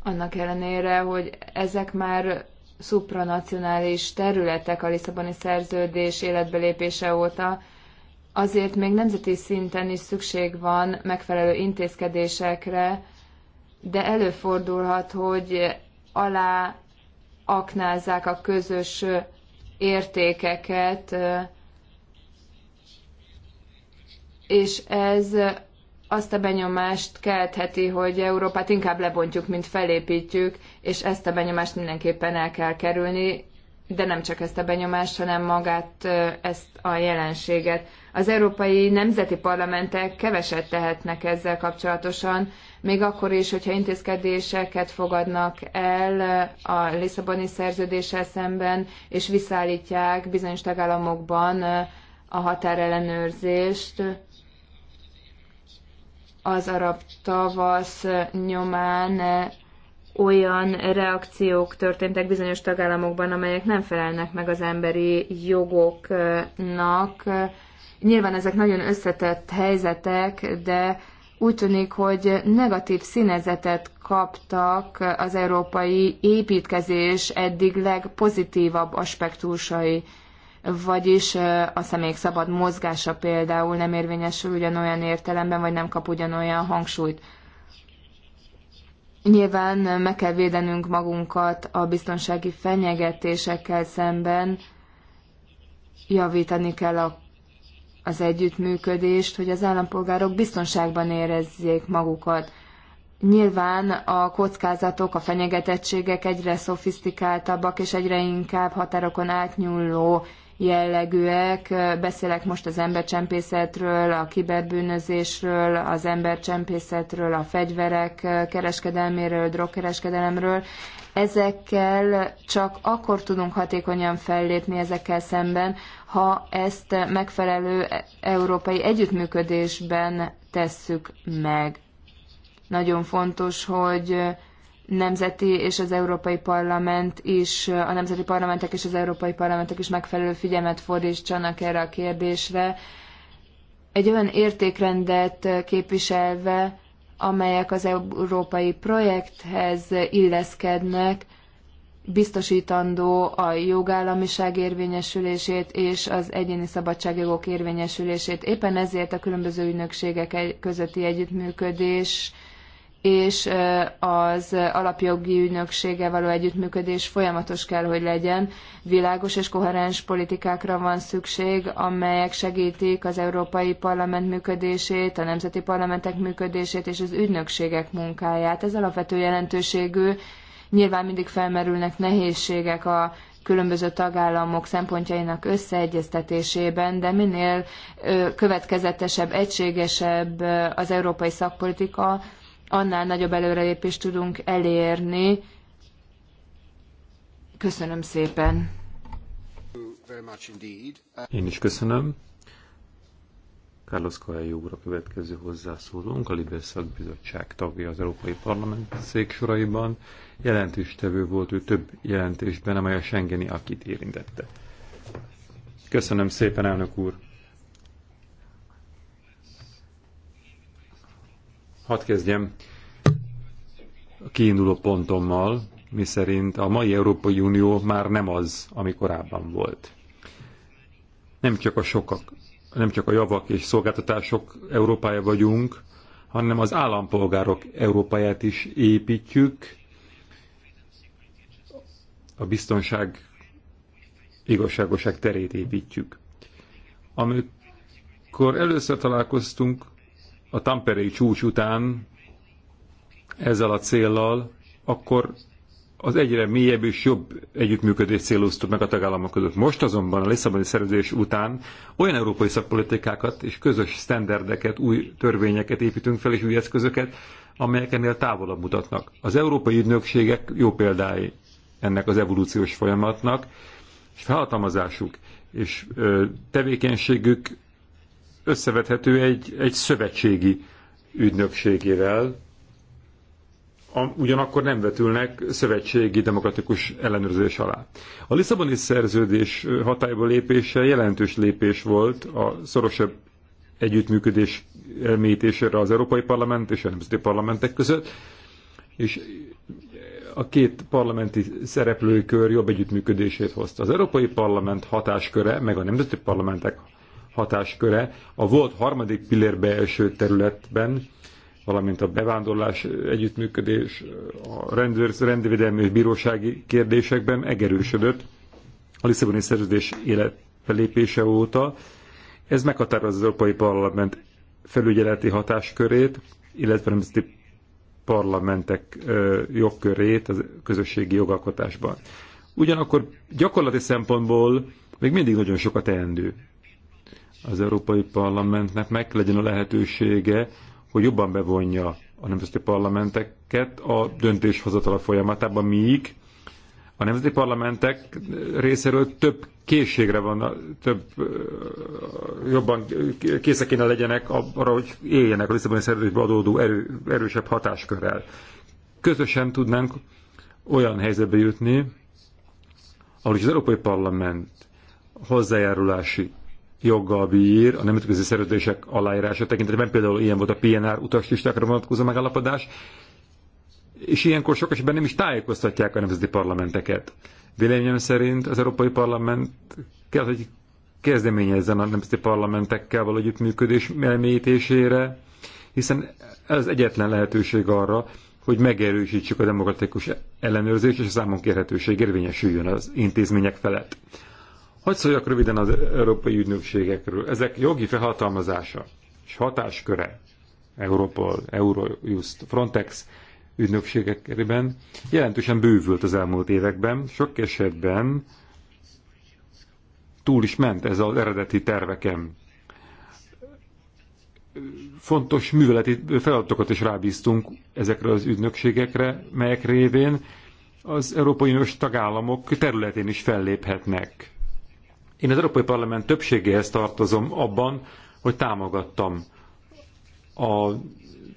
Annak ellenére, hogy ezek már szupranacionális területek a Lisszaboni szerződés életbelépése óta, azért még nemzeti szinten is szükség van megfelelő intézkedésekre, de előfordulhat, hogy alá aknázzák a közös értékeket, és ez azt a benyomást keltheti, hogy Európát inkább lebontjuk, mint felépítjük, és ezt a benyomást mindenképpen el kell kerülni, de nem csak ezt a benyomást, hanem magát ezt a jelenséget. Az európai nemzeti parlamentek keveset tehetnek ezzel kapcsolatosan, még akkor is, hogyha intézkedéseket fogadnak el a Lisszaboni szerződéssel szemben, és visszaállítják bizonyos tagállamokban a határellenőrzést, az arab tavasz nyomán olyan reakciók történtek bizonyos tagállamokban, amelyek nem felelnek meg az emberi jogoknak. Nyilván ezek nagyon összetett helyzetek, de úgy tűnik, hogy negatív színezetet kaptak az európai építkezés eddig legpozitívabb aspektusai vagyis a személyek szabad mozgása például nem érvényesül ugyanolyan értelemben, vagy nem kap ugyanolyan hangsúlyt. Nyilván meg kell védenünk magunkat a biztonsági fenyegetésekkel szemben, javítani kell a, az együttműködést, hogy az állampolgárok biztonságban érezzék magukat. Nyilván a kockázatok, a fenyegetettségek egyre szofisztikáltabbak és egyre inkább határokon átnyúló jellegűek. Beszélek most az embercsempészetről, a kiberbűnözésről, az embercsempészetről, a fegyverek kereskedelméről, drogkereskedelemről. Ezekkel csak akkor tudunk hatékonyan fellépni ezekkel szemben, ha ezt megfelelő európai együttműködésben tesszük meg. Nagyon fontos, hogy nemzeti és az Európai Parlament is, a nemzeti parlamentek és az Európai Parlamentek is megfelelő figyelmet fordítsanak erre a kérdésre, egy olyan értékrendet képviselve, amelyek az európai projekthez illeszkednek, biztosítandó a jogállamiság érvényesülését és az egyéni szabadságjogok érvényesülését. Éppen ezért a különböző ügynökségek közötti együttműködés és az alapjogi ügynöksége való együttműködés folyamatos kell, hogy legyen. Világos és koherens politikákra van szükség, amelyek segítik az Európai Parlament működését, a nemzeti parlamentek működését és az ügynökségek munkáját. Ez alapvető jelentőségű. Nyilván mindig felmerülnek nehézségek a különböző tagállamok szempontjainak összeegyeztetésében, de minél következetesebb, egységesebb az európai szakpolitika, annál nagyobb előrelépést tudunk elérni. Köszönöm szépen. Én is köszönöm. Carlos Coelho úr a következő hozzászólónk, a Liber Szakbizottság tagja az Európai Parlament széksoraiban. Jelentős tevő volt ő több jelentésben, amely a Schengeni akit érintette. Köszönöm szépen, elnök úr! Hadd kezdjem a kiinduló pontommal, miszerint a mai Európai Unió már nem az, ami korábban volt. Nem csak a sokak, nem csak a javak és szolgáltatások Európája vagyunk, hanem az állampolgárok Európáját is építjük, a biztonság igazságoság terét építjük. Amikor először találkoztunk, a Tamperei csúcs után ezzel a céllal, akkor az egyre mélyebb és jobb együttműködés céloztuk meg a tagállamok között. Most azonban a Lisszaboni szerződés után olyan európai szakpolitikákat és közös sztenderdeket, új törvényeket építünk fel és új eszközöket, amelyek ennél távolabb mutatnak. Az európai ügynökségek jó példái ennek az evolúciós folyamatnak, és felhatalmazásuk és tevékenységük összevethető egy, egy szövetségi ügynökségével, ugyanakkor nem vetülnek szövetségi demokratikus ellenőrzés alá. A Lisszaboni szerződés hatályba lépése jelentős lépés volt a szorosabb együttműködés elmélyítésére az Európai Parlament és a Nemzeti Parlamentek között, és a két parlamenti szereplőkör jobb együttműködését hozta. Az Európai Parlament hatásköre, meg a nemzeti parlamentek hatásköre a volt harmadik pillérbe eső területben, valamint a bevándorlás együttműködés, a rendőr, rendvédelmi és bírósági kérdésekben megerősödött a Lisszaboni szerződés életbelépése óta. Ez meghatározza az Európai Parlament felügyeleti hatáskörét, illetve nemzeti parlamentek jogkörét a közösségi jogalkotásban. Ugyanakkor gyakorlati szempontból még mindig nagyon sok a teendő az Európai Parlamentnek meg legyen a lehetősége, hogy jobban bevonja a nemzeti parlamenteket a döntéshozatala folyamatában, míg a nemzeti parlamentek részéről több készségre van, több jobban készek kéne legyenek arra, hogy éljenek a Lisszaboni szerződésbe adódó erő, erősebb hatáskörrel. Közösen tudnánk olyan helyzetbe jutni, ahol is az Európai Parlament hozzájárulási joggal bír a nemzetközi szerződések aláírása tekintetében, például ilyen volt a PNR utaslistákra vonatkozó megállapodás, és ilyenkor sok esetben nem is tájékoztatják a nemzeti parlamenteket. Véleményem szerint az Európai Parlament kell, hogy kezdeményezzen a nemzeti parlamentekkel való együttműködés elmélyítésére, hiszen ez egyetlen lehetőség arra, hogy megerősítsük a demokratikus ellenőrzést és a számon kérhetőség érvényesüljön az intézmények felett. Hogy szóljak röviden az európai ügynökségekről. Ezek jogi felhatalmazása és hatásköre Europol, Eurojust, Frontex ügynökségekben jelentősen bővült az elmúlt években. Sok esetben túl is ment ez az eredeti terveken. Fontos műveleti feladatokat is rábíztunk ezekre az ügynökségekre, melyek révén az Európai Uniós tagállamok területén is felléphetnek én az Európai Parlament többségéhez tartozom abban, hogy támogattam a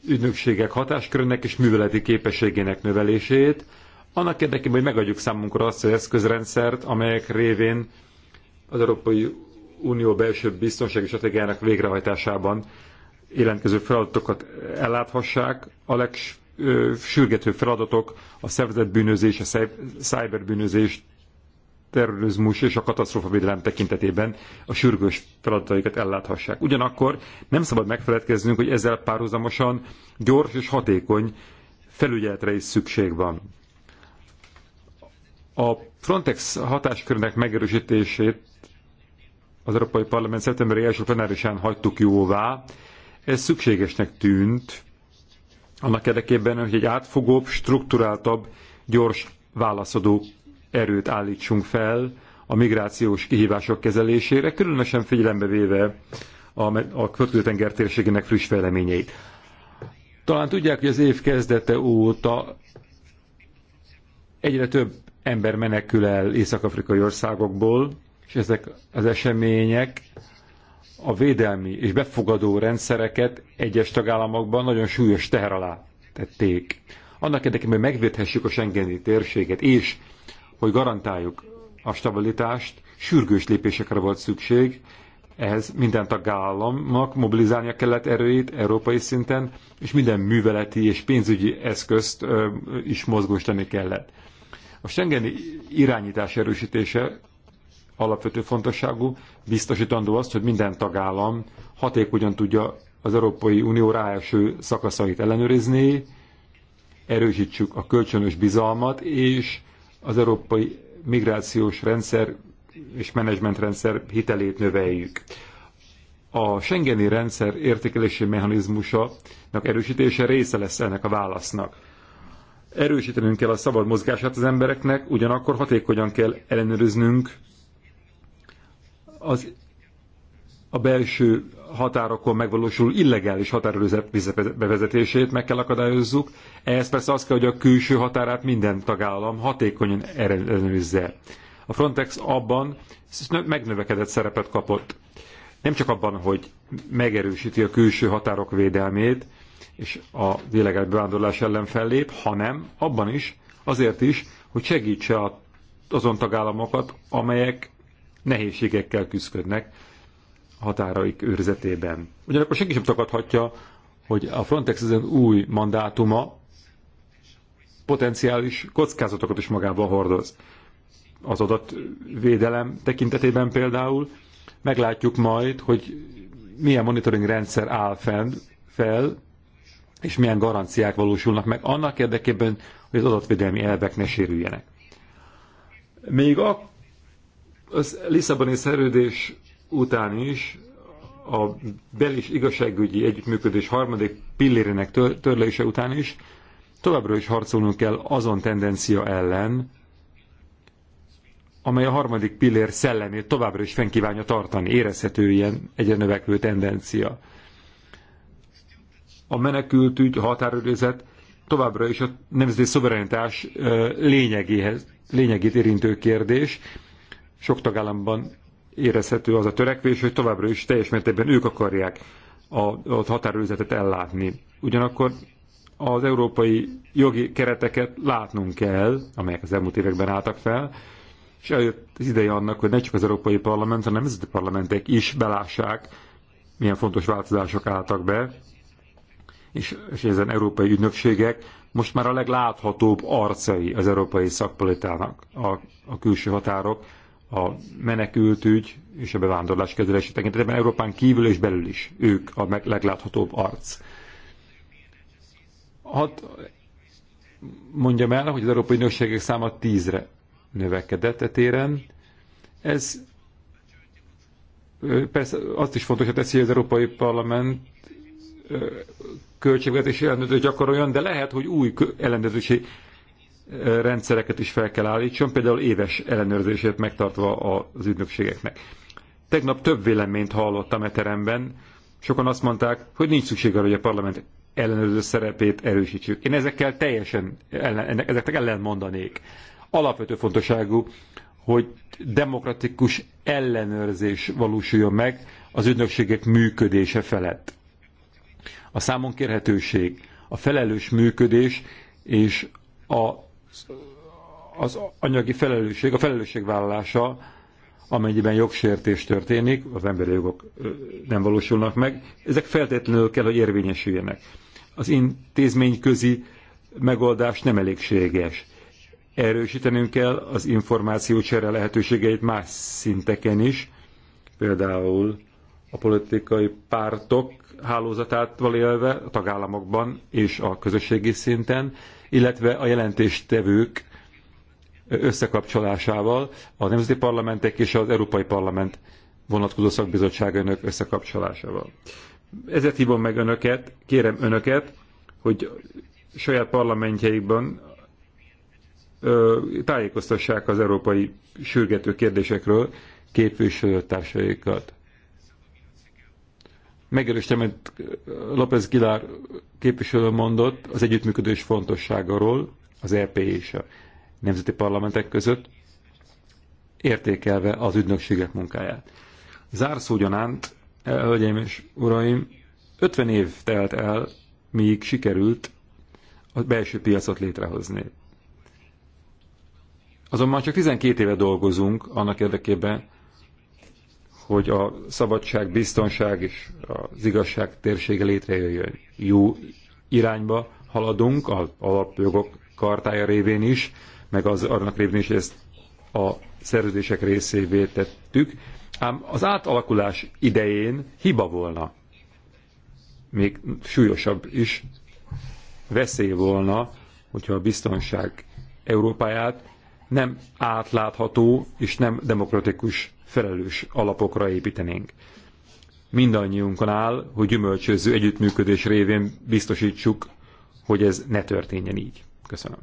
ügynökségek hatáskörének és műveleti képességének növelését, annak érdekében, hogy megadjuk számunkra azt az eszközrendszert, amelyek révén az Európai Unió belső biztonsági stratégiának végrehajtásában jelentkező feladatokat elláthassák. A legsürgetőbb feladatok a szervezetbűnözés, a cyberbűnözés terrorizmus és a katasztrófavédelem tekintetében a sürgős feladataikat elláthassák. Ugyanakkor nem szabad megfeledkeznünk, hogy ezzel párhuzamosan gyors és hatékony felügyeletre is szükség van. A Frontex hatáskörnek megerősítését az Európai Parlament szeptemberi első plenárisán hagytuk jóvá. Ez szükségesnek tűnt, annak érdekében, hogy egy átfogóbb, strukturáltabb, gyors válaszadó erőt állítsunk fel a migrációs kihívások kezelésére, különösen figyelembe véve a, a Kötőtenger térségének friss fejleményeit. Talán tudják, hogy az év kezdete óta egyre több ember menekül el észak-afrikai országokból, és ezek az események a védelmi és befogadó rendszereket egyes tagállamokban nagyon súlyos teher alá tették. Annak érdekében, hogy megvédhessük a Schengeni térséget és hogy garantáljuk a stabilitást, sürgős lépésekre volt szükség, ehhez minden tagállamnak mobilizálnia kellett erőit európai szinten, és minden műveleti és pénzügyi eszközt is mozgósítani kellett. A Schengeni irányítás erősítése alapvető fontosságú, biztosítandó azt, hogy minden tagállam hatékonyan tudja az Európai Unió ráeső szakaszait ellenőrizni, erősítsük a kölcsönös bizalmat, és az európai migrációs rendszer és menedzsmentrendszer hitelét növeljük. A Schengeni rendszer értékelési mechanizmusa erősítése része lesz ennek a válasznak. Erősítenünk kell a szabad mozgását az embereknek, ugyanakkor hatékonyan kell ellenőriznünk az a belső határokon megvalósul illegális határőrzet bevezetését meg kell akadályozzuk. Ehhez persze az kell, hogy a külső határát minden tagállam hatékonyan ellenőrizze. A Frontex abban megnövekedett szerepet kapott. Nem csak abban, hogy megerősíti a külső határok védelmét, és a illegális bevándorlás ellen fellép, hanem abban is, azért is, hogy segítse azon tagállamokat, amelyek nehézségekkel küzdködnek határaik őrzetében. Ugyanakkor senki sem tagadhatja, hogy a Frontex ezen új mandátuma potenciális kockázatokat is magában hordoz. Az adatvédelem tekintetében például meglátjuk majd, hogy milyen monitoring rendszer áll fenn, fel, és milyen garanciák valósulnak meg annak érdekében, hogy az adatvédelmi elvek ne sérüljenek. Még a, az Lisszaboni szerződés után is a bel- és igazságügyi együttműködés harmadik pillérének tör- törlése után is továbbra is harcolnunk kell azon tendencia ellen, amely a harmadik pillér szellemét továbbra is fennkívánja tartani, érezhető ilyen egyre növekvő tendencia. A menekültügy, a határőrizet továbbra is a nemzeti szuverenitás lényegéhez, lényegét érintő kérdés. Sok tagállamban érezhető az a törekvés, hogy továbbra is teljes mértékben ők akarják a, a határőrzetet ellátni. Ugyanakkor az európai jogi kereteket látnunk kell, amelyek az elmúlt években álltak fel, és eljött az ideje annak, hogy ne csak az Európai Parlament, hanem nemzeti parlamentek is belássák, milyen fontos változások álltak be, és, és ezen európai ügynökségek most már a legláthatóbb arcai az európai szakpolitának a, a külső határok a menekültügy és a bevándorlás kezelési tekintetében Európán kívül és belül is ők a legláthatóbb arc. Hadd mondjam el, hogy az Európai Nőségek száma tízre növekedett a e téren. Ez persze azt is fontos, hogy teszi, hogy az Európai Parlament költségvetési ellenőrzést gyakoroljon, de lehet, hogy új ellenőrzési rendszereket is fel kell állítson, például éves ellenőrzését megtartva az ügynökségeknek. Tegnap több véleményt hallottam e teremben, sokan azt mondták, hogy nincs szükség arra, hogy a parlament ellenőrző szerepét erősítsük. Én ezekkel teljesen ellen, ezeknek ellen mondanék. Alapvető fontosságú, hogy demokratikus ellenőrzés valósuljon meg az ügynökségek működése felett. A számonkérhetőség, a felelős működés és a az anyagi felelősség, a felelősségvállalása, amennyiben jogsértés történik, az emberi jogok nem valósulnak meg, ezek feltétlenül kell, hogy érvényesüljenek. Az intézményközi megoldás nem elégséges. Erősítenünk kell az információcsere lehetőségeit más szinteken is, például a politikai pártok hálózatát élve a tagállamokban és a közösségi szinten, illetve a jelentéstevők összekapcsolásával, a nemzeti parlamentek és az Európai Parlament vonatkozó szakbizottság önök összekapcsolásával. Ezért hívom meg önöket, kérem önöket, hogy saját parlamentjeikben ö, tájékoztassák az európai sürgető kérdésekről képviselőtársaikat megerősítem, amit López Gilár képviselő mondott az együttműködés fontosságáról az EP és a nemzeti parlamentek között, értékelve az ügynökségek munkáját. Zárszó gyanánt, hölgyeim és uraim, 50 év telt el, míg sikerült a belső piacot létrehozni. Azonban csak 12 éve dolgozunk annak érdekében, hogy a szabadság, biztonság és az igazság térsége létrejöjjön. Jó irányba haladunk, az alapjogok kartája révén is, meg az annak révén is ezt a szerződések részévé tettük, ám az átalakulás idején hiba volna, még súlyosabb is veszély volna, hogyha a biztonság Európáját nem átlátható és nem demokratikus felelős alapokra építenénk. Mindannyiunkon áll, hogy gyümölcsöző együttműködés révén biztosítsuk, hogy ez ne történjen így. Köszönöm.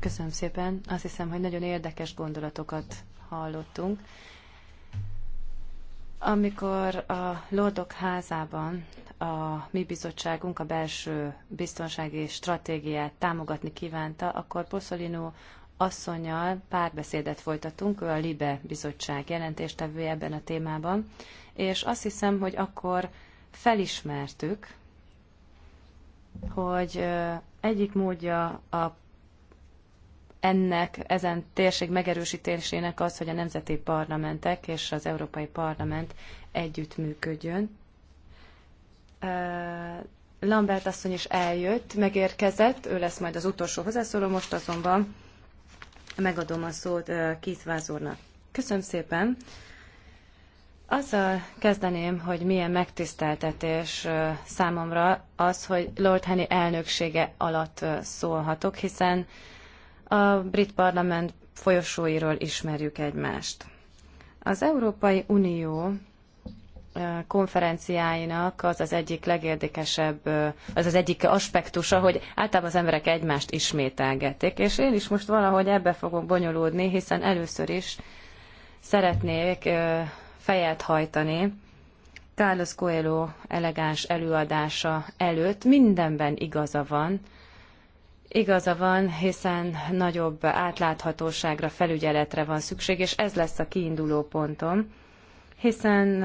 Köszönöm szépen. Azt hiszem, hogy nagyon érdekes gondolatokat hallottunk. Amikor a Lordok házában a mi bizottságunk a belső biztonsági stratégiát támogatni kívánta, akkor Poszolino asszonyjal párbeszédet folytatunk, ő a LIBE bizottság jelentéstevője ebben a témában, és azt hiszem, hogy akkor felismertük, hogy egyik módja a ennek, ezen térség megerősítésének az, hogy a nemzeti parlamentek és az Európai Parlament együttműködjön. Lambert asszony is eljött, megérkezett, ő lesz majd az utolsó hozzászóló, most azonban megadom a szót Keith Köszönöm szépen. Azzal kezdeném, hogy milyen megtiszteltetés számomra az, hogy Lord Henry elnöksége alatt szólhatok, hiszen a brit parlament folyosóiról ismerjük egymást. Az Európai Unió konferenciáinak az az egyik legérdekesebb, az az egyik aspektusa, hogy általában az emberek egymást ismételgetik, és én is most valahogy ebbe fogok bonyolódni, hiszen először is szeretnék fejet hajtani Carlos Coelho elegáns előadása előtt. Mindenben igaza van, Igaza van, hiszen nagyobb átláthatóságra, felügyeletre van szükség, és ez lesz a kiinduló pontom hiszen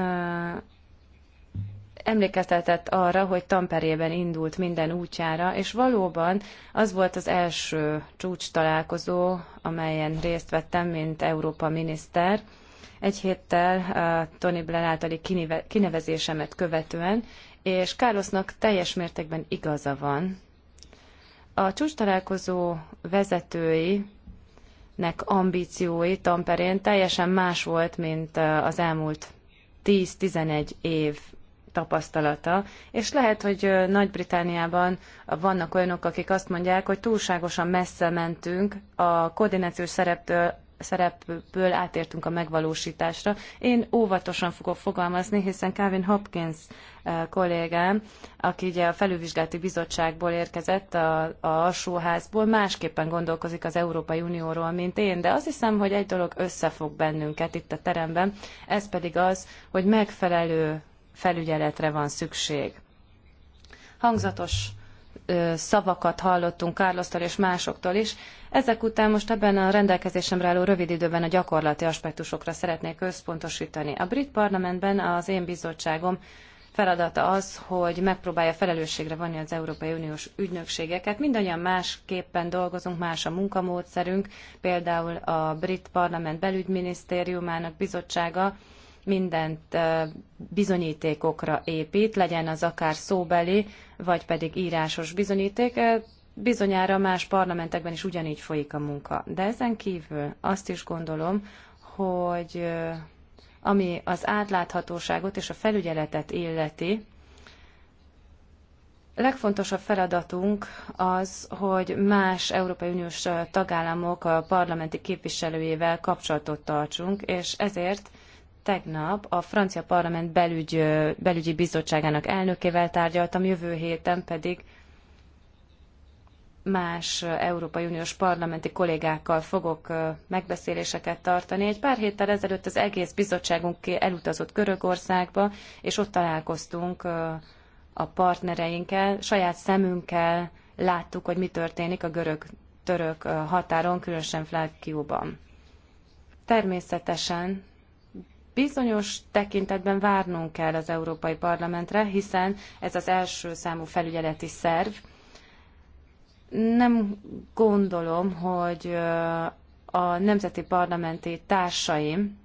emlékeztetett arra, hogy Tamperében indult minden útjára, és valóban az volt az első csúcs találkozó, amelyen részt vettem, mint Európa miniszter, egy héttel Tony Blair általi kinevezésemet követően, és Károsznak teljes mértékben igaza van. A csúcs találkozó vezetői nek ambíciói Tamperén teljesen más volt, mint az elmúlt 10-11 év tapasztalata, és lehet, hogy Nagy-Britániában vannak olyanok, akik azt mondják, hogy túlságosan messze mentünk a koordinációs szereptől szerepből átértünk a megvalósításra. Én óvatosan fogok fogalmazni, hiszen Calvin Hopkins eh, kollégám, aki ugye a felülvizsgálati bizottságból érkezett, a, a alsóházból, másképpen gondolkozik az Európai Unióról, mint én, de azt hiszem, hogy egy dolog összefog bennünket itt a teremben, ez pedig az, hogy megfelelő felügyeletre van szükség. Hangzatos eh, szavakat hallottunk Carlos-tól és másoktól is, ezek után most ebben a rendelkezésemre álló rövid időben a gyakorlati aspektusokra szeretnék összpontosítani. A brit parlamentben az én bizottságom feladata az, hogy megpróbálja felelősségre vonni az Európai Uniós ügynökségeket. Mindannyian másképpen dolgozunk, más a munkamódszerünk, például a brit parlament belügyminisztériumának bizottsága mindent bizonyítékokra épít, legyen az akár szóbeli, vagy pedig írásos bizonyíték. Bizonyára más parlamentekben is ugyanígy folyik a munka. De ezen kívül azt is gondolom, hogy ami az átláthatóságot és a felügyeletet illeti, legfontosabb feladatunk az, hogy más Európai Uniós tagállamok a parlamenti képviselőjével kapcsolatot tartsunk, és ezért tegnap a francia parlament belügy, belügyi bizottságának elnökével tárgyaltam, jövő héten pedig más Európai Uniós parlamenti kollégákkal fogok megbeszéléseket tartani. Egy pár héttel ezelőtt az egész bizottságunk elutazott Görögországba, és ott találkoztunk a partnereinkkel, saját szemünkkel láttuk, hogy mi történik a görög-török határon, különösen Flákióban. Természetesen bizonyos tekintetben várnunk kell az Európai Parlamentre, hiszen ez az első számú felügyeleti szerv, nem gondolom, hogy a nemzeti parlamenti társaim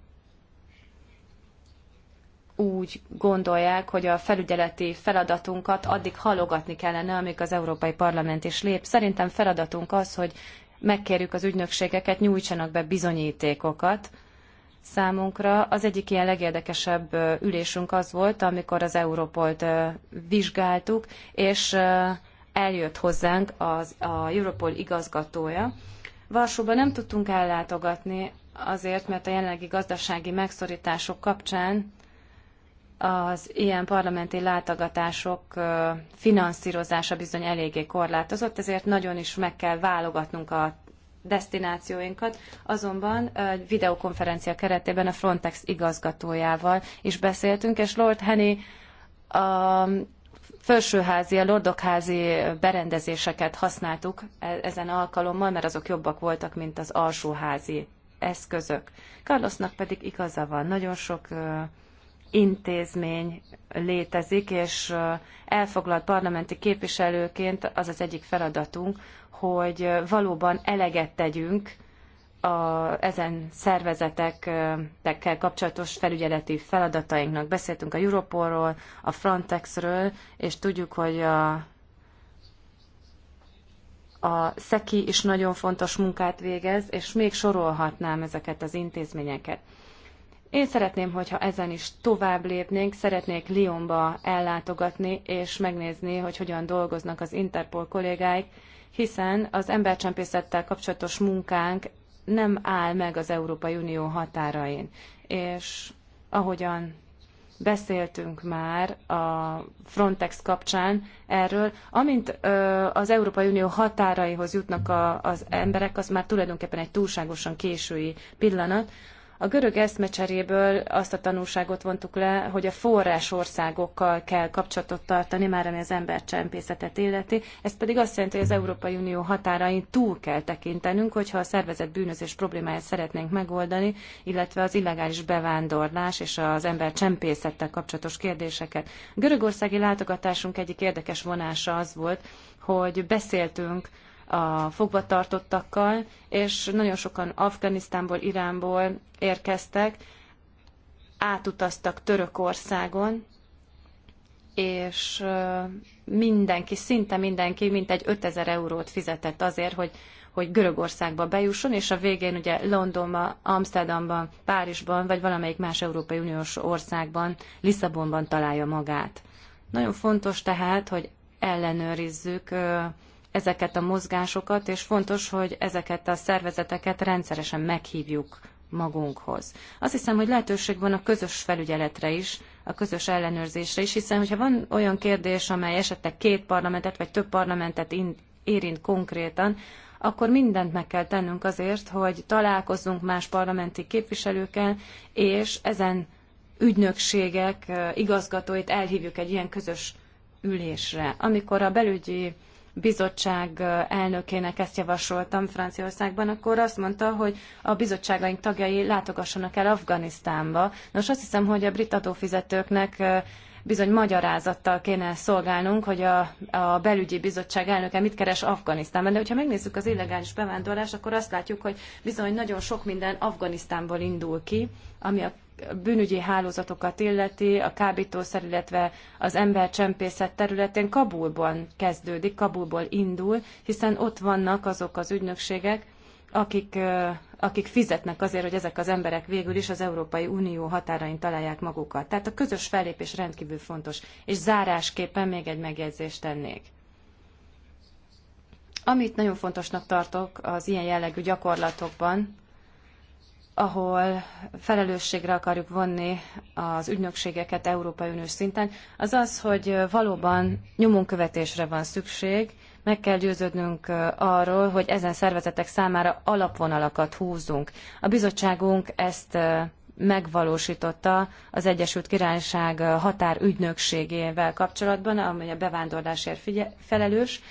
úgy gondolják, hogy a felügyeleti feladatunkat addig halogatni kellene, amíg az Európai Parlament is lép. Szerintem feladatunk az, hogy megkérjük az ügynökségeket, nyújtsanak be bizonyítékokat, számunkra. Az egyik ilyen legérdekesebb ülésünk az volt, amikor az Európolt vizsgáltuk, és eljött hozzánk az, a Europol igazgatója. Varsóba nem tudtunk ellátogatni azért, mert a jelenlegi gazdasági megszorítások kapcsán az ilyen parlamenti látogatások finanszírozása bizony eléggé korlátozott, ezért nagyon is meg kell válogatnunk a destinációinkat, azonban egy videokonferencia keretében a Frontex igazgatójával is beszéltünk, és Lord Henny a felsőházi, a lordokházi berendezéseket használtuk e, ezen alkalommal, mert azok jobbak voltak, mint az alsóházi eszközök. Carlosnak pedig igaza van, nagyon sok intézmény létezik, és elfoglalt parlamenti képviselőként az az egyik feladatunk, hogy valóban eleget tegyünk a, ezen szervezetekkel kapcsolatos felügyeleti feladatainknak. Beszéltünk a Europolról, a Frontexről, és tudjuk, hogy a, a SZEKI is nagyon fontos munkát végez, és még sorolhatnám ezeket az intézményeket. Én szeretném, hogyha ezen is tovább lépnénk, szeretnék Lyonba ellátogatni, és megnézni, hogy hogyan dolgoznak az Interpol kollégáik, hiszen az embercsempészettel kapcsolatos munkánk nem áll meg az Európai Unió határain. És ahogyan beszéltünk már a Frontex kapcsán erről. Amint ö, az Európai Unió határaihoz jutnak a, az emberek, az már tulajdonképpen egy túlságosan késői pillanat. A görög eszmecseréből azt a tanulságot vontuk le, hogy a forrásországokkal kell kapcsolatot tartani, már ami az embercsempészetet illeti. Ez pedig azt jelenti, hogy az Európai Unió határain túl kell tekintenünk, hogyha a szervezett bűnözés problémáját szeretnénk megoldani, illetve az illegális bevándorlás és az embercsempészettel kapcsolatos kérdéseket. A görögországi látogatásunk egyik érdekes vonása az volt, hogy beszéltünk a fogvatartottakkal, és nagyon sokan Afganisztánból, Iránból érkeztek, átutaztak Törökországon, és mindenki, szinte mindenki mint egy 5000 eurót fizetett azért, hogy, hogy Görögországba bejusson, és a végén ugye Londonban, Amsterdamban, Párizsban, vagy valamelyik más Európai Uniós országban, Lisszabonban találja magát. Nagyon fontos tehát, hogy ellenőrizzük ezeket a mozgásokat, és fontos, hogy ezeket a szervezeteket rendszeresen meghívjuk magunkhoz. Azt hiszem, hogy lehetőség van a közös felügyeletre is, a közös ellenőrzésre is, hiszen hogyha van olyan kérdés, amely esetleg két parlamentet vagy több parlamentet érint konkrétan, akkor mindent meg kell tennünk azért, hogy találkozzunk más parlamenti képviselőkkel, és ezen ügynökségek igazgatóit elhívjuk egy ilyen közös ülésre. Amikor a belügyi bizottság elnökének ezt javasoltam Franciaországban, akkor azt mondta, hogy a bizottságaink tagjai látogassanak el Afganisztánba. Nos, azt hiszem, hogy a brit adófizetőknek bizony magyarázattal kéne szolgálnunk, hogy a, a belügyi bizottság elnöke mit keres Afganisztánban. De hogyha megnézzük az illegális bevándorlást, akkor azt látjuk, hogy bizony nagyon sok minden Afganisztánból indul ki, ami a bűnügyi hálózatokat illeti, a kábítószer, illetve az embercsempészet területén Kabulban kezdődik, Kabulból indul, hiszen ott vannak azok az ügynökségek, akik, akik fizetnek azért, hogy ezek az emberek végül is az Európai Unió határain találják magukat. Tehát a közös fellépés rendkívül fontos. És zárásképpen még egy megjegyzést tennék. Amit nagyon fontosnak tartok az ilyen jellegű gyakorlatokban, ahol felelősségre akarjuk vonni az ügynökségeket Európai Uniós szinten, az az, hogy valóban nyomonkövetésre van szükség, meg kell győződnünk arról, hogy ezen szervezetek számára alapvonalakat húzzunk. A bizottságunk ezt megvalósította az Egyesült Királyság határügynökségével kapcsolatban, amely a bevándorlásért felelős,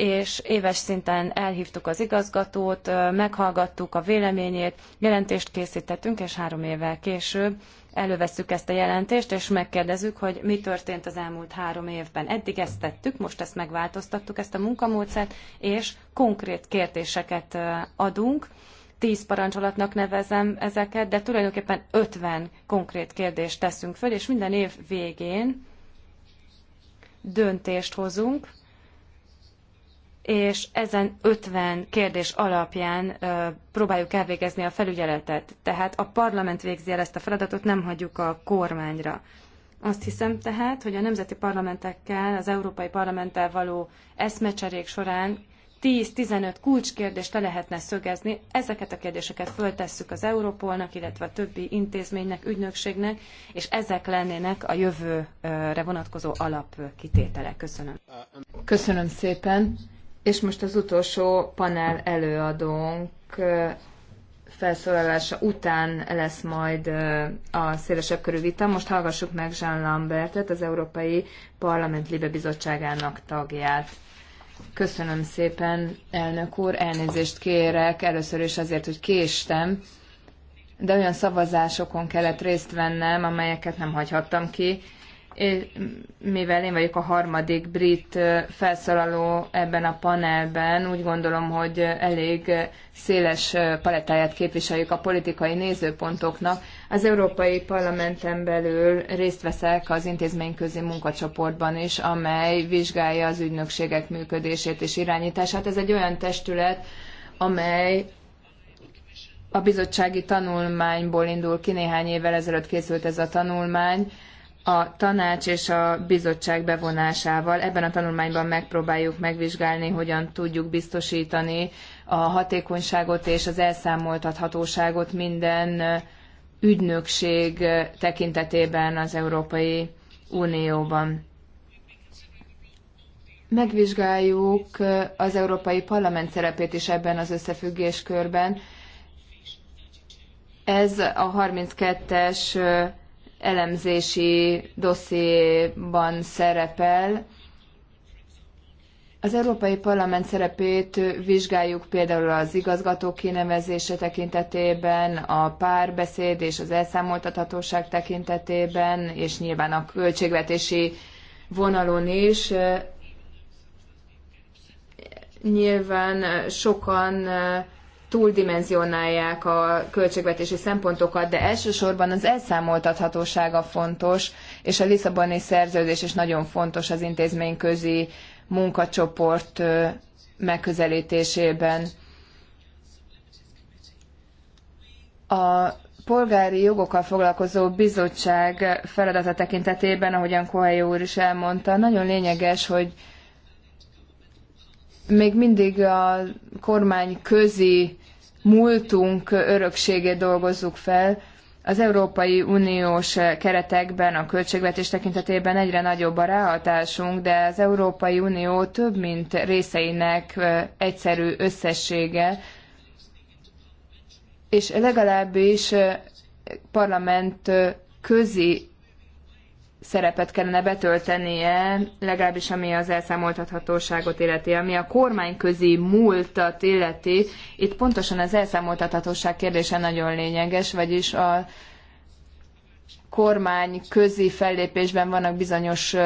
és éves szinten elhívtuk az igazgatót, meghallgattuk a véleményét, jelentést készítettünk, és három évvel később elővesszük ezt a jelentést, és megkérdezzük, hogy mi történt az elmúlt három évben. Eddig ezt tettük, most ezt megváltoztattuk, ezt a munkamódszert, és konkrét kérdéseket adunk. Tíz parancsolatnak nevezem ezeket, de tulajdonképpen 50 konkrét kérdést teszünk föl, és minden év végén döntést hozunk, és ezen 50 kérdés alapján ö, próbáljuk elvégezni a felügyeletet. Tehát a parlament végzi el ezt a feladatot, nem hagyjuk a kormányra. Azt hiszem tehát, hogy a nemzeti parlamentekkel, az Európai Parlamenttel való eszmecserék során 10-15 kulcskérdést le lehetne szögezni. Ezeket a kérdéseket föltesszük az Európolnak, illetve a többi intézménynek, ügynökségnek, és ezek lennének a jövőre vonatkozó alapkitételek. Köszönöm. Köszönöm szépen. És most az utolsó panel előadónk felszólalása után lesz majd a szélesebb körű vita. Most hallgassuk meg Jean Lambertet, az Európai Parlament Libe Bizottságának tagját. Köszönöm szépen, elnök úr, elnézést kérek először is azért, hogy késtem, de olyan szavazásokon kellett részt vennem, amelyeket nem hagyhattam ki, mivel én vagyok a harmadik brit felszólaló ebben a panelben, úgy gondolom, hogy elég széles palettáját képviseljük a politikai nézőpontoknak. Az Európai Parlamenten belül részt veszek az intézményközi munkacsoportban is, amely vizsgálja az ügynökségek működését és irányítását. Ez egy olyan testület, amely a bizottsági tanulmányból indul ki, néhány évvel ezelőtt készült ez a tanulmány, a tanács és a bizottság bevonásával. Ebben a tanulmányban megpróbáljuk megvizsgálni, hogyan tudjuk biztosítani a hatékonyságot és az elszámoltathatóságot minden ügynökség tekintetében az Európai Unióban. Megvizsgáljuk az Európai Parlament szerepét is ebben az összefüggéskörben. Ez a 32-es elemzési dossziéban szerepel. Az Európai Parlament szerepét vizsgáljuk például az igazgató kinevezése tekintetében, a párbeszéd és az elszámoltathatóság tekintetében, és nyilván a költségvetési vonalon is. Nyilván sokan túldimenzionálják a költségvetési szempontokat, de elsősorban az elszámoltathatósága fontos, és a Lisszaboni szerződés is nagyon fontos az intézményközi munkacsoport megközelítésében. A polgári jogokkal foglalkozó bizottság feladata tekintetében, ahogyan Koelyó úr is elmondta, nagyon lényeges, hogy még mindig a kormány közi múltunk örökségét dolgozzuk fel. Az Európai Uniós keretekben, a költségvetés tekintetében egyre nagyobb a ráhatásunk, de az Európai Unió több, mint részeinek egyszerű összessége, és legalábbis parlament közi szerepet kellene betöltenie, legalábbis ami az elszámoltathatóságot illeti, ami a kormányközi múltat illeti. Itt pontosan az elszámoltathatóság kérdése nagyon lényeges, vagyis a kormányközi fellépésben vannak bizonyos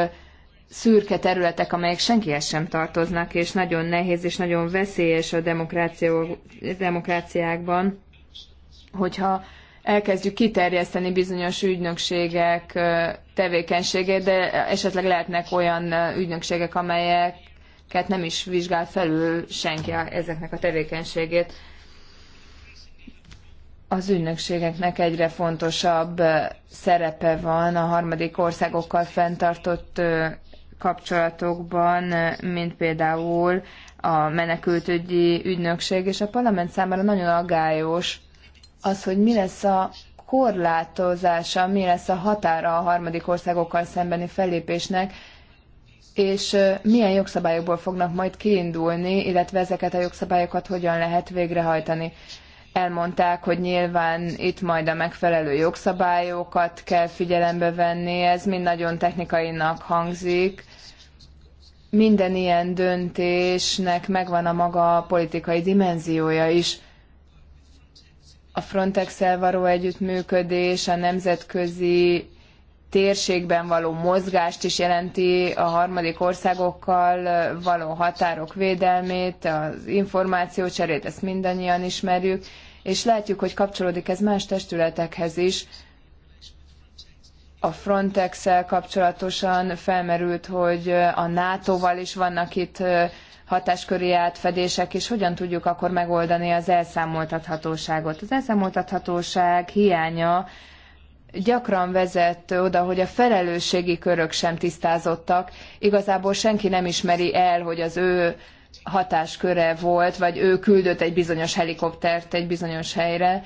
szürke területek, amelyek senkihez sem tartoznak, és nagyon nehéz és nagyon veszélyes a demokráciákban, hogyha elkezdjük kiterjeszteni bizonyos ügynökségek tevékenységét, de esetleg lehetnek olyan ügynökségek, amelyeket nem is vizsgál felül senki ezeknek a tevékenységét. Az ügynökségeknek egyre fontosabb szerepe van a harmadik országokkal fenntartott kapcsolatokban, mint például a menekültügyi ügynökség, és a parlament számára nagyon aggályos, az, hogy mi lesz a korlátozása, mi lesz a határa a harmadik országokkal szembeni fellépésnek, és milyen jogszabályokból fognak majd kiindulni, illetve ezeket a jogszabályokat hogyan lehet végrehajtani. Elmondták, hogy nyilván itt majd a megfelelő jogszabályokat kell figyelembe venni, ez mind nagyon technikainak hangzik. Minden ilyen döntésnek megvan a maga politikai dimenziója is a Frontex-el való együttműködés, a nemzetközi térségben való mozgást is jelenti, a harmadik országokkal való határok védelmét, az információcserét, ezt mindannyian ismerjük, és látjuk, hogy kapcsolódik ez más testületekhez is. A Frontex-el kapcsolatosan felmerült, hogy a NATO-val is vannak itt hatásköri átfedések, és hogyan tudjuk akkor megoldani az elszámoltathatóságot. Az elszámoltathatóság hiánya gyakran vezet oda, hogy a felelősségi körök sem tisztázottak. Igazából senki nem ismeri el, hogy az ő hatásköre volt, vagy ő küldött egy bizonyos helikoptert egy bizonyos helyre,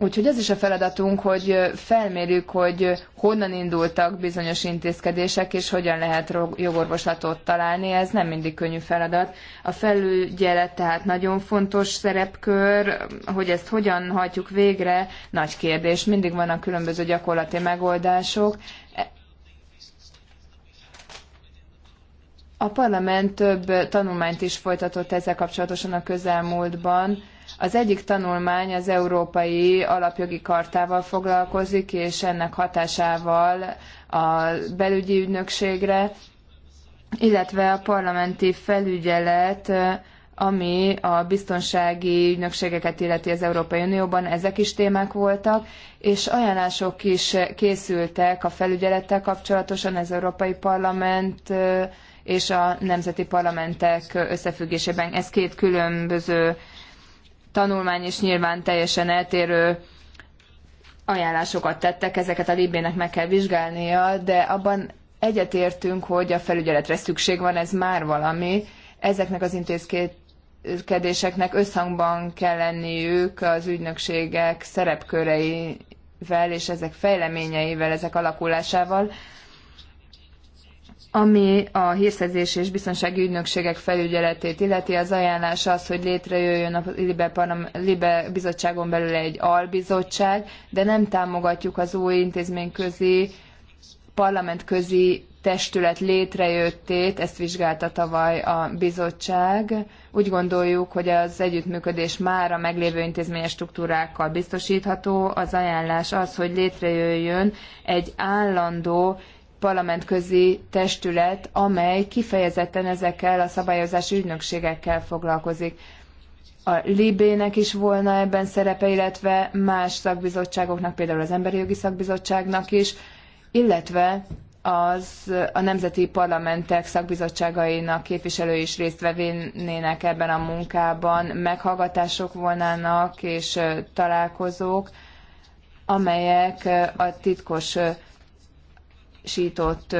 Úgyhogy ez is a feladatunk, hogy felmérjük, hogy honnan indultak bizonyos intézkedések, és hogyan lehet jogorvoslatot találni. Ez nem mindig könnyű feladat. A felügyelet tehát nagyon fontos szerepkör, hogy ezt hogyan hajtjuk végre, nagy kérdés. Mindig vannak különböző gyakorlati megoldások. A parlament több tanulmányt is folytatott ezzel kapcsolatosan a közelmúltban az egyik tanulmány az Európai Alapjogi Kartával foglalkozik, és ennek hatásával a belügyi ügynökségre, illetve a parlamenti felügyelet, ami a biztonsági ügynökségeket illeti az Európai Unióban, ezek is témák voltak, és ajánlások is készültek a felügyelettel kapcsolatosan az Európai Parlament és a nemzeti parlamentek összefüggésében. Ez két különböző tanulmány is nyilván teljesen eltérő ajánlásokat tettek, ezeket a Libének meg kell vizsgálnia, de abban egyetértünk, hogy a felügyeletre szükség van, ez már valami. Ezeknek az intézkedéseknek összhangban kell lenniük az ügynökségek szerepköreivel és ezek fejleményeivel, ezek alakulásával. Ami a hírszerzés és biztonsági ügynökségek felügyeletét illeti, az ajánlás az, hogy létrejöjjön a Libe, Panam, Libe bizottságon belül egy albizottság, de nem támogatjuk az új intézményközi, parlamentközi testület létrejöttét, ezt vizsgálta tavaly a bizottság. Úgy gondoljuk, hogy az együttműködés már a meglévő intézményes struktúrákkal biztosítható. Az ajánlás az, hogy létrejöjjön egy állandó parlamentközi testület, amely kifejezetten ezekkel a szabályozási ügynökségekkel foglalkozik. A Libének is volna ebben szerepe, illetve más szakbizottságoknak, például az Emberi Jogi Szakbizottságnak is, illetve az a nemzeti parlamentek szakbizottságainak képviselői is részt vennének ebben a munkában, meghallgatások volnának és találkozók, amelyek a titkos megvalósított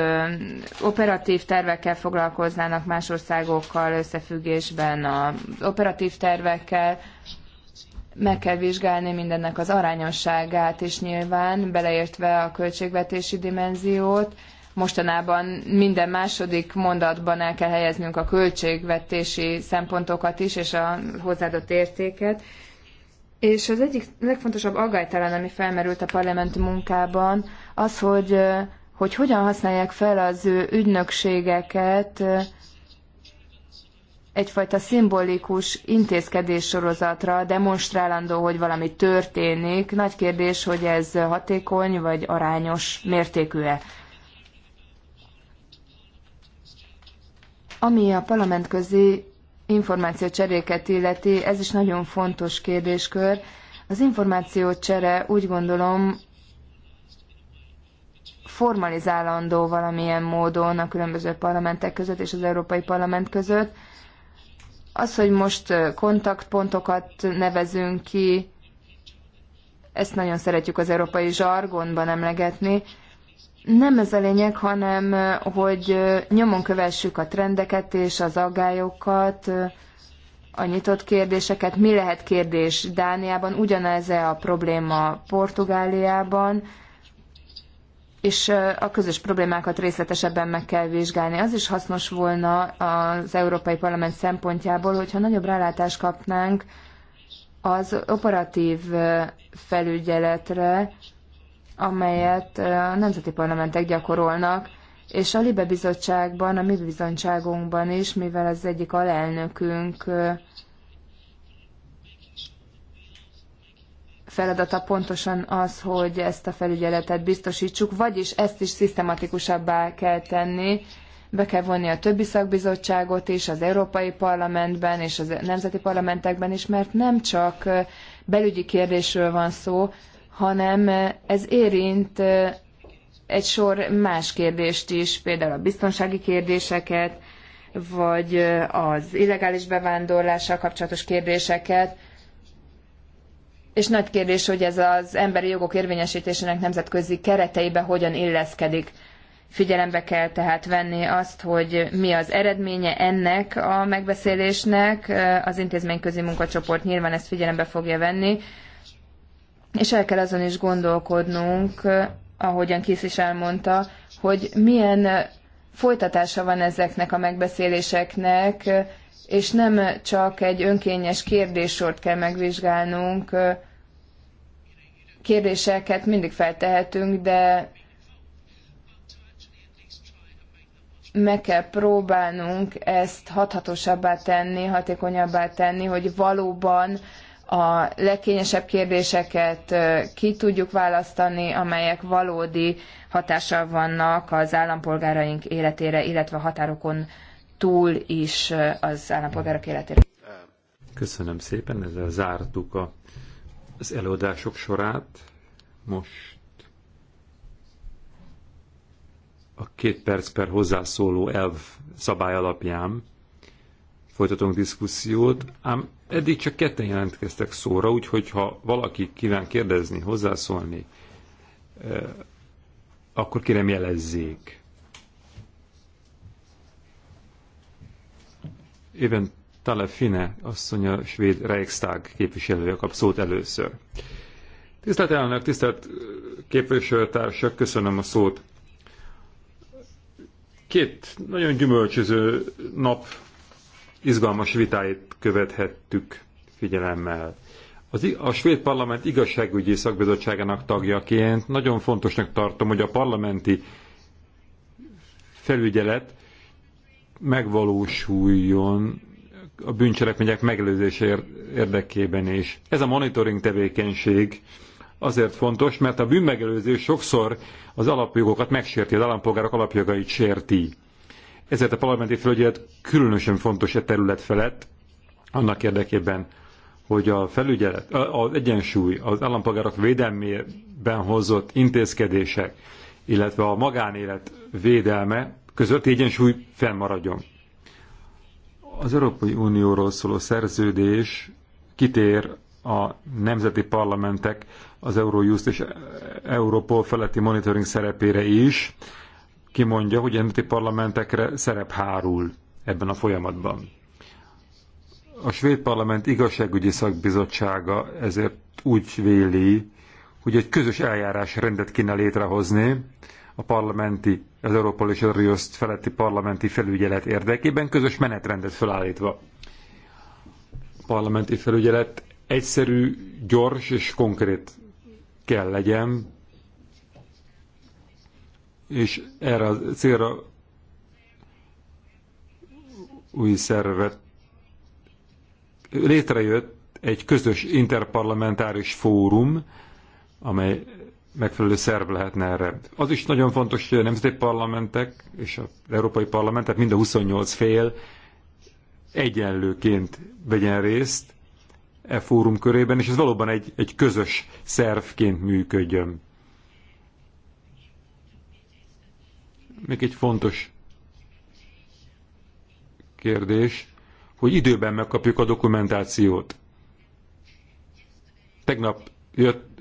operatív tervekkel foglalkoznának más országokkal összefüggésben, az operatív tervekkel, meg kell vizsgálni mindennek az arányosságát, és nyilván beleértve a költségvetési dimenziót, mostanában minden második mondatban el kell helyeznünk a költségvetési szempontokat is, és a hozzáadott értéket. És az egyik legfontosabb aggálytalan, ami felmerült a parlament munkában, az, hogy hogy hogyan használják fel az ő ügynökségeket egyfajta szimbolikus intézkedéssorozatra, demonstrálandó, hogy valami történik. Nagy kérdés, hogy ez hatékony vagy arányos mértékű-e. Ami a parlamentközi információcseréket illeti, ez is nagyon fontos kérdéskör. Az információcsere úgy gondolom, formalizálandó valamilyen módon a különböző parlamentek között és az Európai Parlament között. Az, hogy most kontaktpontokat nevezünk ki, ezt nagyon szeretjük az európai zsargonban emlegetni, nem ez a lényeg, hanem hogy nyomon kövessük a trendeket és az aggályokat, a nyitott kérdéseket. Mi lehet kérdés Dániában? Ugyanez -e a probléma Portugáliában? és a közös problémákat részletesebben meg kell vizsgálni. Az is hasznos volna az Európai Parlament szempontjából, hogyha nagyobb rálátást kapnánk az operatív felügyeletre, amelyet a nemzeti parlamentek gyakorolnak, és a Libe Bizottságban, a mi bizottságunkban is, mivel az egyik alelnökünk feladata pontosan az, hogy ezt a felügyeletet biztosítsuk, vagyis ezt is szisztematikusabbá kell tenni, be kell vonni a többi szakbizottságot is, az Európai Parlamentben és az nemzeti parlamentekben is, mert nem csak belügyi kérdésről van szó, hanem ez érint egy sor más kérdést is, például a biztonsági kérdéseket, vagy az illegális bevándorlással kapcsolatos kérdéseket, és nagy kérdés, hogy ez az emberi jogok érvényesítésének nemzetközi kereteibe hogyan illeszkedik. Figyelembe kell tehát venni azt, hogy mi az eredménye ennek a megbeszélésnek. Az intézményközi munkacsoport nyilván ezt figyelembe fogja venni, és el kell azon is gondolkodnunk, ahogyan Kisz is elmondta, hogy milyen folytatása van ezeknek a megbeszéléseknek, és nem csak egy önkényes kérdéssort kell megvizsgálnunk. Kérdéseket mindig feltehetünk, de meg kell próbálnunk ezt hathatósabbá tenni, hatékonyabbá tenni, hogy valóban a legkényesebb kérdéseket ki tudjuk választani, amelyek valódi hatással vannak az állampolgáraink életére, illetve a határokon túl is az állampolgárok életére. Köszönöm szépen, ezzel zártuk a, az előadások sorát. Most a két perc per hozzászóló elv szabály alapján folytatunk diszkusziót, ám eddig csak ketten jelentkeztek szóra, úgyhogy ha valaki kíván kérdezni, hozzászólni, akkor kérem jelezzék. Éven Talefine asszony a svéd Reichstag képviselője kap szót először. Tisztelt elnök, tisztelt képviselőtársak, köszönöm a szót. Két nagyon gyümölcsöző nap izgalmas vitáit követhettük figyelemmel. Az, a svéd parlament igazságügyi szakbizottságának tagjaként nagyon fontosnak tartom, hogy a parlamenti felügyelet megvalósuljon a bűncselekmények megelőzése érdekében is. Ez a monitoring tevékenység azért fontos, mert a bűnmegelőzés sokszor az alapjogokat megsérti, az állampolgárok alapjogait sérti. Ezért a parlamenti felügyelet különösen fontos e terület felett, annak érdekében, hogy a felügyelet, az egyensúly, az állampolgárok védelmében hozott intézkedések, illetve a magánélet védelme között egyensúly fennmaradjon. Az Európai Unióról szóló szerződés kitér a nemzeti parlamentek az Eurojust és Europol feletti monitoring szerepére is, mondja, hogy a nemzeti parlamentekre szerep hárul ebben a folyamatban. A svéd parlament igazságügyi szakbizottsága ezért úgy véli, hogy egy közös eljárás rendet kéne létrehozni, a parlamenti, az Európai és a Rioszt feletti parlamenti felügyelet érdekében, közös menetrendet felállítva. A parlamenti felügyelet egyszerű, gyors és konkrét kell legyen, és erre a célra új szervet létrejött egy közös interparlamentáris fórum, amely megfelelő szerv lehetne erre. Az is nagyon fontos, hogy a nemzeti parlamentek és az európai parlamentek, mind a 28 fél egyenlőként vegyen részt e fórum körében, és ez valóban egy, egy közös szervként működjön. Még egy fontos kérdés, hogy időben megkapjuk a dokumentációt. Tegnap jött,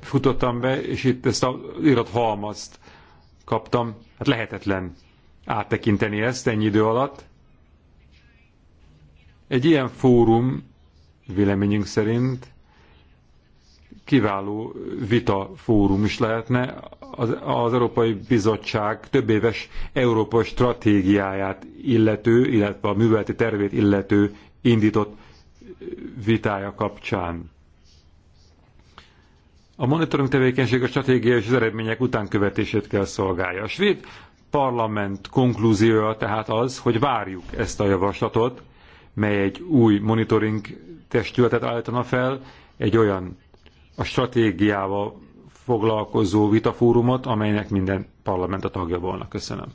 futottam be, és itt ezt az irat halmazt kaptam. Hát lehetetlen áttekinteni ezt ennyi idő alatt. Egy ilyen fórum véleményünk szerint kiváló vita fórum is lehetne az, az Európai Bizottság több éves európai stratégiáját illető, illetve a műveleti tervét illető indított vitája kapcsán. A monitoring tevékenység a stratégia és az eredmények utánkövetését kell szolgálja. A svéd parlament konklúziója tehát az, hogy várjuk ezt a javaslatot, mely egy új monitoring testületet állítana fel, egy olyan a stratégiával foglalkozó vitafórumot, amelynek minden parlament a tagja volna. Köszönöm.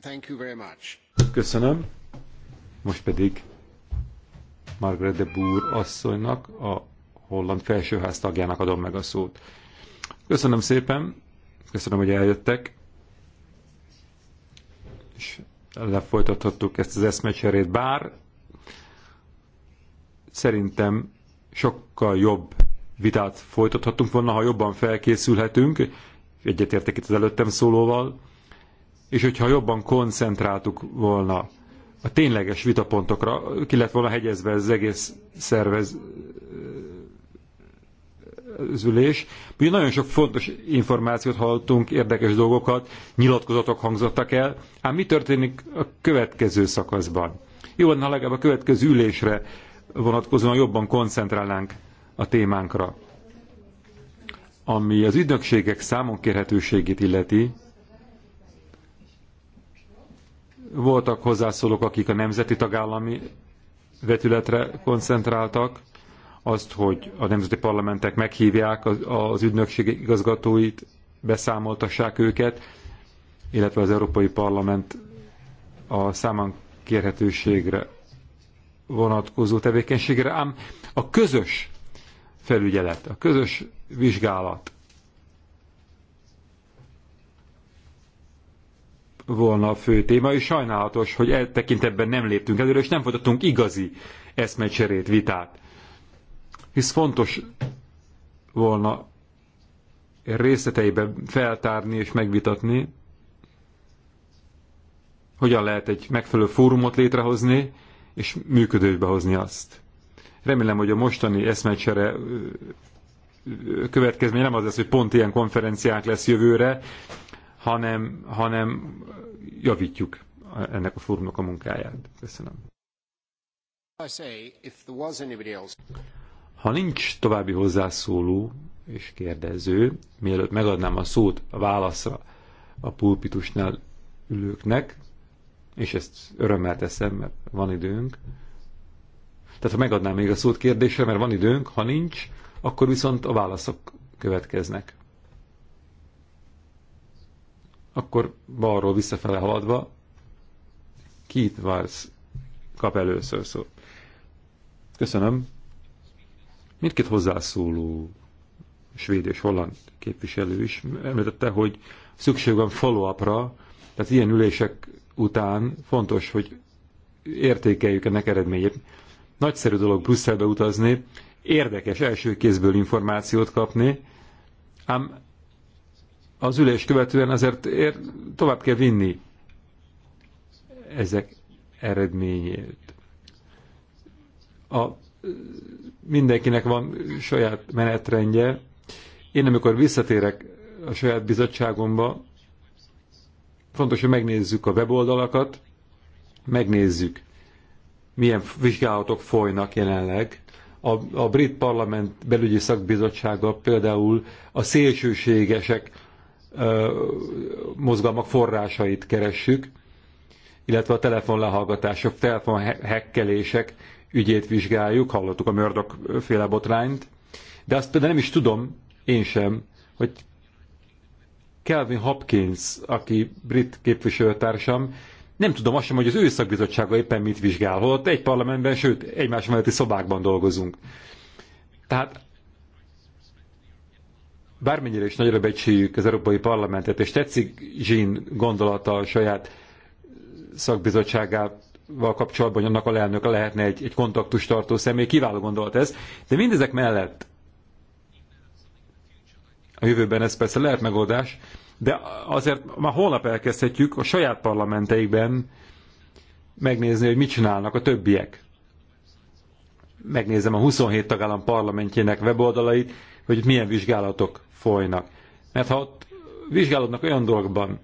Thank you very much. Köszönöm. Most pedig Margaret de Boer asszonynak a holland felsőház tagjának adom meg a szót. Köszönöm szépen, köszönöm, hogy eljöttek, és lefolytathattuk ezt az eszmecserét, bár szerintem sokkal jobb vitát folytathattunk volna, ha jobban felkészülhetünk, egyetértek itt az előttem szólóval, és hogyha jobban koncentráltuk volna a tényleges vitapontokra, ki lett volna hegyezve az egész szervez, az ülés. Mi nagyon sok fontos információt hallottunk, érdekes dolgokat, nyilatkozatok hangzottak el. Ám mi történik a következő szakaszban? Jó lenne, ha legalább a következő ülésre vonatkozóan jobban koncentrálnánk a témánkra. Ami az ügynökségek számon kérhetőségét illeti, voltak hozzászólók, akik a nemzeti tagállami vetületre koncentráltak, azt, hogy a nemzeti parlamentek meghívják az, ügynökség igazgatóit, beszámoltassák őket, illetve az Európai Parlament a számon kérhetőségre vonatkozó tevékenységre, ám a közös felügyelet, a közös vizsgálat volna a fő téma, és sajnálatos, hogy e tekintetben nem léptünk előre, és nem folytatunk igazi eszmecserét, vitát hisz fontos volna részleteiben feltárni és megvitatni, hogyan lehet egy megfelelő fórumot létrehozni, és működőbe hozni azt. Remélem, hogy a mostani eszmecsere következmény nem az lesz, hogy pont ilyen konferenciák lesz jövőre, hanem, hanem javítjuk ennek a fórumnak a munkáját. Köszönöm. Ha nincs további hozzászóló és kérdező, mielőtt megadnám a szót a válaszra a pulpitusnál ülőknek, és ezt örömmel teszem, mert van időnk. Tehát ha megadnám még a szót kérdésre, mert van időnk, ha nincs, akkor viszont a válaszok következnek. Akkor balról visszafele haladva, Keith Vars kap először szót. Köszönöm. Mindkét hozzászóló svéd és holland képviselő is említette, hogy szükség van follow-upra, tehát ilyen ülések után fontos, hogy értékeljük ennek eredményét. Nagyszerű dolog Brüsszelbe utazni, érdekes első kézből információt kapni, ám az ülés követően azért ér, tovább kell vinni ezek eredményét. A mindenkinek van saját menetrendje. Én amikor visszatérek a saját bizottságomba, fontos, hogy megnézzük a weboldalakat, megnézzük, milyen vizsgálatok folynak jelenleg. A, a brit parlament belügyi szakbizottsága például a szélsőségesek ö, mozgalmak forrásait keressük, illetve a telefonlehallgatások, telefonhekkelések ügyét vizsgáljuk, hallottuk a Murdoch féle botrányt, de azt például nem is tudom, én sem, hogy Kelvin Hopkins, aki brit képviselőtársam, nem tudom azt sem, hogy az ő szakbizottsága éppen mit vizsgál, holott egy parlamentben, sőt, egymás melletti szobákban dolgozunk. Tehát bármennyire is nagyra becsüljük az Európai Parlamentet, és tetszik Jean gondolata a saját szakbizottságát val kapcsolatban annak a lelnök lehetne egy, egy kontaktus tartó személy, kiváló gondolat ez, de mindezek mellett a jövőben ez persze lehet megoldás, de azért már holnap elkezdhetjük a saját parlamenteikben megnézni, hogy mit csinálnak a többiek. Megnézem a 27 tagállam parlamentjének weboldalait, hogy milyen vizsgálatok folynak. Mert ha ott vizsgálódnak olyan dolgokban,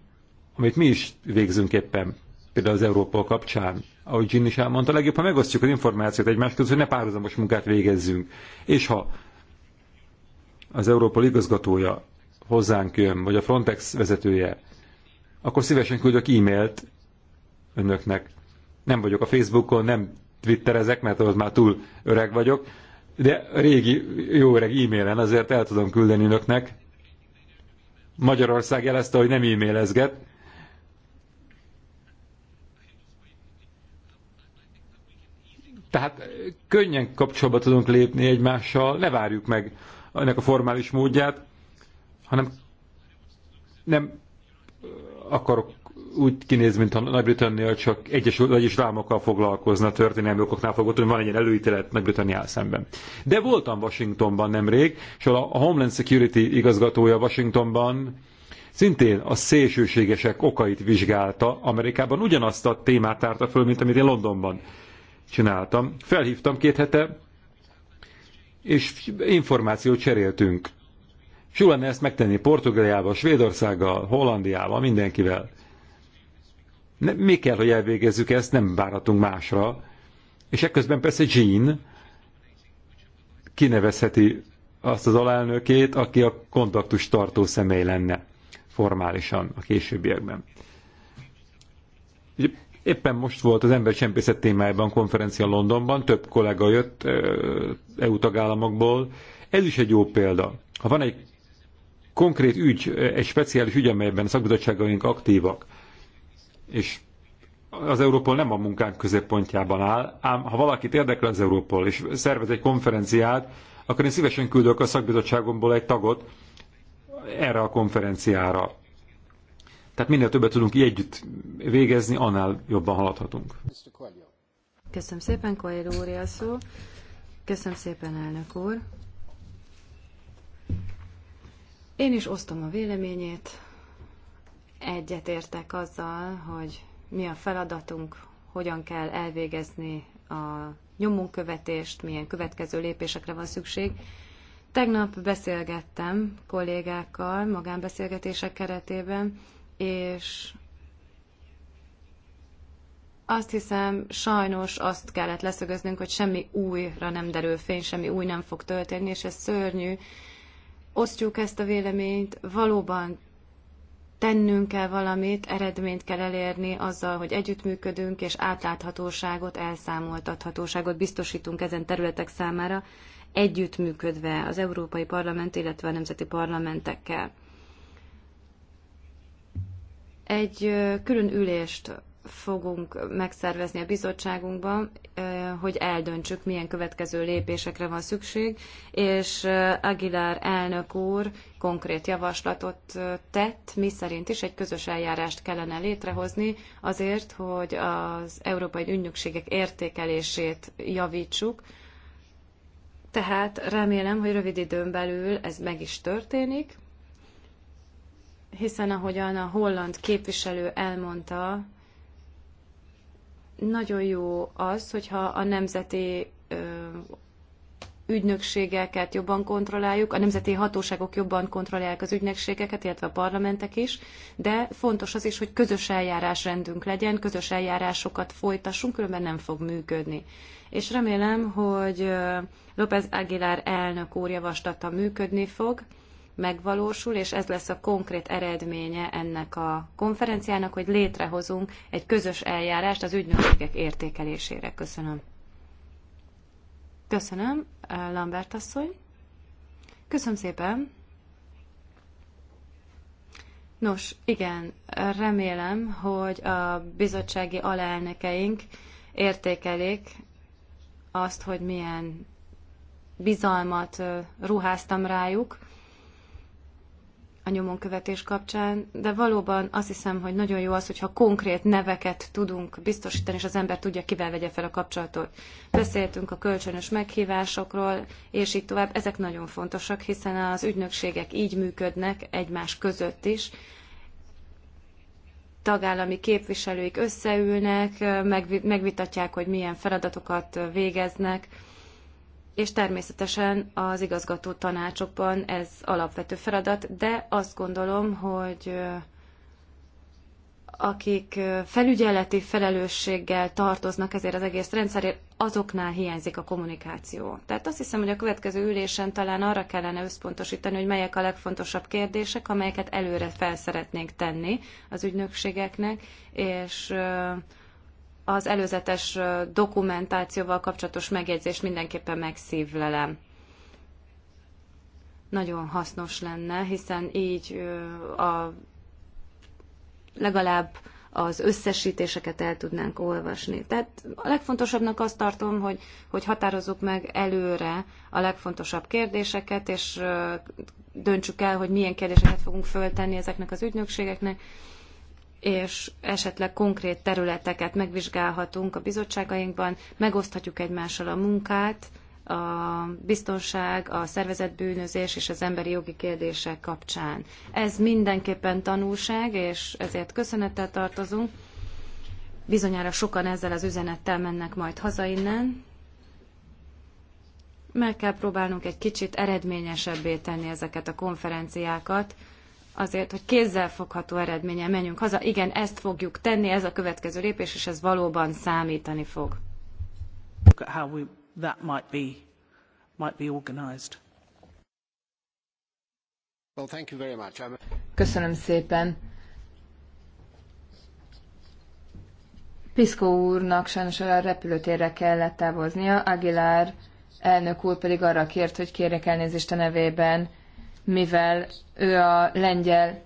amit mi is végzünk éppen, például az Európa kapcsán, ahogy Gin is elmondta, legjobb, ha megosztjuk az információt egymás között, hogy ne párhuzamos munkát végezzünk. És ha az Európa igazgatója hozzánk jön, vagy a Frontex vezetője, akkor szívesen küldök e-mailt önöknek. Nem vagyok a Facebookon, nem twitterezek, mert az már túl öreg vagyok, de régi, jó öreg e-mailen azért el tudom küldeni önöknek. Magyarország jelezte, hogy nem e-mailezget, Tehát könnyen kapcsolatba tudunk lépni egymással, ne várjuk meg ennek a formális módját, hanem nem akarok úgy mint a Nagy-Britannia csak Egyesült Egyes rámokkal foglalkozna történelmi okoknál fogott, hogy van egy ilyen előítélet Nagy-Britanniával szemben. De voltam Washingtonban nemrég, és a Homeland Security igazgatója Washingtonban szintén a szélsőségesek okait vizsgálta Amerikában, ugyanazt a témát tárta föl, mint amit én Londonban csináltam. Felhívtam két hete, és információt cseréltünk. És jó lenne ezt megtenni Portugáliával, Svédországgal, Hollandiával, mindenkivel. Ne, mi kell, hogy elvégezzük ezt, nem várhatunk másra. És ekközben persze Jean kinevezheti azt az alelnökét, aki a kontaktus tartó személy lenne formálisan a későbbiekben. Éppen most volt az embercsempészet témájában konferencia Londonban, több kollega jött EU tagállamokból. Ez is egy jó példa. Ha van egy konkrét ügy, egy speciális ügy, amelyben a szakbizottságaink aktívak, és az Európol nem a munkánk középpontjában áll, ám ha valakit érdekel az Európol, és szervez egy konferenciát, akkor én szívesen küldök a szakbizottságomból egy tagot erre a konferenciára. Tehát minél többet tudunk így együtt végezni, annál jobban haladhatunk. Köszönöm szépen, Koyer úr, a szó. Köszönöm szépen, elnök úr. Én is osztom a véleményét. Egyetértek azzal, hogy mi a feladatunk, hogyan kell elvégezni a nyomonkövetést, milyen következő lépésekre van szükség. Tegnap beszélgettem kollégákkal magánbeszélgetések keretében, és azt hiszem, sajnos azt kellett leszögeznünk, hogy semmi újra nem derül fény, semmi új nem fog történni, és ez szörnyű. Osztjuk ezt a véleményt, valóban tennünk kell valamit, eredményt kell elérni azzal, hogy együttműködünk, és átláthatóságot, elszámoltathatóságot biztosítunk ezen területek számára, együttműködve az Európai Parlament, illetve a nemzeti parlamentekkel. Egy külön ülést fogunk megszervezni a bizottságunkban, hogy eldöntsük, milyen következő lépésekre van szükség, és Aguilar elnök úr konkrét javaslatot tett, mi szerint is egy közös eljárást kellene létrehozni azért, hogy az európai ügynökségek értékelését javítsuk, tehát remélem, hogy rövid időn belül ez meg is történik, hiszen ahogyan a holland képviselő elmondta, nagyon jó az, hogyha a nemzeti ügynökségeket jobban kontrolláljuk, a nemzeti hatóságok jobban kontrollálják az ügynökségeket, illetve a parlamentek is, de fontos az is, hogy közös eljárásrendünk legyen, közös eljárásokat folytassunk, különben nem fog működni. És remélem, hogy López Aguilar elnök úr javaslata működni fog, megvalósul, és ez lesz a konkrét eredménye ennek a konferenciának, hogy létrehozunk egy közös eljárást az ügynökségek értékelésére. Köszönöm. Köszönöm, Lambert asszony. Köszönöm szépen. Nos, igen, remélem, hogy a bizottsági alelnökeink értékelik azt, hogy milyen bizalmat ruháztam rájuk, a nyomonkövetés kapcsán, de valóban azt hiszem, hogy nagyon jó az, hogyha konkrét neveket tudunk biztosítani, és az ember tudja, kivel vegye fel a kapcsolatot. Beszéltünk a kölcsönös meghívásokról, és így tovább. Ezek nagyon fontosak, hiszen az ügynökségek így működnek egymás között is. Tagállami képviselőik összeülnek, megvitatják, hogy milyen feladatokat végeznek, és természetesen az igazgató tanácsokban ez alapvető feladat, de azt gondolom, hogy akik felügyeleti felelősséggel tartoznak ezért az egész rendszerért, azoknál hiányzik a kommunikáció. Tehát azt hiszem, hogy a következő ülésen talán arra kellene összpontosítani, hogy melyek a legfontosabb kérdések, amelyeket előre felszeretnénk tenni az ügynökségeknek, és az előzetes dokumentációval kapcsolatos megjegyzést mindenképpen megszívlelem. Nagyon hasznos lenne, hiszen így a, legalább az összesítéseket el tudnánk olvasni. Tehát a legfontosabbnak azt tartom, hogy, hogy határozzuk meg előre a legfontosabb kérdéseket, és döntsük el, hogy milyen kérdéseket fogunk föltenni ezeknek az ügynökségeknek, és esetleg konkrét területeket megvizsgálhatunk a bizottságainkban, megoszthatjuk egymással a munkát, a biztonság, a szervezetbűnözés és az emberi jogi kérdések kapcsán. Ez mindenképpen tanulság, és ezért köszönettel tartozunk. Bizonyára sokan ezzel az üzenettel mennek majd haza innen. Meg kell próbálnunk egy kicsit eredményesebbé tenni ezeket a konferenciákat, azért, hogy fogható eredménye menjünk haza. Igen, ezt fogjuk tenni, ez a következő lépés, és ez valóban számítani fog. How we, that might be, might be organized. Well, thank you very much. I'm... Köszönöm szépen. Piszkó úrnak sajnos a repülőtérre kellett távoznia, Aguilar elnök úr pedig arra kért, hogy kérjek elnézést a nevében mivel ő a lengyel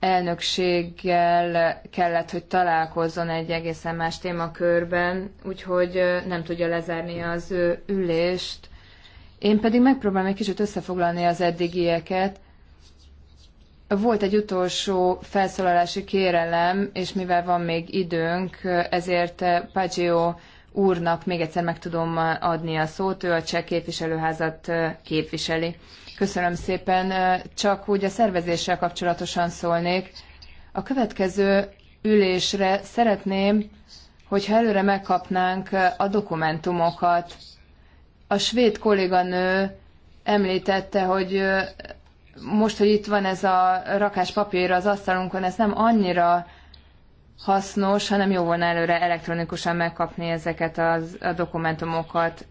elnökséggel kellett, hogy találkozzon egy egészen más témakörben, úgyhogy nem tudja lezárni az ő ülést. Én pedig megpróbálom egy kicsit összefoglalni az eddigieket. Volt egy utolsó felszólalási kérelem, és mivel van még időnk, ezért Pagio úrnak még egyszer meg tudom adni a szót, ő a cseh képviselőházat képviseli. Köszönöm szépen. Csak úgy a szervezéssel kapcsolatosan szólnék. A következő ülésre szeretném, hogyha előre megkapnánk a dokumentumokat. A svéd kolléganő említette, hogy most, hogy itt van ez a rakás papír az asztalunkon, ez nem annyira hasznos, hanem jó volna előre elektronikusan megkapni ezeket az, a dokumentumokat.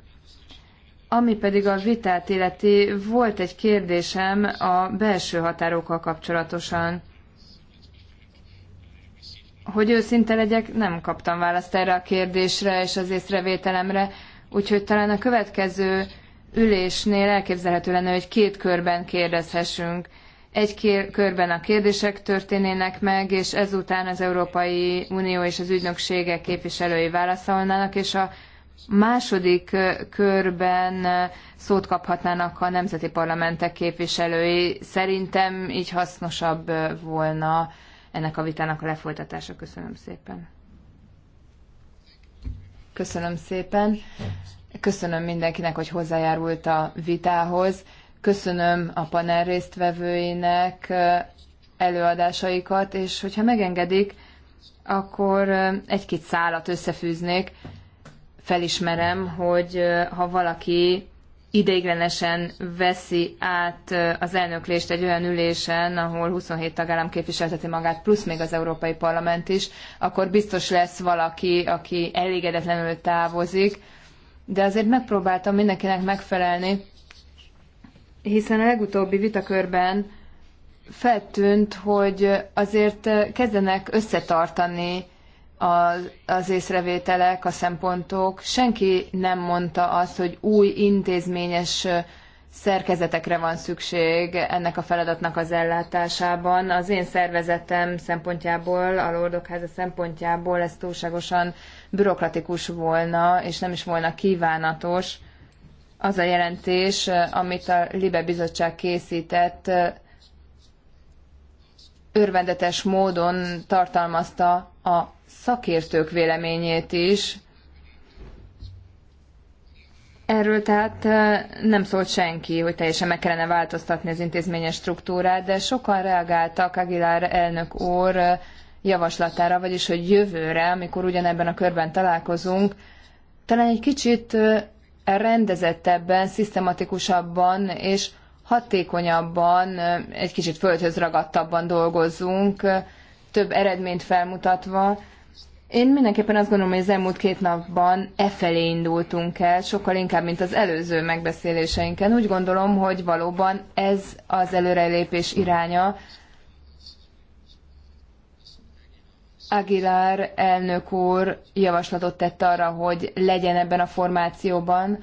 Ami pedig a vitát illeti, volt egy kérdésem a belső határokkal kapcsolatosan. Hogy őszinte legyek, nem kaptam választ erre a kérdésre és az észrevételemre, úgyhogy talán a következő ülésnél elképzelhető lenne, hogy két körben kérdezhessünk. Egy kér- körben a kérdések történnének meg, és ezután az Európai Unió és az ügynökségek képviselői válaszolnának, és a második körben szót kaphatnának a nemzeti parlamentek képviselői. Szerintem így hasznosabb volna ennek a vitának a lefolytatása. Köszönöm szépen. Köszönöm szépen. Köszönöm mindenkinek, hogy hozzájárult a vitához. Köszönöm a panel résztvevőinek előadásaikat, és hogyha megengedik, akkor egy-két szállat összefűznék felismerem, hogy ha valaki ideiglenesen veszi át az elnöklést egy olyan ülésen, ahol 27 tagállam képviselteti magát, plusz még az Európai Parlament is, akkor biztos lesz valaki, aki elégedetlenül távozik. De azért megpróbáltam mindenkinek megfelelni, hiszen a legutóbbi vitakörben feltűnt, hogy azért kezdenek összetartani az, az észrevételek, a szempontok. Senki nem mondta azt, hogy új intézményes szerkezetekre van szükség ennek a feladatnak az ellátásában. Az én szervezetem szempontjából, a Lordok Háza szempontjából ez túlságosan bürokratikus volna, és nem is volna kívánatos az a jelentés, amit a Libe Bizottság készített, örvendetes módon tartalmazta a szakértők véleményét is. Erről tehát nem szólt senki, hogy teljesen meg kellene változtatni az intézményes struktúrát, de sokan reagáltak Aguilar elnök úr javaslatára, vagyis hogy jövőre, amikor ugyanebben a körben találkozunk, talán egy kicsit rendezettebben, szisztematikusabban és hatékonyabban, egy kicsit földhöz ragadtabban dolgozzunk, több eredményt felmutatva, én mindenképpen azt gondolom, hogy az elmúlt két napban e felé indultunk el, sokkal inkább, mint az előző megbeszéléseinken. Úgy gondolom, hogy valóban ez az előrelépés iránya. Aguilar elnök úr javaslatot tett arra, hogy legyen ebben a formációban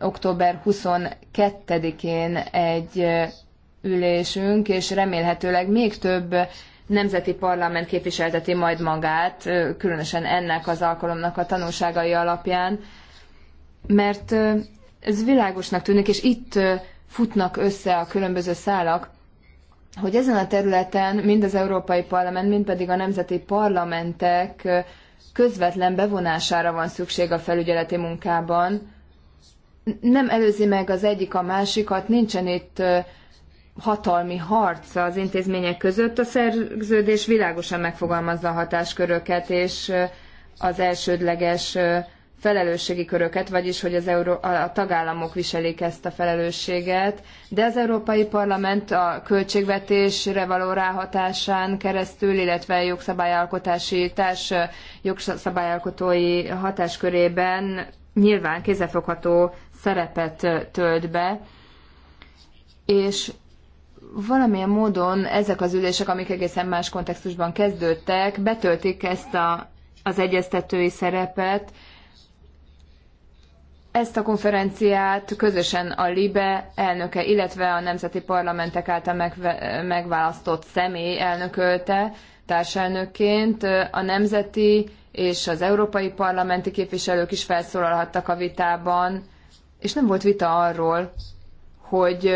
október 22-én egy ülésünk, és remélhetőleg még több nemzeti parlament képviselteti majd magát, különösen ennek az alkalomnak a tanulságai alapján, mert ez világosnak tűnik, és itt futnak össze a különböző szálak, hogy ezen a területen mind az Európai Parlament, mind pedig a nemzeti parlamentek közvetlen bevonására van szükség a felügyeleti munkában. Nem előzi meg az egyik a másikat, nincsen itt hatalmi harc az intézmények között. A szerződés világosan megfogalmazza a hatásköröket és az elsődleges felelősségi köröket, vagyis hogy az Euró- a tagállamok viselik ezt a felelősséget, de az Európai Parlament a költségvetésre való ráhatásán keresztül, illetve jogszabályalkotási társ jogszabályalkotói hatáskörében nyilván kézefogható szerepet tölt be, és valamilyen módon ezek az ülések, amik egészen más kontextusban kezdődtek, betöltik ezt a, az egyeztetői szerepet. Ezt a konferenciát közösen a LIBE elnöke, illetve a nemzeti parlamentek által megve, megválasztott személy elnökölte társelnökként. A nemzeti és az európai parlamenti képviselők is felszólalhattak a vitában, és nem volt vita arról, hogy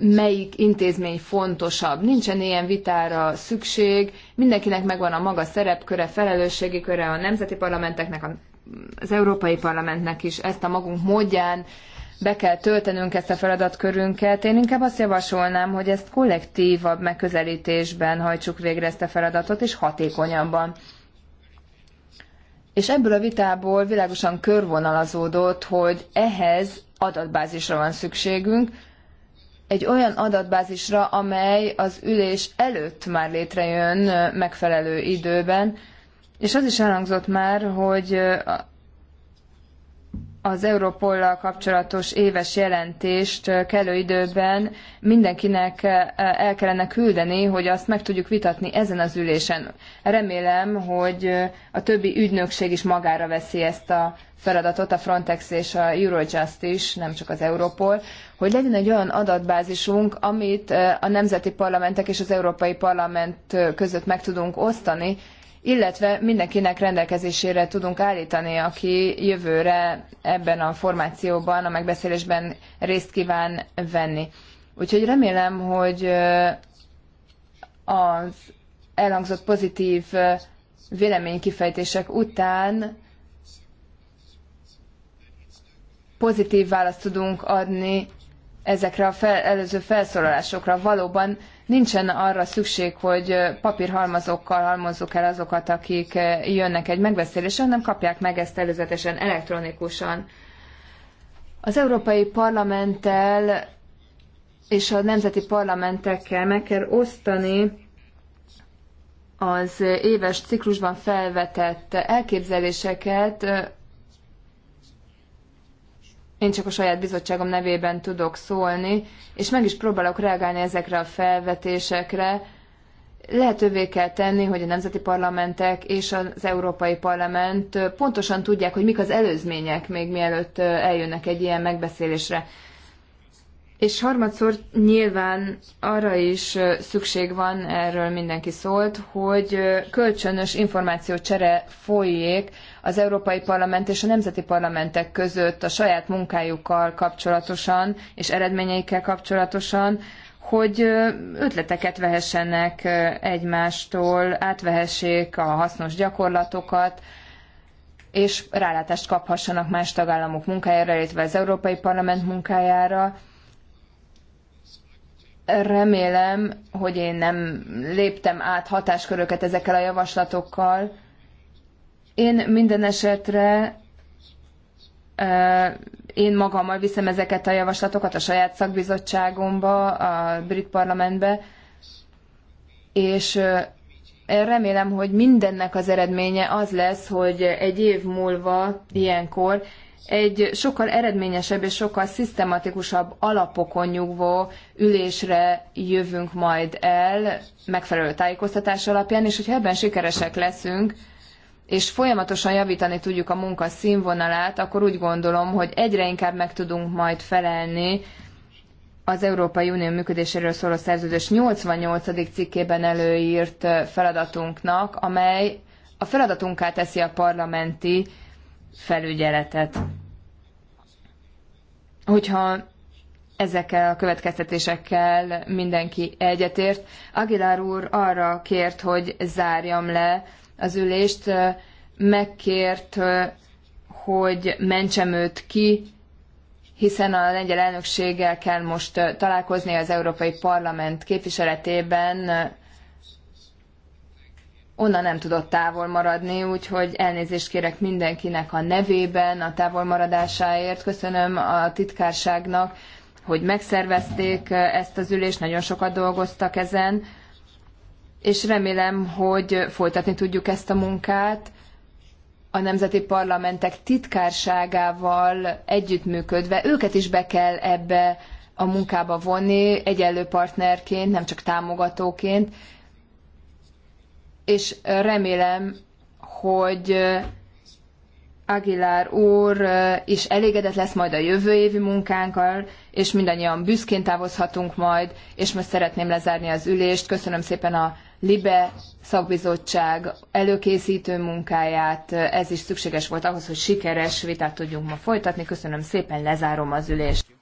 melyik intézmény fontosabb. Nincsen ilyen vitára szükség, mindenkinek megvan a maga szerepköre, felelősségi köre a nemzeti parlamenteknek, az Európai Parlamentnek is ezt a magunk módján be kell töltenünk ezt a feladatkörünket. Én inkább azt javasolnám, hogy ezt kollektívabb megközelítésben hajtsuk végre ezt a feladatot, és hatékonyabban. És ebből a vitából világosan körvonalazódott, hogy ehhez adatbázisra van szükségünk, egy olyan adatbázisra, amely az ülés előtt már létrejön megfelelő időben, és az is elhangzott már, hogy az Európollal kapcsolatos éves jelentést kellő időben mindenkinek el kellene küldeni, hogy azt meg tudjuk vitatni ezen az ülésen. Remélem, hogy a többi ügynökség is magára veszi ezt a feladatot, a Frontex és a Eurojust is, nem csak az Europol, hogy legyen egy olyan adatbázisunk, amit a nemzeti parlamentek és az Európai Parlament között meg tudunk osztani, illetve mindenkinek rendelkezésére tudunk állítani, aki jövőre ebben a formációban, a megbeszélésben részt kíván venni. Úgyhogy remélem, hogy az elhangzott pozitív véleménykifejtések után pozitív választ tudunk adni ezekre a fel, előző felszólalásokra. Valóban Nincsen arra szükség, hogy papírhalmazokkal halmozzuk el azokat, akik jönnek egy megbeszélésre, hanem kapják meg ezt előzetesen elektronikusan. Az Európai Parlamenttel és a nemzeti parlamentekkel meg kell osztani az éves ciklusban felvetett elképzeléseket én csak a saját bizottságom nevében tudok szólni, és meg is próbálok reagálni ezekre a felvetésekre. Lehetővé kell tenni, hogy a nemzeti parlamentek és az Európai Parlament pontosan tudják, hogy mik az előzmények, még mielőtt eljönnek egy ilyen megbeszélésre. És harmadszor nyilván arra is szükség van, erről mindenki szólt, hogy kölcsönös információcsere folyjék az Európai Parlament és a nemzeti parlamentek között a saját munkájukkal kapcsolatosan és eredményeikkel kapcsolatosan, hogy ötleteket vehessenek egymástól, átvehessék a hasznos gyakorlatokat, és rálátást kaphassanak más tagállamok munkájára, illetve az Európai Parlament munkájára. Remélem, hogy én nem léptem át hatásköröket ezekkel a javaslatokkal, én minden esetre én magammal viszem ezeket a javaslatokat a saját szakbizottságomba, a brit parlamentbe, és én remélem, hogy mindennek az eredménye az lesz, hogy egy év múlva ilyenkor egy sokkal eredményesebb és sokkal szisztematikusabb alapokon nyugvó ülésre jövünk majd el megfelelő tájékoztatás alapján, és hogyha ebben sikeresek leszünk, és folyamatosan javítani tudjuk a munka színvonalát, akkor úgy gondolom, hogy egyre inkább meg tudunk majd felelni az Európai Unió működéséről szóló szerződés 88. cikkében előírt feladatunknak, amely a feladatunká teszi a parlamenti felügyeletet. Hogyha ezekkel a következtetésekkel mindenki egyetért, Aguilar úr arra kért, hogy zárjam le az ülést, megkért, hogy mentsem őt ki, hiszen a lengyel elnökséggel kell most találkozni az Európai Parlament képviseletében. Onnan nem tudott távol maradni, úgyhogy elnézést kérek mindenkinek a nevében, a távolmaradásáért. Köszönöm a titkárságnak, hogy megszervezték ezt az ülést, nagyon sokat dolgoztak ezen és remélem, hogy folytatni tudjuk ezt a munkát a nemzeti parlamentek titkárságával együttműködve. Őket is be kell ebbe a munkába vonni, egyenlő partnerként, nem csak támogatóként, és remélem, hogy Aguilar úr is elégedett lesz majd a jövő évi munkánkkal, és mindannyian büszkén távozhatunk majd, és most szeretném lezárni az ülést. Köszönöm szépen a Libe szakbizottság előkészítő munkáját. Ez is szükséges volt ahhoz, hogy sikeres vitát tudjunk ma folytatni. Köszönöm szépen, lezárom az ülést.